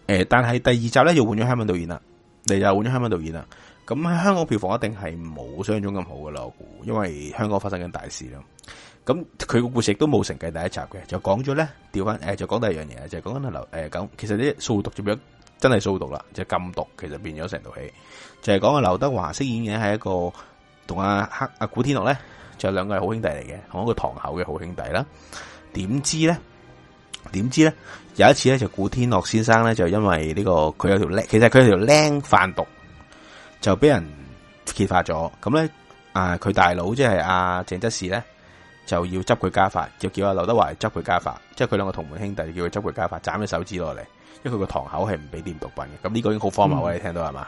誒，但係第二集咧，又換咗香港導演啦，嚟，又換咗香港導演啦，咁喺香港票房一定係冇想像中咁好嘅咯，因為香港發生緊大事啦，咁佢嘅故事亦都冇承繼第一集嘅，就講咗咧，調翻誒，就講第二樣嘢，就講緊劉誒，咁其實啲掃毒做咩真係掃毒啦，就係禁毒，其實變咗成套戲，就係講阿劉德華飾演嘅係一個同阿黑阿古天樂咧，就係、是、兩個係好兄弟嚟嘅，同一個堂口嘅好兄弟啦，點知咧，點知咧？有一次咧，就古天樂先生咧，就因為呢個佢有條僆，其實佢有條僆販毒，就俾人揭發咗。咁咧，啊佢大佬即係阿鄭則仕咧，就要執佢家法，就叫阿劉德華執佢家法，即係佢兩個同門兄弟叫佢執佢家法，斬咗手指落嚟，因為佢個、嗯、個堂口係唔俾掂毒品嘅。咁呢個已經好荒謬，你聽到係嘛？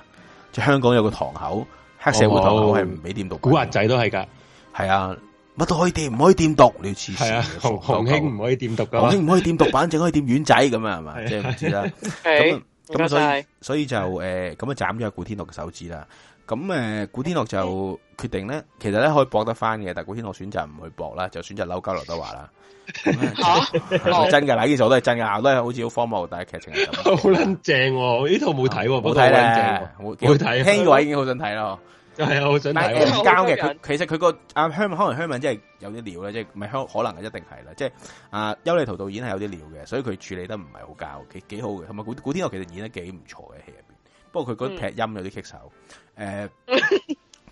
即係香港有個堂口黑社會堂口係唔俾掂毒品，哦哦，古惑仔都係噶，係啊。乜都可以掂，唔可以掂毒，你黐線。係啊，洪洪興唔可以掂毒噶，洪興唔可以掂毒，反正可以掂丸仔咁啊，係嘛，即係唔知啦。咁咁所以所以就誒咁啊斬咗阿古天樂嘅手指啦。咁誒古天樂就決定咧，其實咧可以搏得翻嘅，但古天樂選擇唔去搏啦，就選擇扭交劉德華啦。吓真噶啦，呢套都係真噶，都係好似好荒謬，但係劇情係咁。好撚正，呢套冇睇，冇睇咧，冇冇睇，聽鬼已經好想睇啦。係啊，好想打交嘅。佢其實佢個阿 Herman，可能 Herman 真係有啲料咧，即係唔係香可能啊，一定係啦。即係啊，邱禮濤導演係有啲料嘅，所以佢處理得唔係好教，幾幾好嘅。係咪？古古天樂其實演得幾唔錯嘅戲入邊，不過佢嗰啲配音有啲棘手。誒，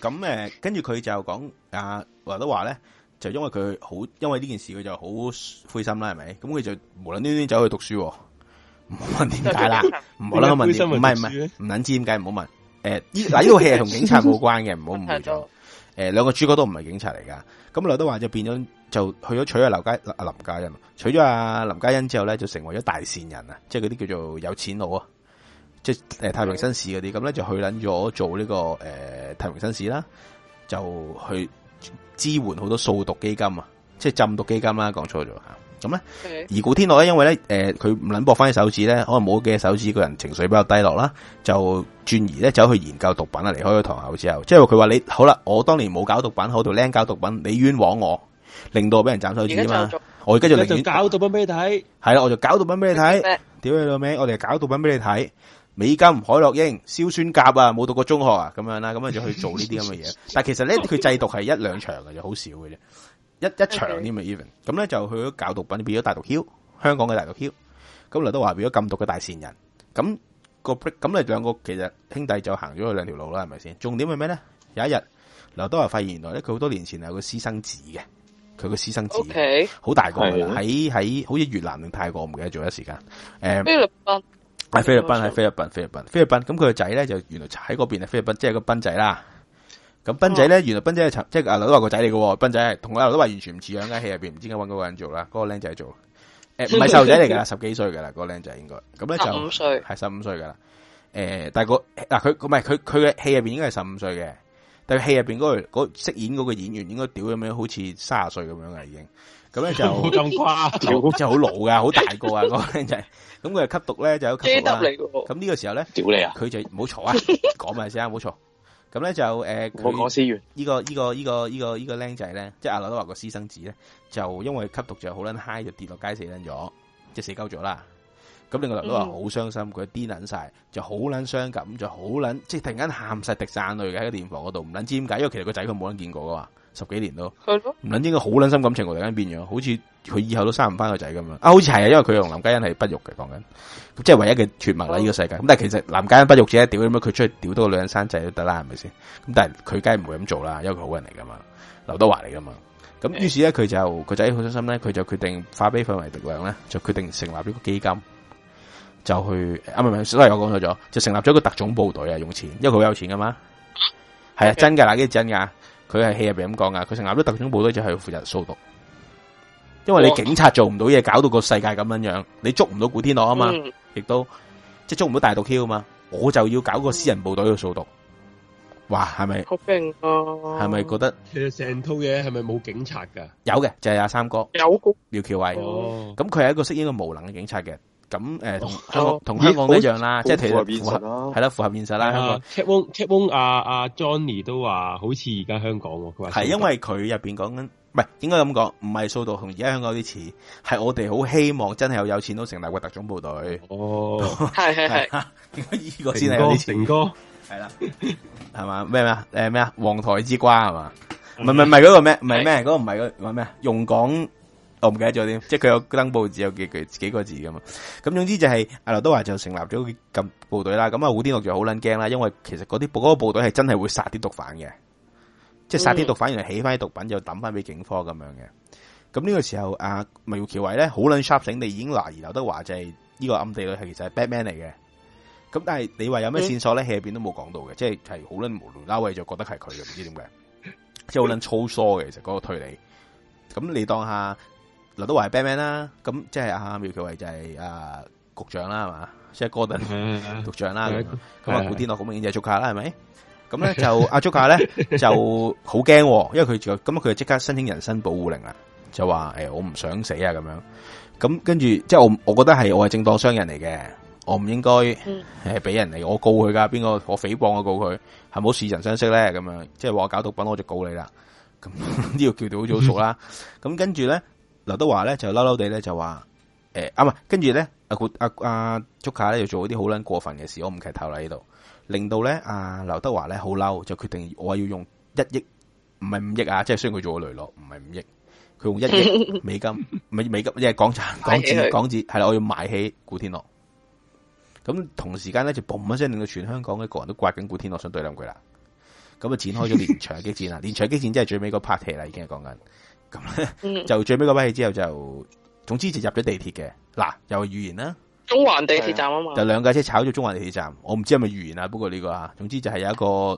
咁誒，跟住佢就講阿劉德華咧，就因為佢好，因為呢件事佢就好灰心啦，係咪？咁佢就無厘頭端走去讀書，唔問點解啦，唔好啦，唔問，唔係唔係，唔捻知點解，唔好問。誒，嗱呢套戲係同警察冇關嘅，唔好誤會。錯、呃，誒，兩個主角都唔係警察嚟噶。咁劉德華就變咗，就去咗娶阿劉嘉阿林嘉欣，娶咗阿林嘉欣之後咧，就成為咗大善人啊，即係嗰啲叫做有錢佬啊，即係誒太平紳士嗰啲。咁咧就去捻咗做呢、這個誒、呃、太平紳士啦，就去支援好多掃毒基金啊，即係禁毒基金啦。講錯咗吓。咁咧，呢 Okay. 而古天樂咧，因為咧，誒、呃，佢唔撚駁翻啲手指咧，可能冇幾隻手指，個人情緒比較低落啦，就轉移咧走去研究毒品啦，離開咗堂口之後，即係佢話你好啦，我當年冇搞毒品，喺度僆搞毒品，你冤枉我，令到我俾人斬手指嘛，我跟住寧願搞毒品俾你睇，係啦，我就搞毒品俾你睇，屌你老味，我哋搞毒品俾你睇，美金、海洛英、硝酸鉀啊，冇讀過中學啊，咁樣啦，咁樣就去做呢啲咁嘅嘢， 但係其實呢，佢製毒係一兩場嘅，就好少嘅啫。一一場添啊 Okay.，even 咁咧就去咗搞毒品，變咗大毒梟。香港嘅大毒梟，咁劉德華變咗禁毒嘅大善人。咁個咁咧兩個其實兄弟就行咗去兩條路啦，係咪先？重點係咩咧？有一日，劉德華發現原來咧佢好多年前係有個私生子嘅，佢個私生子，好大個喺喺好似越南定泰國，我唔記得咗一時間。誒、嗯，菲律賓，係菲律賓，係菲律賓，菲律賓，菲律賓。咁佢個仔咧就原來喺嗰邊菲律賓，即係個賓仔啦。咁斌仔咧，原來斌仔係即係阿劉德華個仔嚟喎。斌仔係同阿劉德華完全唔似樣，喺戲入邊唔知點解搵嗰個人做啦。嗰、那個靚仔做，誒唔係細路仔嚟噶， 十幾歲噶啦。嗰、那個靚仔應該咁咧就，係十五歲噶啦。誒、欸，但係、那個嗱佢唔係佢佢嘅戲入邊應該係十五歲嘅，但係戲入邊嗰個嗰、那個那個、飾演嗰個演員應該屌咁樣，好似卅歲咁樣啊已經。咁咧就咁誇，就好老噶，好大個啊嗰個靚仔。咁佢係吸毒咧就有吸毒啦。咁呢個時候咧，屌你啊，佢就冇嘈啊，講埋先啊，冇嘈。咁咧就誒、呃、思源呢個呢個呢個呢個呢個僆仔咧，即係阿劉德華個私生子咧，就因為吸毒就好撚嗨就跌落街死撚咗，即係死鳩咗啦。咁另外劉德華好傷心，佢癲撚晒，就好撚傷感，就好撚即係突然間喊晒滴散淚，嘅喺個殮房度，唔撚知點解，因為其實個仔佢冇撚見過噶嘛。十幾年咯，唔諗應該好卵心感情，我哋突然變咗，好似佢以後都生唔翻個仔咁啊！好似係啊，因為佢同林嘉欣係不育嘅，講緊，咁即係唯一嘅傳聞啦。呢的個世界，咁但係其實林嘉欣不育者屌點解佢出去屌多個女人生仔都得啦？係咪先？咁但係佢梗係唔會咁做啦，因為佢好人嚟噶嘛，劉德華嚟噶嘛。咁於是咧，佢就個仔好傷心咧，佢就決定化悲憤為力量咧，就決定成立呢個基金，就去啊唔係唔係，sorry 我講錯咗，就成立咗一個特種部隊啊，用錢，因為佢好有錢噶嘛，係啊的真噶嗱，呢啲真噶。佢系戲入邊咁講噶，佢成立咗特種部隊就係要負責掃毒，因為你警察做唔到嘢，搞到個世界咁樣樣，你捉唔到古天樂啊嘛，亦都即係捉唔到大毒梟啊嘛，我就要搞個私人部隊去掃毒。哇，係咪？好勁咯！係咪覺得？其實成套嘢係咪冇警察噶？有嘅，就係阿三哥，有苗僑偉哦，咁佢係一個飾演一個無能嘅警察嘅。咁誒同香港同香港一樣啦，即係睇到符合係啦，符合現實啦。香港，Cap Wong Cap Wong 阿阿 Johnny 都話好似而家香港喎，係因為佢入面講緊，唔係應該咁講，唔係數度同而家香港啲似，係我哋好希望真係有有錢都成立個特種部隊。哦，係係係嚇，應該呢個先係啲。情歌係啦，係嘛咩咩誒咩啊？黃台之瓜係嘛？唔係唔係嗰個咩？唔係咩？嗰個唔係個咩啊？用港哦、我唔記得咗添，即係佢有登報紙有幾幾幾個字噶嘛？咁總之就係阿劉德華就成立咗咁部隊啦。咁啊，古天樂就好撚驚啦，因為其實嗰啲部隊個部隊係真係會殺啲毒販嘅，嗯、即係殺啲毒販，原來起翻啲毒品又抌翻俾警方咁樣嘅。咁呢個時候阿苗僑偉咧，好撚 sharp 醒地已經拿而劉德華就係呢個暗地裏係其實係 Batman 嚟嘅。咁但係你話有咩線索咧？戲入邊都冇講到嘅，即係係好撚無聊啦喂，就覺得係佢嘅，唔知點解，嗯、即係好撚粗疏嘅，其實嗰個推理。咁你當下？劉德華係 Batman 啦，咁即係阿苗僑偉就係啊局,局長啦，係嘛，即係哥頓局長啦，咁啊古天樂好明顯就係 z 卡啦，係咪？咁咧就阿 z 卡 c 咧就好驚，因為佢就咁佢就即刻申請人身保護令啦，就話誒我唔想死啊咁樣，咁跟住即係我我覺得係我係正當商人嚟嘅，我唔應該誒俾人嚟，我告佢噶，邊個我誹謗我告佢，係冇市場相息咧，咁樣即係話搞毒品我就告你啦，咁呢個叫做好早熟啦，咁跟住咧。劉德華咧就嬲嬲地咧就話誒、欸、啊唔係，跟住咧阿阿阿竹卡咧又做一啲好撚過分嘅事，我唔劇透啦呢度，令到咧阿劉德華咧好嬲，就決定，我要用一億唔係五億啊，即係雖然佢做個雷洛，唔係五億，佢用一億美， 美金，美美金即係港紙港紙 港紙，係啦， 我要買起古天樂。咁同時間咧就砰一聲，令到全香港嘅人都刮緊古天樂，想對兩句啦。咁展開咗連場激戰啦 連場激戰真係最尾個 party 啦，已經係講緊。咁咧、 嗯、 就最尾嗰批之後就，總之就入咗地鐵嘅，嗱、啊、有預言啦，中環地鐵站啊嘛、啊，就兩架車炒咗中環地鐵站，我唔知係咪預言啊，不過呢個啊。總之就係有一個誒，佢、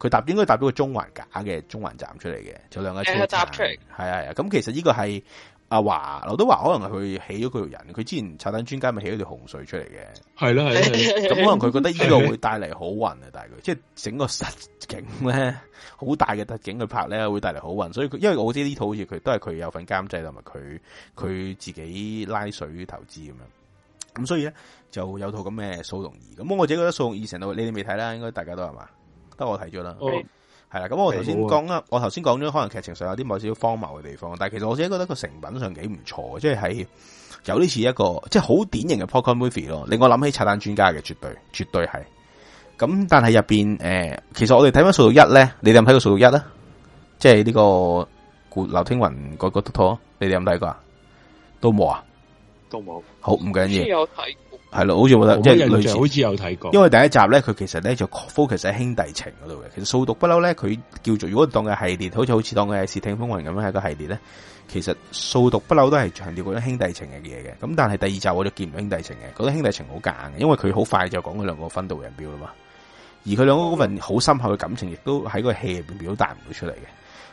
呃、搭應該搭到個中環假嘅中環站出嚟嘅，就兩架車，係係、嗯嗯嗯嗯、啊。咁、嗯、其實呢個係。阿華劉德華可能係佢起咗佢條人，佢之前拆彈專家咪起咗條洪水出嚟嘅，係咯係，咁可能佢覺得呢個會帶嚟好運啊，但係佢即係整個實景咧，好大嘅實景去拍咧，會帶嚟好運，所以因為我知呢套好似佢都係佢有份監製同埋佢佢自己拉水投資咁樣，咁所以咧就有套咁咩掃毒二，咁我自己覺得掃毒二成套你哋未睇啦，應該大家都係嘛，得我睇咗啦。係啦，咁我頭先講啦，有我頭先講咗，可能劇情上有啲某少少荒謬嘅地方，但係其實我自己覺得個成品上幾唔錯，即係喺有啲似一個，即係好典型嘅 Poker Movie 咯，令我諗起拆彈專家嘅，絕對絕對係。咁但係入邊誒，其實我哋睇翻掃毒一咧，你哋有冇睇過掃毒、這個那個、一啊？即係呢個古劉青雲嗰個禿頭，你哋有冇睇過啊？都冇啊？都冇。好唔緊要。係咯，好似我覺得即係類似，好似有睇過。因為第一集咧，佢其實咧就 focus 喺兄弟情嗰度嘅。其實數呢《掃毒不嬲》咧，佢叫做如果當佢系列，好似好似當佢係《竊聽風雲》咁樣，係個系列咧。其實《掃毒不嬲》都係強調嗰種兄弟情嘅嘢嘅。咁但係第二集我就見唔到兄弟情嘅，嗰種兄弟情好硬嘅，因為佢好快就講佢兩個分道揚鑣，啦嘛。而佢兩個嗰份好深厚嘅感情，亦都喺個戲入邊表達唔到出嚟嘅。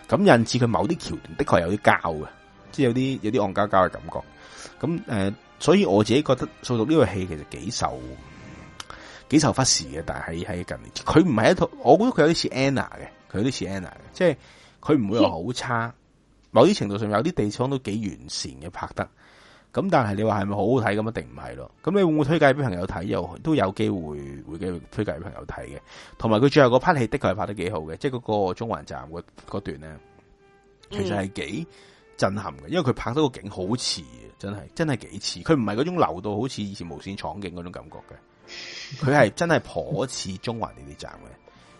咁引致佢某啲橋段的確有啲交嘅，即係有啲有啲戇交交嘅感覺。咁誒。呃所以我自己覺得掃毒呢部戲其實幾受幾受忽視嘅，但係喺近年，佢唔係一套，我估佢有啲似 Anna 嘅，佢有啲似 Anna 嘅，即係佢唔會話好差，某啲程度上有啲地方都幾完善，嘅拍得。咁但係你話係咪好好睇咁一定唔係咯？咁你會唔會推介俾朋友睇？也有都有機會會嘅推介俾朋友睇嘅。同埋佢最後嗰 part 戲的確係拍得幾好嘅，即係嗰個中環站嗰段咧，其實係幾。震撼嘅，因為佢拍到個景好似啊，真係真係幾似，佢唔係嗰種流到好似以前無線廠景嗰種感覺嘅，佢係真係頗似中環地鐵站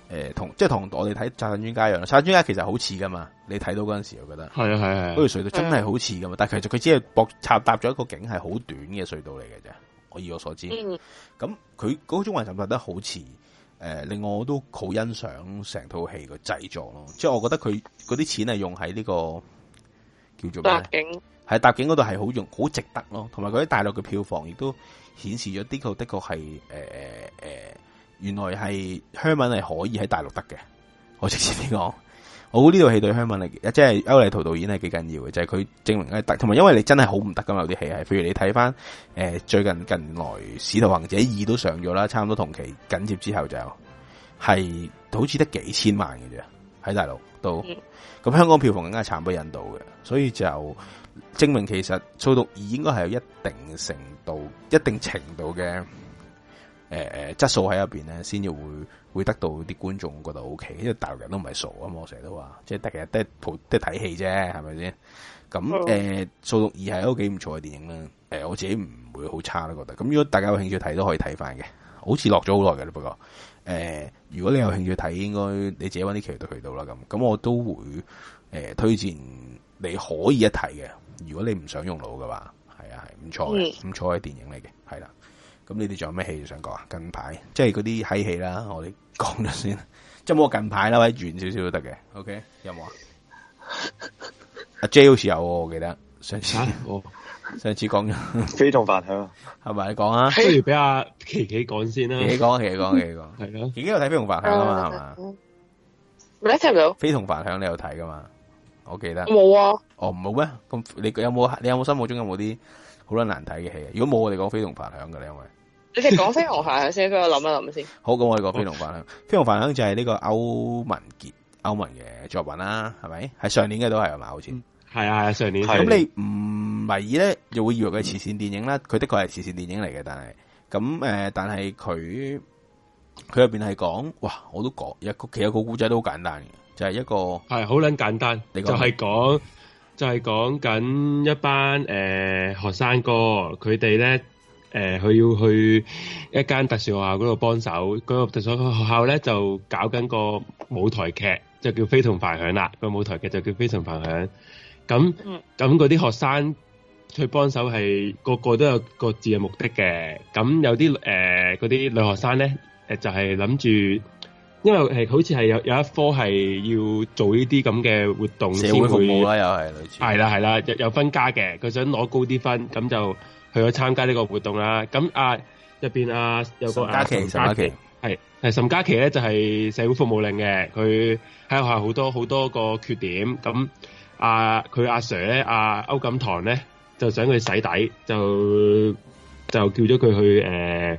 嘅，誒、呃、同即係同我哋睇《拆彈專家》一樣，《拆彈專家》其實好似㗎嘛，你睇到嗰陣時我覺得係啊，係啊，嗰條是隧道真係好似㗎嘛，是的 但係其實佢只係博插搭咗一個景係好短嘅隧道嚟嘅啫，我以我所知，咁佢嗰個中環站拍得好似，誒、呃、令我都好欣賞成套戲個製作咯，即係我覺得佢嗰啲錢係用喺呢、這個。叫做景》，係《搭景》嗰度係好用，好值得咯。同埋佢喺大陸嘅票房亦都顯示咗，的確的確係誒誒，原來係香港係可以喺大陸得嘅。我直接點講？我估呢套戲對香港嚟，即係歐麗圖導演係幾緊要嘅，就係、是、佢證明得。同埋，因為你真係好唔得噶嘛，有啲戲係。譬如你睇翻誒，最近近來《使徒行者二》都上咗啦，差唔多同期緊接之後就係好似得幾千萬嘅啫，喺大陸都咁、嗯、香港票房更加慘不忍睹嘅。所以就證明其實《掃毒二》應該係有一定程度、一定程度嘅誒誒質素喺入邊咧，先至會會得到啲觀眾覺得 OK。因為大陸人都唔係傻啊嘛，我成日都話，即係得其實得睇得睇戲啫，係咪先？咁誒，《掃毒二》係一個幾唔錯嘅電影啦。誒的、呃呃，我自己唔會好差咯，覺得。咁如果大家有興趣睇都可以睇翻嘅，好似落咗好耐嘅咧。不過誒、呃，如果你有興趣睇，應該你自己揾啲其他渠道啦。咁咁我都會誒、呃、推薦。你可以一睇嘅，如果你唔想用腦嘅話，係啊，係唔錯嘅，唔、嗯、錯嘅電影嚟嘅，係啦、啊。咁你哋仲有咩戲想講啊？近排即係嗰啲喺戲啦，我哋講咗先，即係冇近排啦，或者遠少少都得嘅。OK，有冇啊？ 阿 J 好似有我記得上次，啊、上次講《非同凡響》，係咪、嗯？你講啊？不如俾阿琪琪講先啦。琪琪講，琪琪講，琪琪講，係咯？而家有睇《非同凡響》噶嘛？係嘛？你聽唔到《非同凡響》你有睇噶嘛？我記得冇啊！哦，冇咩？咁你有冇？你有冇心目中有冇啲好難難睇嘅戲啊？如果冇，我哋講《非同凡響》噶，你因為你哋講《非同凡響》先，俾我諗一諗先。好，咁我哋講《非同凡響》。《非同凡響》就係呢個歐文傑歐文嘅作品啦，係咪？係上年嘅都係啊嘛，好似係、嗯、啊，上年。咁你唔迷咧，就會以為佢係慈善電影啦？佢、嗯、的確係慈善電影嚟嘅，但係咁誒，但係佢佢入邊係講哇，我都講一其實個故仔都好簡單嘅。就係一個係好捻簡單，你就係講就係講緊一班誒、呃、學生哥，佢哋咧誒，佢、呃、要去一間特殊學校嗰度幫手。嗰、嗰個特殊學校咧就搞緊個舞台劇，就叫非同凡響啦。個舞台劇就叫非同凡響。咁咁嗰啲學生去幫手係個個都有各自嘅目的嘅。咁有啲誒嗰啲女學生咧，誒就係諗住。因為係好似係有有一科係要做呢啲咁嘅活動先會，社會服務啦，又係類似，係啦係啦，有分加嘅，佢想攞高啲分，咁就去咗參加呢個活動啦。咁啊入邊啊有個沈嘉琪，沈嘉琪係係沈嘉琪咧就係社會服務令嘅，佢喺學校好多好多個缺點，咁阿佢阿 Sir 咧阿歐錦棠咧就想佢洗底，就就叫咗佢去誒。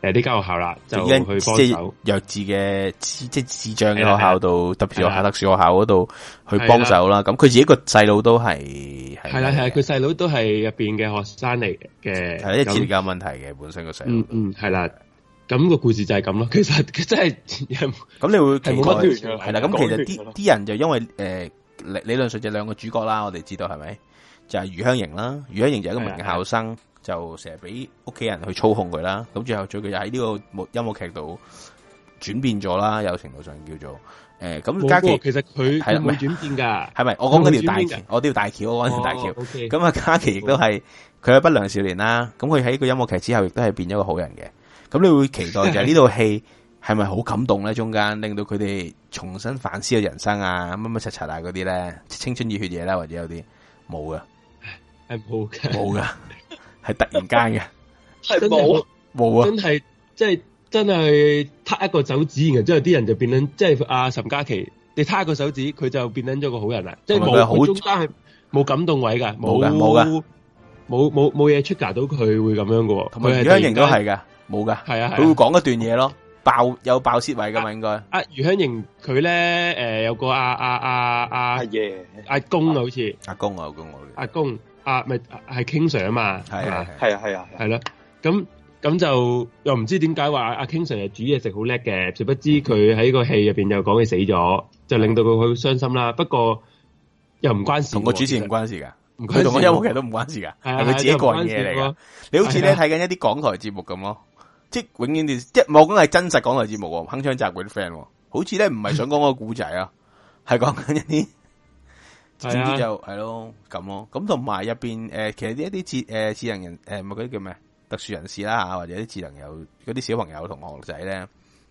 誒，呢間學校啦，就因即係弱智嘅，即智障嘅學校度，特別學校，特殊學校嗰度去幫手啦。咁佢自己個細佬都係係啦，係啊，佢細佬都係入邊嘅學生嚟嘅，係啲社交問題嘅本身個細佬。嗯嗯，係啦。咁個故事就係咁咯。其實佢真係咁，你會斷唔斷？係啦。咁其實啲啲人就因為誒，理論上就兩個主角啦。我哋知道係咪？就係余香瑩啦，余香瑩就係一個名校生，就成日俾屋企人去操控佢啦，咁最後最後又喺呢個音樂劇度轉變咗啦，有程度上叫做誒，咁嘉琪其實佢係咪？係轉是變噶？係咪？我講嗰條大橋，我呢條大橋橋，我彎住大橋。咁、okay, 啊，嘉琪亦都係佢係不良少年啦，咁佢喺個音樂劇之後亦都係變咗個好人嘅。咁你會期待就係呢套戲係咪好感動咧？中間令到佢哋重新反思嘅人生啊，乜乜柒柒啊嗰啲咧，青春熱血嘢啦，或者有啲冇噶，冇噶。 係突然間嘅，係冇冇啊！真係即係真係，撻一個手指，然之後啲人就變翻，即係阿岑嘉琪，你撻一個手指，佢就變翻咗個好人啦。即係冇中間係冇感動位噶，冇嘅冇嘅，冇冇冇嘢出格到佢會咁樣噶。同埋余香凝都係嘅，冇噶，係啊，佢會講一段嘢咯，爆有爆設位噶嘛，應該。阿余香凝佢咧，誒，有個阿阿阿阿爺阿公啊，好似阿公啊，阿公我嘅阿公。啊，咪係 King Sir 啊嘛，係啊，係啊，係啦，咁咁就又唔知點解話阿 King Sir 係煮嘢食好叻嘅，殊不知佢喺個戲入邊又講佢死咗，就令到佢好傷心啦。不過又唔關事，同個主持唔關事噶，佢同做任何嘢都唔關事噶，係佢自己個人嘢嚟噶。你好似咧睇緊一啲港台節目咁咯，即係永遠都即係我講係真實港台節目，鏗鏘集啲 friend，好似咧唔係想講個古仔啊，係講緊一啲。就係咯咁咯，咁同埋入邊誒，其實呢一啲智誒、呃、智能人誒，咪嗰啲叫咩特殊人士啦吓，或者啲智能友嗰啲小朋友同學仔咧，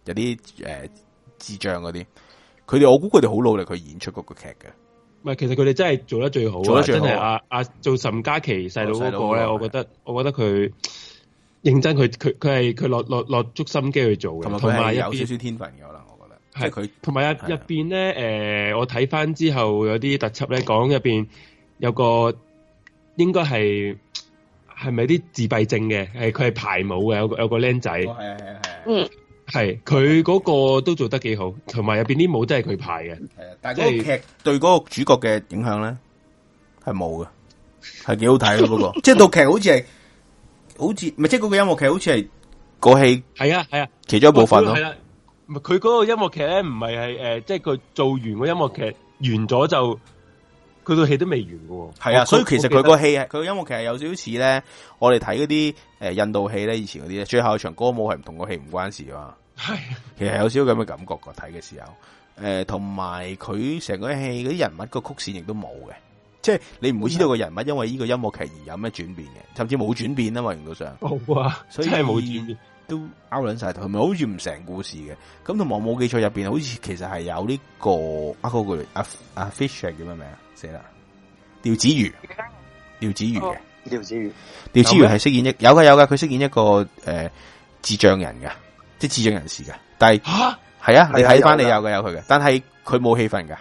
有啲誒、呃、智障嗰啲，佢哋我估佢哋好努力去演出嗰個劇嘅。唔係，其實佢哋真係做，做得最好，真係阿阿做岑嘉琪細佬嗰個咧、嗯，我覺得點點我覺得佢認真，佢佢佢係佢落落落足心機去做同埋有少少天分嘅可能。係佢，同埋入入邊咧，誒，我睇翻之後有啲特輯咧，講入邊有個應該係係咪啲自閉症嘅？係佢係排舞嘅，有個有個僆仔。係係係。嗯、啊，係佢嗰個都做得幾好，同埋入邊啲舞都係佢排嘅。係啊，但係嗰個劇，即係、對嗰個主角嘅影響咧係冇嘅，係幾好睇咯，嗰個。嗰個即係套劇好似係，好似咪即係嗰個音樂劇好似係個戲係啊係啊，其中一部分咯。佢嗰個音樂劇咧，唔係係誒，即係佢做完個音樂劇完咗就佢套戲都未完嘅。係啊，我所以其實佢個戲啊，佢個音樂劇有少少似咧，我哋睇嗰啲誒印度戲咧，以前嗰啲最後一場歌舞係唔同個戲唔關事啊。係， 其實有少咁嘅感覺，個睇嘅時候，誒、呃，同埋佢成個戲嗰啲人物個曲線亦都冇嘅，即、就、係、是、你唔會知道個人物因為呢個音樂劇而有咩轉變嘅，甚至冇轉變啊嘛，原則上。好啊、哦，所以真係冇轉變。都 out 晒，佢咪好似唔成故事嘅？咁同埋我冇記錯，入邊好似其實係有呢、這個阿哥阿阿 fisher 叫咩名？寫啦，廖子瑜，廖子瑜嘅，廖、哦、子瑜，廖子瑜係飾演一有嘅有嘅，佢飾演一個誒、呃、智障人嘅，即係智障人士嘅。但係吓係啊，你睇翻你有嘅有佢嘅，但係佢冇戲份噶。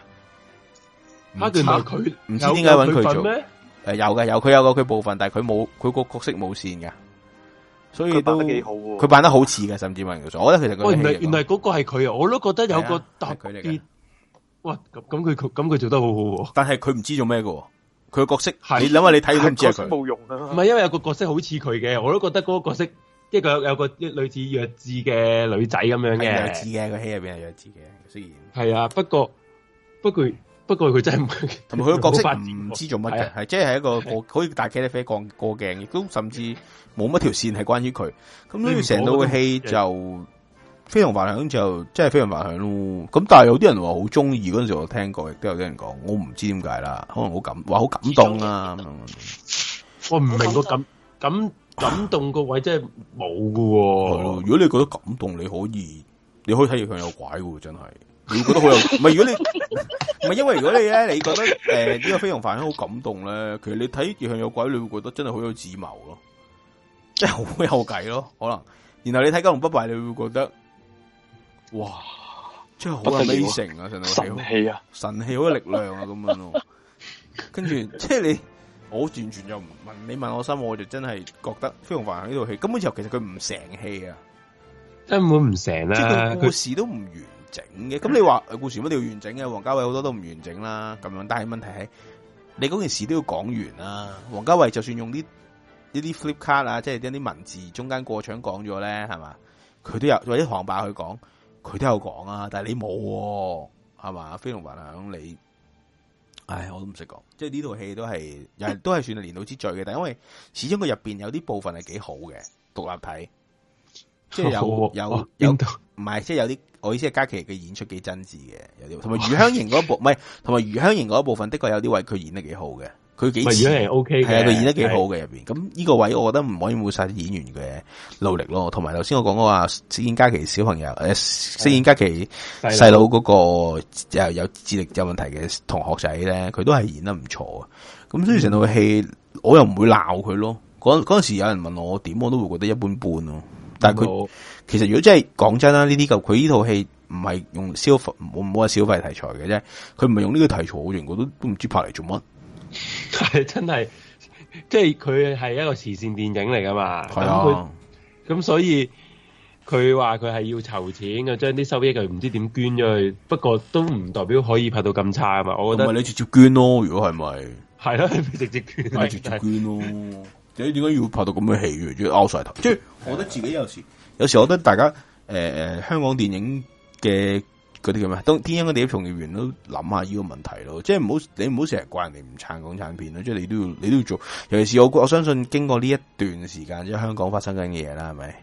吓，原來佢唔知點解搵佢做咩？誒，有嘅有，佢有個佢部分，但係佢冇佢個角色冇線嘅。所以佢扮得幾好、啊，佢扮得好似嘅，甚至埋條數，我覺得其實。哦，原嚟原嚟嗰個係佢啊！我都覺得有個特別。啊、佢嚟嘅哇！咁咁佢佢咁佢做得很好好、啊、喎。但係佢唔知道做咩嘅，佢嘅角色。是你諗下，你睇咗先知佢。冇用啦。唔係，因為有個角色好似佢嘅，我都覺得嗰個角色即係有有個類似弱智嘅女仔咁樣嘅。弱智嘅個戲入邊係弱智嘅，雖然。係啊，不過不過。不過佢真係，同埋佢個角色唔知做乜嘅，係即係一個可以大茄啡，過過鏡，亦都甚至冇乜條線係關於佢。咁你成套嘅戲就非常反響，就真係非常反響咯。咁但係有啲人話好中意嗰陣時，我聽過亦都有啲人講，我唔知點解啦，可能好感，話好感動啊。我唔明個感感感動個位真係冇噶喎。如果你覺得感動，你可以你可以睇佢有拐噶，真係。 你會覺得好有唔係？如果你唔係 因為如果你咧，你覺得誒呢、呃這個飛龍凡好感動咧，其實你睇《夜行有鬼》，你會覺得真係好有自謀咯，即係好有計咯，可能。然後你睇《九龍不敗》，你會覺得哇，真係好有 m a 啊！神氣啊，神氣好有力量啊，咁樣咯。 跟住即係你，我完全就唔問你問我心，我就真係覺得飛龍凡喺呢套戲根本就其實佢唔成戲啊，根本唔成啦，不不啊、即故事他都唔完。整嘅，咁、嗯、你話故事乜都要完整嘅，王家衛好多都唔完整啦，咁樣。但係問題係，你嗰件事都要講完啦。王家衛就算用啲呢啲 flip 卡啊，即係一啲文字中間過場講咗咧，係嘛，佢都有或者航霸去講，佢都有講啊。但係你冇，係嘛？飛龍雲響你，唉，我都唔識講。即係呢套戲都係，又係都係算係年度之最嘅。但係因為始終佢入邊有啲部分係幾好嘅，獨立睇，即係有有有，唔係、啊，即係有啲。我意思係嘉琪嘅演出幾真摯嘅，還有啲，同埋余香凝嗰部，唔係， 同埋余香凝嗰一部分的確有啲位佢演得幾好嘅，佢幾余香 OK 嘅，係啊，佢演得幾好嘅入邊。咁呢的個位，我覺得唔可以抹殺演員嘅努力咯。同埋頭先我講過話，飾演嘉琪小朋友，誒、呃，飾演嘉琪細佬嗰個又有智力有問題嘅同學仔咧，佢都係演得唔錯啊。咁所以成套戲，嗯、我又唔會鬧佢咯。嗰嗰陣時有人問我點，怎樣我都會覺得一般般咯、啊。但係佢。其實如果真係講真啦，呢啲佢呢套戲唔係用消費，唔冇冇話消費題材嘅啫。佢唔係用呢個題材好型，我都都唔知拍嚟做乜。係 真係，即係佢係一個慈善電影嚟噶嘛。咁啊，咁、嗯、所以佢話佢係要籌錢嘅，將啲收益，又唔知點捐咗去。不過都唔代表可以拍到咁差啊嘛。我覺得咪你直接捐咯，如果係咪？係咯、 啊，你直接捐，直接捐咯。點解點解要拍到咁嘅戲，即係拗晒頭？即係我覺得自己有時。有時我覺得大家誒誒、呃，香港電影嘅嗰啲叫咩，當電影嘅從業人員都諗下呢個問題咯，即係唔好你唔好成日怪人哋唔撐港產片，即係你都要你都要做。尤其是我我相信經過呢一段時間，即係香港發生緊嘅嘢啦，係咪？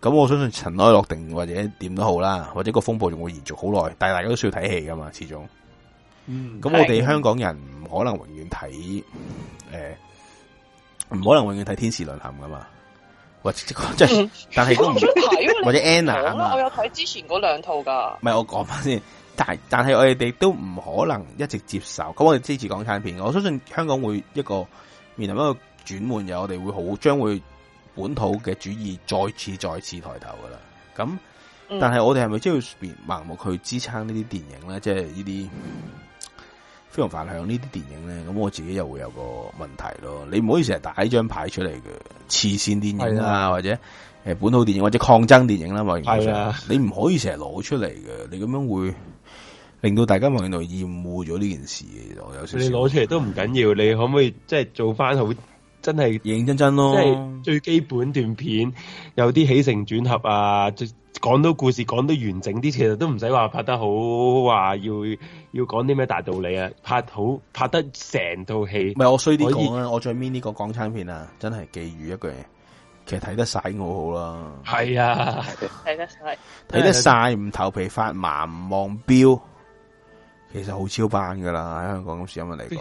咁、嗯、我相信塵埃落定或者點都好啦，或者,或者個風暴仲會延續好耐。但係大家都需要睇戲噶嘛，始終。咁、嗯、我哋香港人唔可能永遠睇誒，唔、呃、可能永遠睇《天使論壇》噶嘛。啊、或者即係，但係都唔睇，或者 Anna 啊，我有睇之前嗰兩套噶唔係我講翻先，但但係我哋都唔可能一直接受。咁我哋支持港產片，我相信香港會一個面臨一個轉換，又我哋會好，將會本土嘅主義再次再次抬頭噶啦。咁但係我哋係咪真係要盲目去支撐呢啲電影咧？即係呢啲。非常泛向呢啲電影咧，咁我自己又會有個問題咯。你唔可以成日打一張牌出嚟嘅，黐綫電影啦，的或者誒本土電影或者抗爭電影啦，係啊的，你唔可以成日攞出嚟嘅，你咁樣會令到大家望喺度厭惡咗呢件事。我有少少，你攞出嚟都唔緊要，的你可唔可以即係做翻好真係認認真真咯？即係最基本段片，有啲起承轉合啊，講到故事講得完整啲，其實都唔使話拍得好，話要。要講啲咩大道理啊？拍好拍得成套戲，唔係我衰啲講啊。以我最 m 再 n 呢講港產片啊，真係寄語一句，其實睇得晒我好啦。係啊，睇、啊啊、得晒，睇、啊、得晒唔、啊、頭皮發麻唔望表，其實好超班㗎喇。喺香港咁市人嚟講，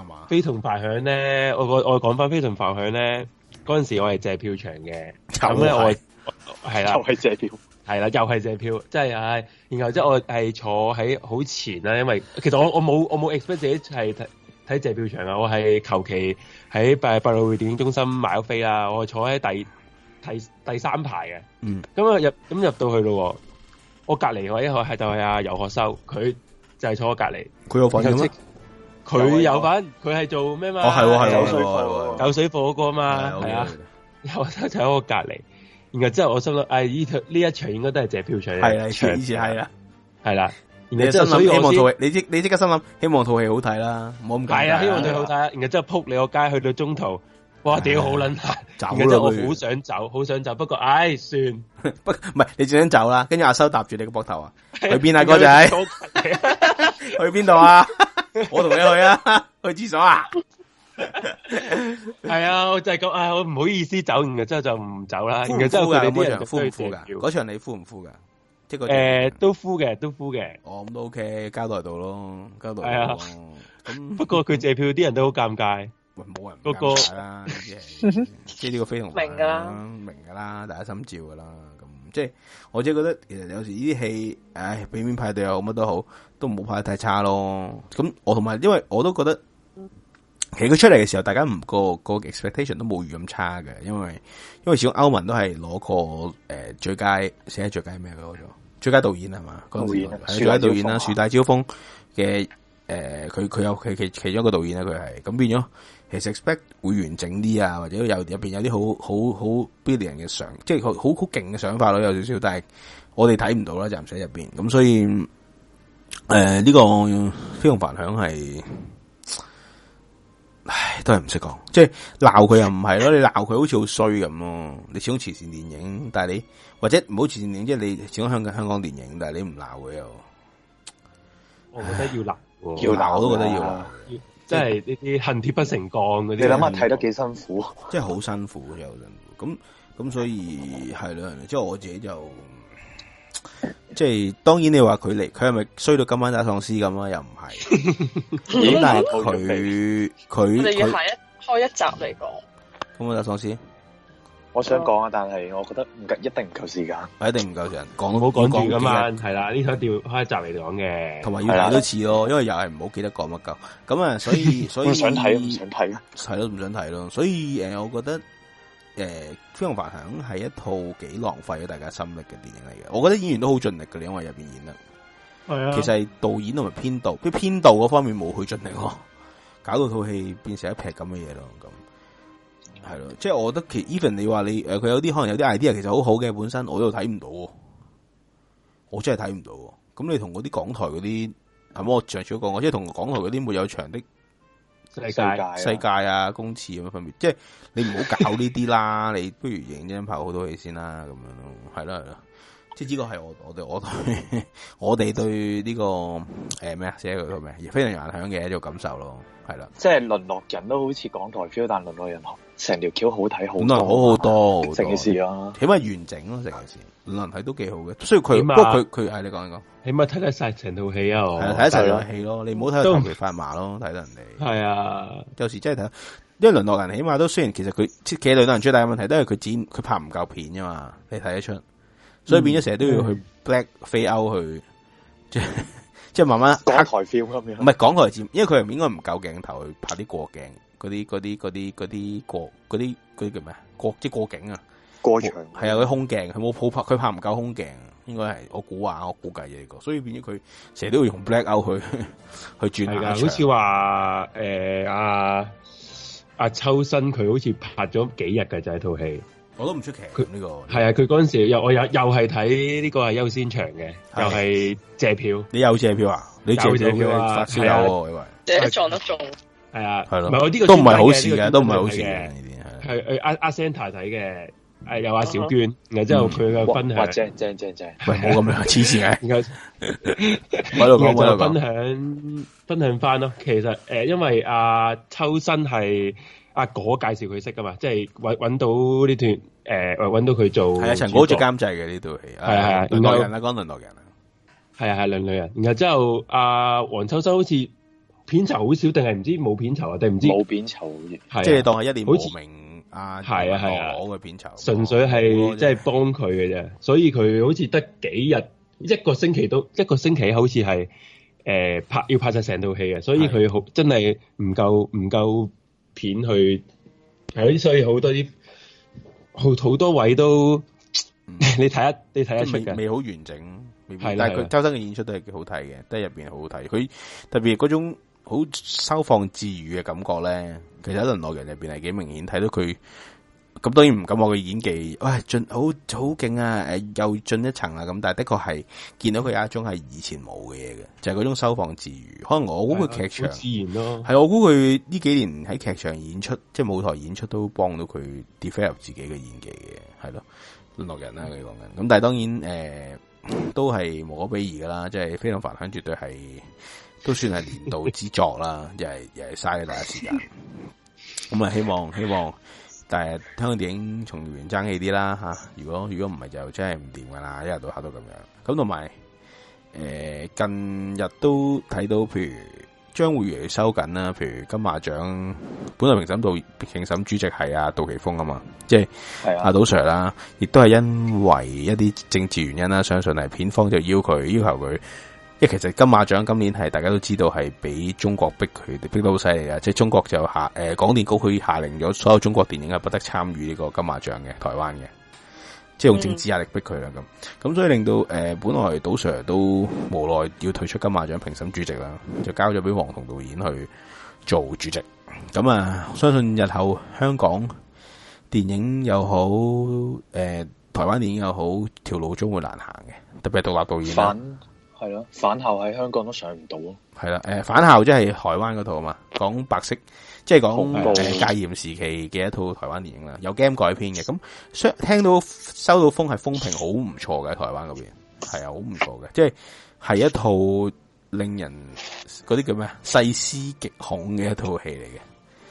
係嘛非？非同凡響咧，我我我講翻非同凡響咧，嗰陣時我係借票場嘅，咁咩我係啦，我我啊、就係借票。係啦，又係借票，即係唉，然後即係我係坐喺好前啦，因為其實我我冇我冇 expect 自己係睇睇借票場啊，我係求其喺百百老匯電影中心買咗飛啦，我坐喺第第第三排嘅，咁啊、嗯、入咁入到去咯，我隔籬我一個係就係阿游學修，佢就係坐我隔離，佢有房點啊？佢有份，佢係做咩嘛？哦，係係，有水火鍋嘛，係啊，然後就喺我隔離然後之後我心諗，哎，呢呢一場應該都係謝票場，以前係啦，係啦。然後即係所以希望套戲，你即你即刻心諗，希望套戲好睇啦，冇咁係啊，希望套戲好睇。然後之後撲你個街，去到中途，哇，屌好撚難，走啦！我好想走，好想走，不過，哎，算，不，唔係，你想走啦。跟住阿修搭住你個膊頭啊，去邊啊，哥仔，去邊度啊？我同你去啊，去廁所啊！係啊，我就係講啊，我唔好意思走，完嘅之後就唔走啦。然之後呼唔呼噶？嗰場你呼唔呼噶？即係誒，都呼嘅，都呼嘅。我咁都 OK，交代到咯，交代到，係啊。咁不過佢借票啲人都好尷尬，冇人唔尷尬啦。即呢個飛龍明噶啦，明噶啦，大家心照噶啦。咁即係我即係覺得，其實有時呢啲戲，唉，俾面派對又好，乜都好，都唔好派得太差咯。咁我同埋，因為我都覺得。其實佢出嚟嘅時候，大家唔、嗰個個 expectation 都冇預咁差嘅，因為因為始終歐文都係攞個誒最佳寫喺最佳咩嘅嗰種，最佳導演係嘛？導演言最佳導演啦，樹大招風嘅誒，佢佢、呃、有佢佢其、其中一個導演啦，佢係咁變咗，其實 expect 會完整啲啊，或者有入邊有啲好好好、好 billion 嘅想，即係佢好好勁嘅想法咯，有少少，但係我哋睇唔到啦，就唔使入邊咁，所以誒呢、呃這個非常反響係。唉，都係唔識講，即係鬧佢又唔係咯，你鬧佢好似好衰咁咯。你始終慈善電影，但係你或者唔好慈善電影，即係你始終香港香港電影，但係你唔鬧佢又，我覺得要鬧，唉要鬧我都覺得要，即係呢啲恨鐵不成鋼嗰啲，你諗下睇得幾辛苦，即係好辛苦又咁咁，所以係咯，即係我自己就。即係當然你話佢嚟，佢係咪衰到今晚打喪屍咁啊？又唔係？咁但係佢佢佢開一集嚟講，今晚打喪屍。我想講啊，但係我覺得唔一定唔夠時間，一定唔夠時間講都好講住噶係啦，呢場調開一集嚟講嘅，同埋要嚟多次咯，因為又係唔好記得講乜鳩咁啊。所以所以想睇唔想睇啊？係咯，唔想睇咯。所以誒，我覺得誒。《飛龍伏虎》係一套幾浪費咗大家心力嘅電影嚟嘅，我覺得演員都好盡力嘅，因為入邊演得係啊。其實係導演同埋編導，佢編導嗰方面冇佢盡力，搞到套戲變成一劈咁嘅嘢咯。咁係咯，即係我覺得其 even 你話你誒，佢有啲可能有啲 idea 其實很好好嘅，本身我都睇唔到，我真係睇唔到。咁你同嗰啲港台嗰啲，係咪我上次都講過，即係同港台嗰啲冇有場的世界世界啊公廁咁嘅分別，即係。你唔好搞呢啲啦，你不如認真拍好多戲先啦，咁樣咯，係啦係啦，即係呢個係我我對我對我哋對呢個誒咩啊，寫佢個咩非常影響嘅一個感受咯，係啦，即係淪落人都好似港台 feel，但係淪落人成條橋好睇，可能好好多成件事咯，起碼完整咯成件事，能睇都幾好嘅，雖然佢不過佢佢，誒你講一講，起碼睇晒成套戲啊，係睇晒成套戲咯，你唔好睇到頭皮發麻咯，睇得人哋係啊，有時真係睇。因為淪落人起碼都雖然其實佢其實淪落人最大嘅問題都係佢剪佢拍唔夠片啫嘛，你睇得出，所以變咗成日都要去 black 飛 out、嗯、去，去，即係即係慢慢港台 feel 咁樣，唔係港台剪，因為佢係應該唔夠鏡頭去拍啲過鏡嗰啲嗰啲嗰啲嗰啲過嗰啲嗰啲叫咩？過，過，過即係過境啊，過場，係啊，佢空鏡佢冇抱，抱拍，佢拍唔夠空鏡，應該係我估話我估計嘅呢個，所以變咗佢成日都要用 black out 去去轉好似話誒阿。呃啊阿秋生佢好似拍咗幾日嘅就係套戲，我都唔出奇佢呢個係啊，佢嗰陣時又我又又係睇呢個係優先場嘅，又係借票，你有借票啊？你借票啊？先有，即係撞得中，係啊，係咯，唔係我呢個都唔係好事嘅，都唔係好事嘅呢啲係，係阿阿 Sa 睇嘅。又阿小娟，然後之後佢嘅分享，正正正正，唔好咁樣，黐線嘅。然後喺度分享分享翻咯，其實誒，因為阿秋生係阿果介紹佢識噶嘛，即係搵到呢段誒，搵到佢做係啊，陳果做監製嘅呢套戲，係係，淪落人啦，講淪落人啦，係啊係，兩女人。然後之後阿黃秋生好似片酬好少，定係唔知冇片酬啊？定唔知冇片酬？即係當係一臉無名。啊，係啊，係啊，我嘅片酬純粹係即係幫佢嘅啫，所以佢好似得幾日，一個星期都一個星期，好似係誒拍要拍晒成套戲啊，所以佢好真係唔夠唔夠片去係，所以好多啲好好多位都你睇一你睇一未未好完整，係啦，但係佢周生嘅演出都係幾好睇嘅，都係入邊好好睇，佢特別嗰種好收放自如嘅感覺咧。其實喺《淪落人》入邊係幾明顯睇到佢，咁，當然唔敢話佢演技，喂、哎，進好好勁啊！誒、呃，又進一層啊！咁，但係的確係見到佢有一種係以前冇嘅嘢嘅，就係、是、嗰種收放自如。可能我估佢劇場，啊、自然咯、啊，係我估佢呢幾年喺劇場演出，即係舞台演出，都幫到佢 develop 自己嘅演技嘅，係咯《淪落人、啊》啦，佢講緊。咁但係當然誒、呃，都係無可比擬噶啦，即、就、係、是、非常凡響，絕對係。都算係年度之作啦， 又係又係嘥咗大家時間。咁啊，希望希望，但係香港電影從源爭氣啲啦吓。如果如果唔係，就真係唔掂噶啦，一日到黑都咁樣。咁同埋，誒、呃、近日都睇到，譬如將會越嚟越收緊啦。譬如金馬獎本來評審度評審主席係阿杜琪峰 啊嘛，即係阿杜 Sir 啦， 亦都係因為一啲政治原因啦，相信係片方就要佢，要求佢。因為其實金馬獎今年係大家都知道係俾中國逼佢哋逼得好犀利啊！即係中國就下誒、呃、廣電局佢下令咗所有中國電影係不得參與呢個金馬獎嘅台灣嘅，即係用政治壓力逼佢啦咁。咁、嗯、所以令到誒、呃、本來杜 Sir 都無奈要退出金馬獎評審主席啦，就交咗俾王童導演去做主席。咁啊，相信日後香港電影又好，誒、呃、台灣電影又好，條路終會難行嘅，特別係獨立導演，啊。係咯，返校喺香港都上唔到咯。係啦、啊，誒、呃，返校即係台灣嗰套嘛，講白色，即係講恐怖，戒嚴時期嘅一套台灣電影啦，有 game 改編嘅。咁聽聽到收到風係風評好唔錯嘅，台灣嗰邊係啊，好唔錯嘅，即係係一套令人嗰啲叫咩啊，細思極恐嘅一套戲嚟嘅。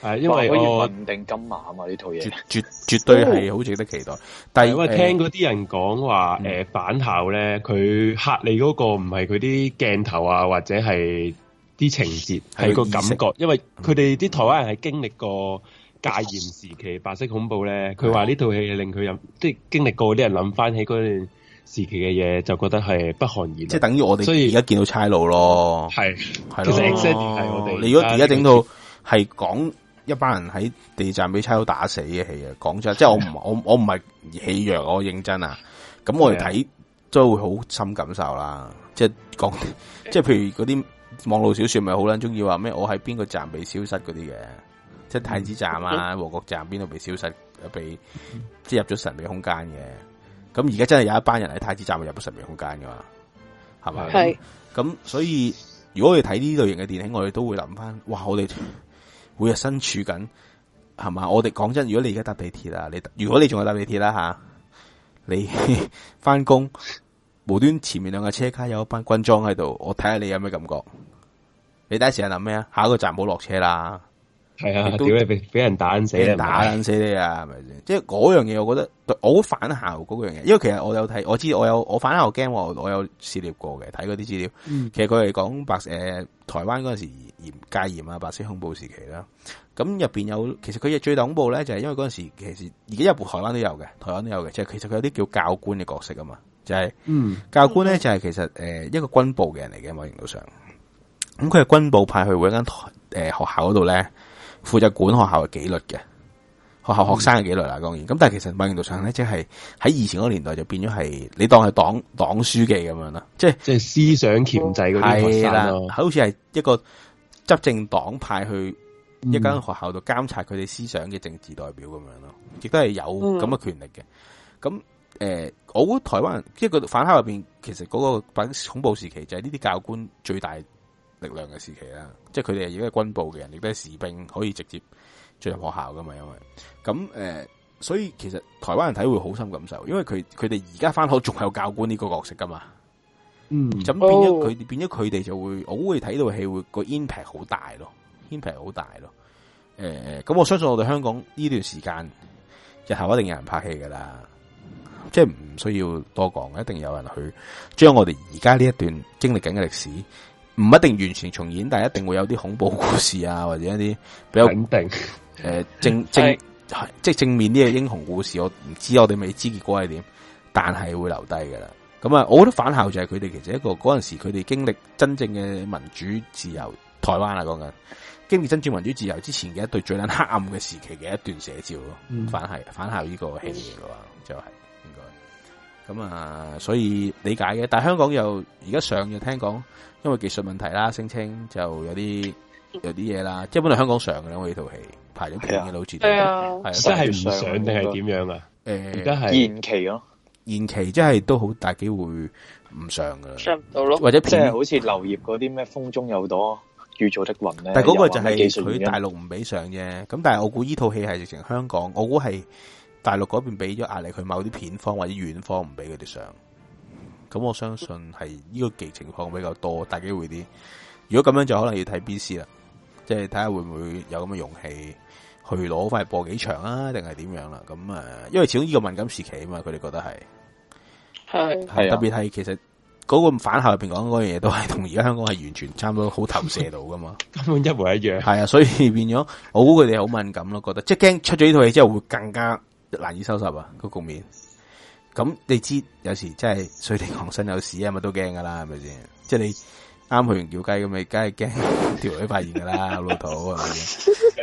係，因為我可以定金馬嘛呢套嘢，絕絕絕對係好值得期待。但係因為聽嗰啲人講話，誒返校咧，佢吓你嗰個唔係佢啲鏡頭啊，或者係啲情節，係個感覺。因為佢哋啲台灣人係經歷過戒嚴時期白色恐怖咧，佢話呢套戲令佢諗，即係經歷過啲人諗翻起嗰段時期嘅嘢，就覺得係不寒而栗。即係等於我哋而家見到差佬咯，係係。其實 exactly 係我哋，你如果而家整到係講。一班人喺地鐵站被差佬打死嘅戲啊，講出是的 即係我唔我我唔係戲弱，我認真啊！咁我哋睇是的 都會好深感受啦。即係講，即係譬如嗰啲網絡小說咪好撚中意話咩？我喺邊個站被消失嗰啲嘅，即係太子站啊、旺角是的 站邊度被消失被即係入咗神秘空間嘅。咁而家真係有一班人喺太子站入咗神秘空間噶嘛？係咪？係咁是的，所以如果我哋睇呢類型嘅電影，我哋都會諗翻，哇！我哋。每日身處緊，係嘛？我哋講真，如果你而家搭地鐵啦，你如果你仲係搭地鐵啦吓、啊，你翻工 無端前面兩個車卡有一班軍裝喺度，我睇下你有咩感覺？你第一時間諗咩啊？下一個站唔好落車啦。係啊，都俾人打卵死人打卵死你啊，係咪先？即係嗰樣嘢，我覺得好反效嗰個樣嘢。因為其實我有睇，我知我有我反效驚，我我有涉獵過嘅睇嗰啲資料。嗯、其實佢係講白誒、呃、台灣嗰陣時嚴戒嚴啊，白色恐怖時期啦。咁入邊有其實佢最最恐怖咧，就係因為嗰陣時其實而家有部台灣都有嘅，台灣都有嘅。即係其實佢有啲叫教官嘅角色啊嘛，就係、是嗯、教官咧、嗯、就係其實誒、呃、一個軍部嘅人嚟嘅，某程度上。咁佢係軍部派去嗰間誒、呃、學校嗰度咧。負責管學校嘅紀律嘅，學校學生嘅紀律啦，當然。咁但係其實麥應道上某程度上咧，即係喺以前嗰個年代就變咗係，你當係黨黨書記咁樣啦，即係即係思想鉗制嗰啲學生咯，好似係一個執政黨派去一間學校度監察佢哋思想嘅政治代表咁樣咯，亦都係有咁嘅權力嘅。咁誒、嗯呃，我估覺得台灣即係個反黑入邊，其實嗰個反恐怖時期就係呢啲教官最大力量嘅時期啦，即係佢哋而家係軍部嘅人，亦都係士兵，可以直接進入學校噶嘛。因為咁誒、呃，所以其實台灣人睇會好深感受，因為佢佢哋而家翻學仲有教官呢個角色噶嘛。嗯，咁變咗佢變咗佢哋就會好會睇到戲，會個 impact 好大咯 impact 好大咯。誒、呃，咁我相信我哋香港呢段時間日後一定有人拍戲噶啦，即係唔需要多講，一定有人去將我哋而家呢一段經歷緊嘅歷史。唔一定完全重演，但係一定會有啲恐怖故事啊，或者一啲比較誒正定、呃、正，即係正，是的 正面啲嘅英雄故事。我唔知我哋未知結果係點，但係會留低噶啦。咁啊，我覺得返校就係佢哋其實一個嗰陣時佢哋經歷真正嘅民主自由台灣啦，講緊經歷真正民主自由之前嘅一,一段最捻黑暗嘅時期嘅一段寫照咯、嗯。反係返校呢個戲嘅話就係、是、應該咁啊，所以理解嘅。但係香港又而家上又聽講。因為技術問題啦，聲稱就有啲有啲嘢啦，即係本來香港上嘅，我呢套戲排咗片嘅都好似係啊，真係唔上定係點樣啊？誒，而家係延期咯、啊，延期即係都好大機會唔上噶，上唔到咯，或者片即係好似婁燁嗰啲咩風中有朵、雨做的雲咧，但嗰個就係佢大陸唔俾上啫。咁、嗯、但係我估呢套戲係直情香港，我估係大陸嗰邊俾咗壓力佢某啲片方或者院方唔俾佢哋上。咁我相信係呢個極情況比較多大機會啲，如果咁樣就可能要睇 B C 啦，即係睇下會唔會有咁嘅勇氣去攞翻去播幾場啊，定係點樣啦、啊？咁啊，因為始終呢個敏感時期啊嘛，佢哋覺得係係、啊、特別係其實嗰個返校入邊講嗰樣嘢都係同而家香港係完全差唔多好投射到噶嘛， 根本一模一樣。係啊，所以變咗我估佢哋好敏感咯，覺得即係驚出咗呢套戲之後會更加難以收拾啊個局面。咁你知有時真係水地狂生有屎啊，嘛，都驚噶啦，係咪先？即係你啱去完叫雞咁，咪梗係驚條女發現噶啦，老土啊！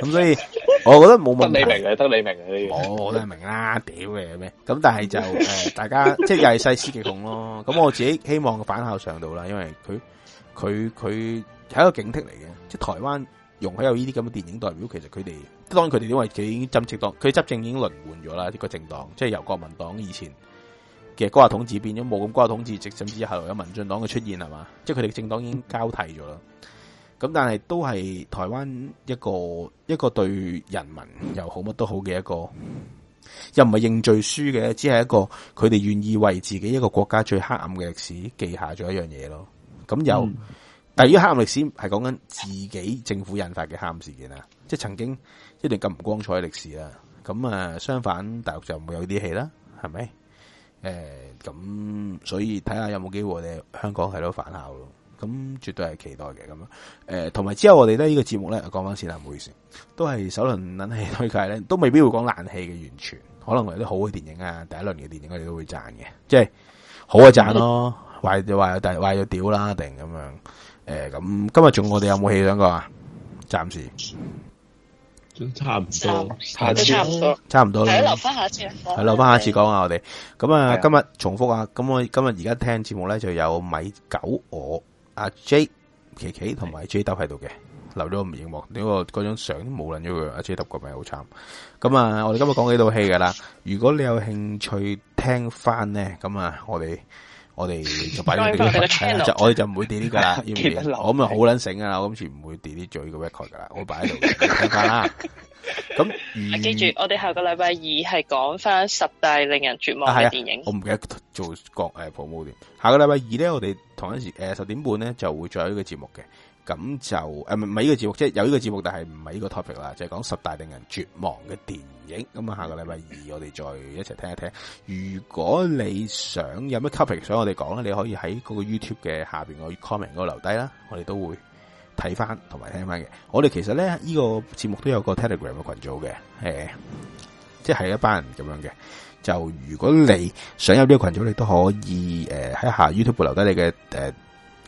咁所以我覺得冇問題，得你明嘅，得你明嘅呢樣。我我都係明啦，屌嘅咩？咁但係就誒，大家即係又係細思極恐咯。咁我自己希望個反效上到啦，因為佢佢佢係一個警惕嚟嘅，即係台灣容許有呢啲咁嘅電影代表，其實佢哋當然佢哋因為佢已經執政黨，佢執政已經輪換咗啦，呢個政黨即係由國民黨以前嘅高壓統治變咗冇咁高壓統治，直甚至之後來有民進黨嘅出現係嘛，即係佢哋政黨已經交替咗啦。咁但係都係台灣一個一個對人民又好，乜都好嘅一個，又唔係認罪書嘅，只係一個佢哋願意為自己一個國家最黑暗嘅歷史記下咗一樣嘢咯。咁又，嗯、但係黑暗歷史係講緊自己政府引發嘅黑暗事件啦，即係曾經一段咁唔光彩嘅歷史啦。咁啊，相反大陸就唔冇有戲呢啲戲啦，係咪？誒，咁、呃、所以睇下有冇機會我哋香港係到返校咯，咁絕對係期待嘅咁。誒、同、呃、埋之後我哋咧呢、這個節目咧，講翻次啦，唔好意思，都係首輪撚戲推介咧，都未必會講爛戲嘅完全，可能有啲好嘅電影啊，第一輪嘅電影我哋都會讚嘅，即、就、係、是、好嘅讚咯，壞就但壞屌啦定咁樣。誒、呃，咁今日仲我哋有冇戲想講啊？暫時。都差唔多，差唔多，差唔多啦。留翻下一次講。係的留翻下一次講啊，的啊，啊，我哋咁啊，今日重複啊，咁我今日而家聽節目咧就有米九、我阿 J、琪琪同埋 J 兜喺度嘅，留咗我唔影幕，呢個嗰張相都冇人咗佢阿 J 兜個名好慘。咁啊，我哋今日講幾套戲噶啦，如果你有興趣聽翻咧，咁啊，我哋。我哋就擺喺度，就我哋就唔會 delete 噶啦，要唔要我咁啊，好撚醒啊。啊啊我今次唔會 delete 咗呢個 record 噶啦，我擺喺度睇返啦。咁 吧，記住我哋下個禮拜二係講翻十大令人絕望嘅電影。啊、我唔記得做 promote、呃。下個禮拜二咧，我哋同一時誒十、呃、點半咧就會再有呢個節目嘅。咁就誒唔係呢個節目，即係有呢個節目，但係唔係呢個 topic 啦，就係、是、講十大令人絕望嘅電影。咁啊，下個禮拜二我哋再一齊聽一聽。如果你想有咩 topic 想我哋講咧，你可以喺嗰個 YouTube 嘅下邊個 comment 嗰度留低啦，我哋都會睇翻同埋聽翻嘅。我哋其實咧呢、這個節目都有個 Telegram 嘅群組嘅，誒，即、就、係、是、一班人咁樣嘅。就如果你想入呢個群組，你都可以誒喺下 YouTube 留低你嘅誒。呃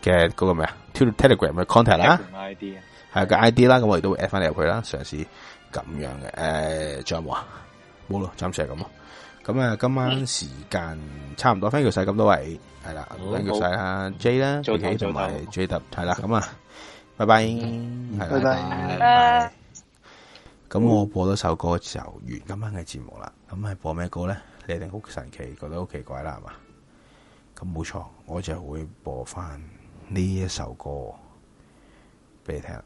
嘅嗰個咩啊？Telegram 嘅 contact 啦，ID 啊？係個 ID 啦，咁我亦都會 add 翻你入去啦。上次咁樣嘅誒，節目冇咯，暫時係咁咯。咁啊，今晚時間差唔多 thank you 晒咁多位，係啦，thank you 晒啦，J 啦，同埋 J T，係啦，咁啊，拜拜，係啦，拜拜，咁我播咗首歌就完今晚嘅節目啦。今晚播咩歌咧？你一定好神奇，覺得好奇怪啦，係嘛？咁冇錯，我就會播翻。呢一首歌畀你聽，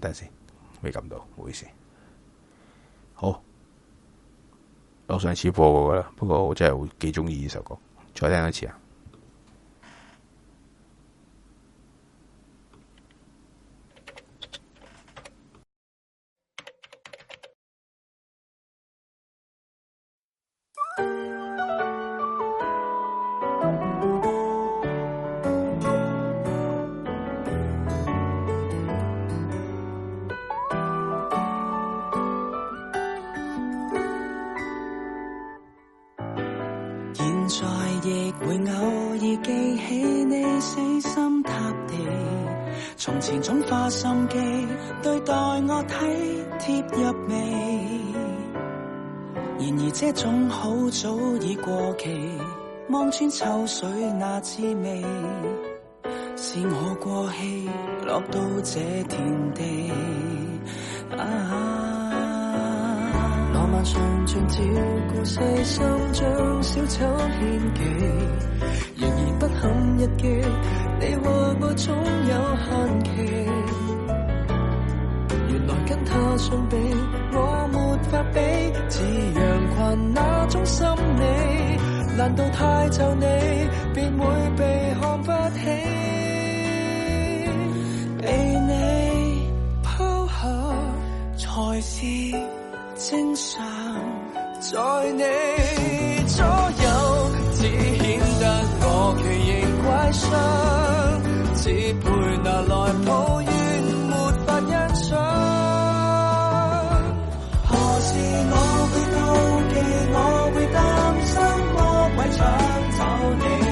等陣先，未撳到，唔好意思。好，我上次播過啦，不過我真係會幾鍾意呢首歌，再聽一次啊！都已過期，望穿秋水那滋味，是我過氣落到這田地。浪、啊、漫、啊、上尊照顧細心，將小丑獻技，然而不肯一擊。你話我總有限期，原來跟他相比。我比似羊群那種心理，難道太就你便會被看不起？被你拋下才是正常，在你左右只顯得我奇形怪相，只配拿來抱怨。擔心魔鬼搶走你。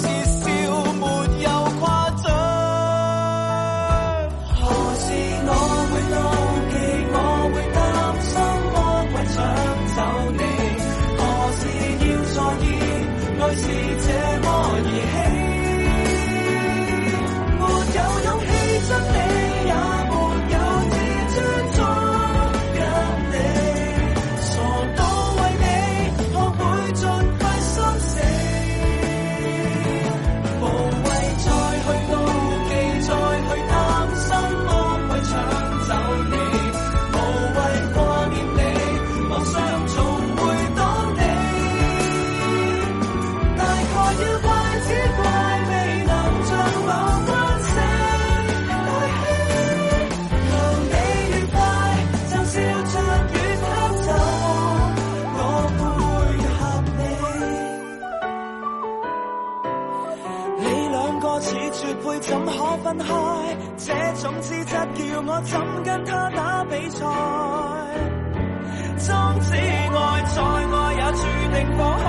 分開，這種指責叫我怎跟他打比賽？縱使愛，再愛也注定我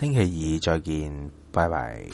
星期二再見，拜拜。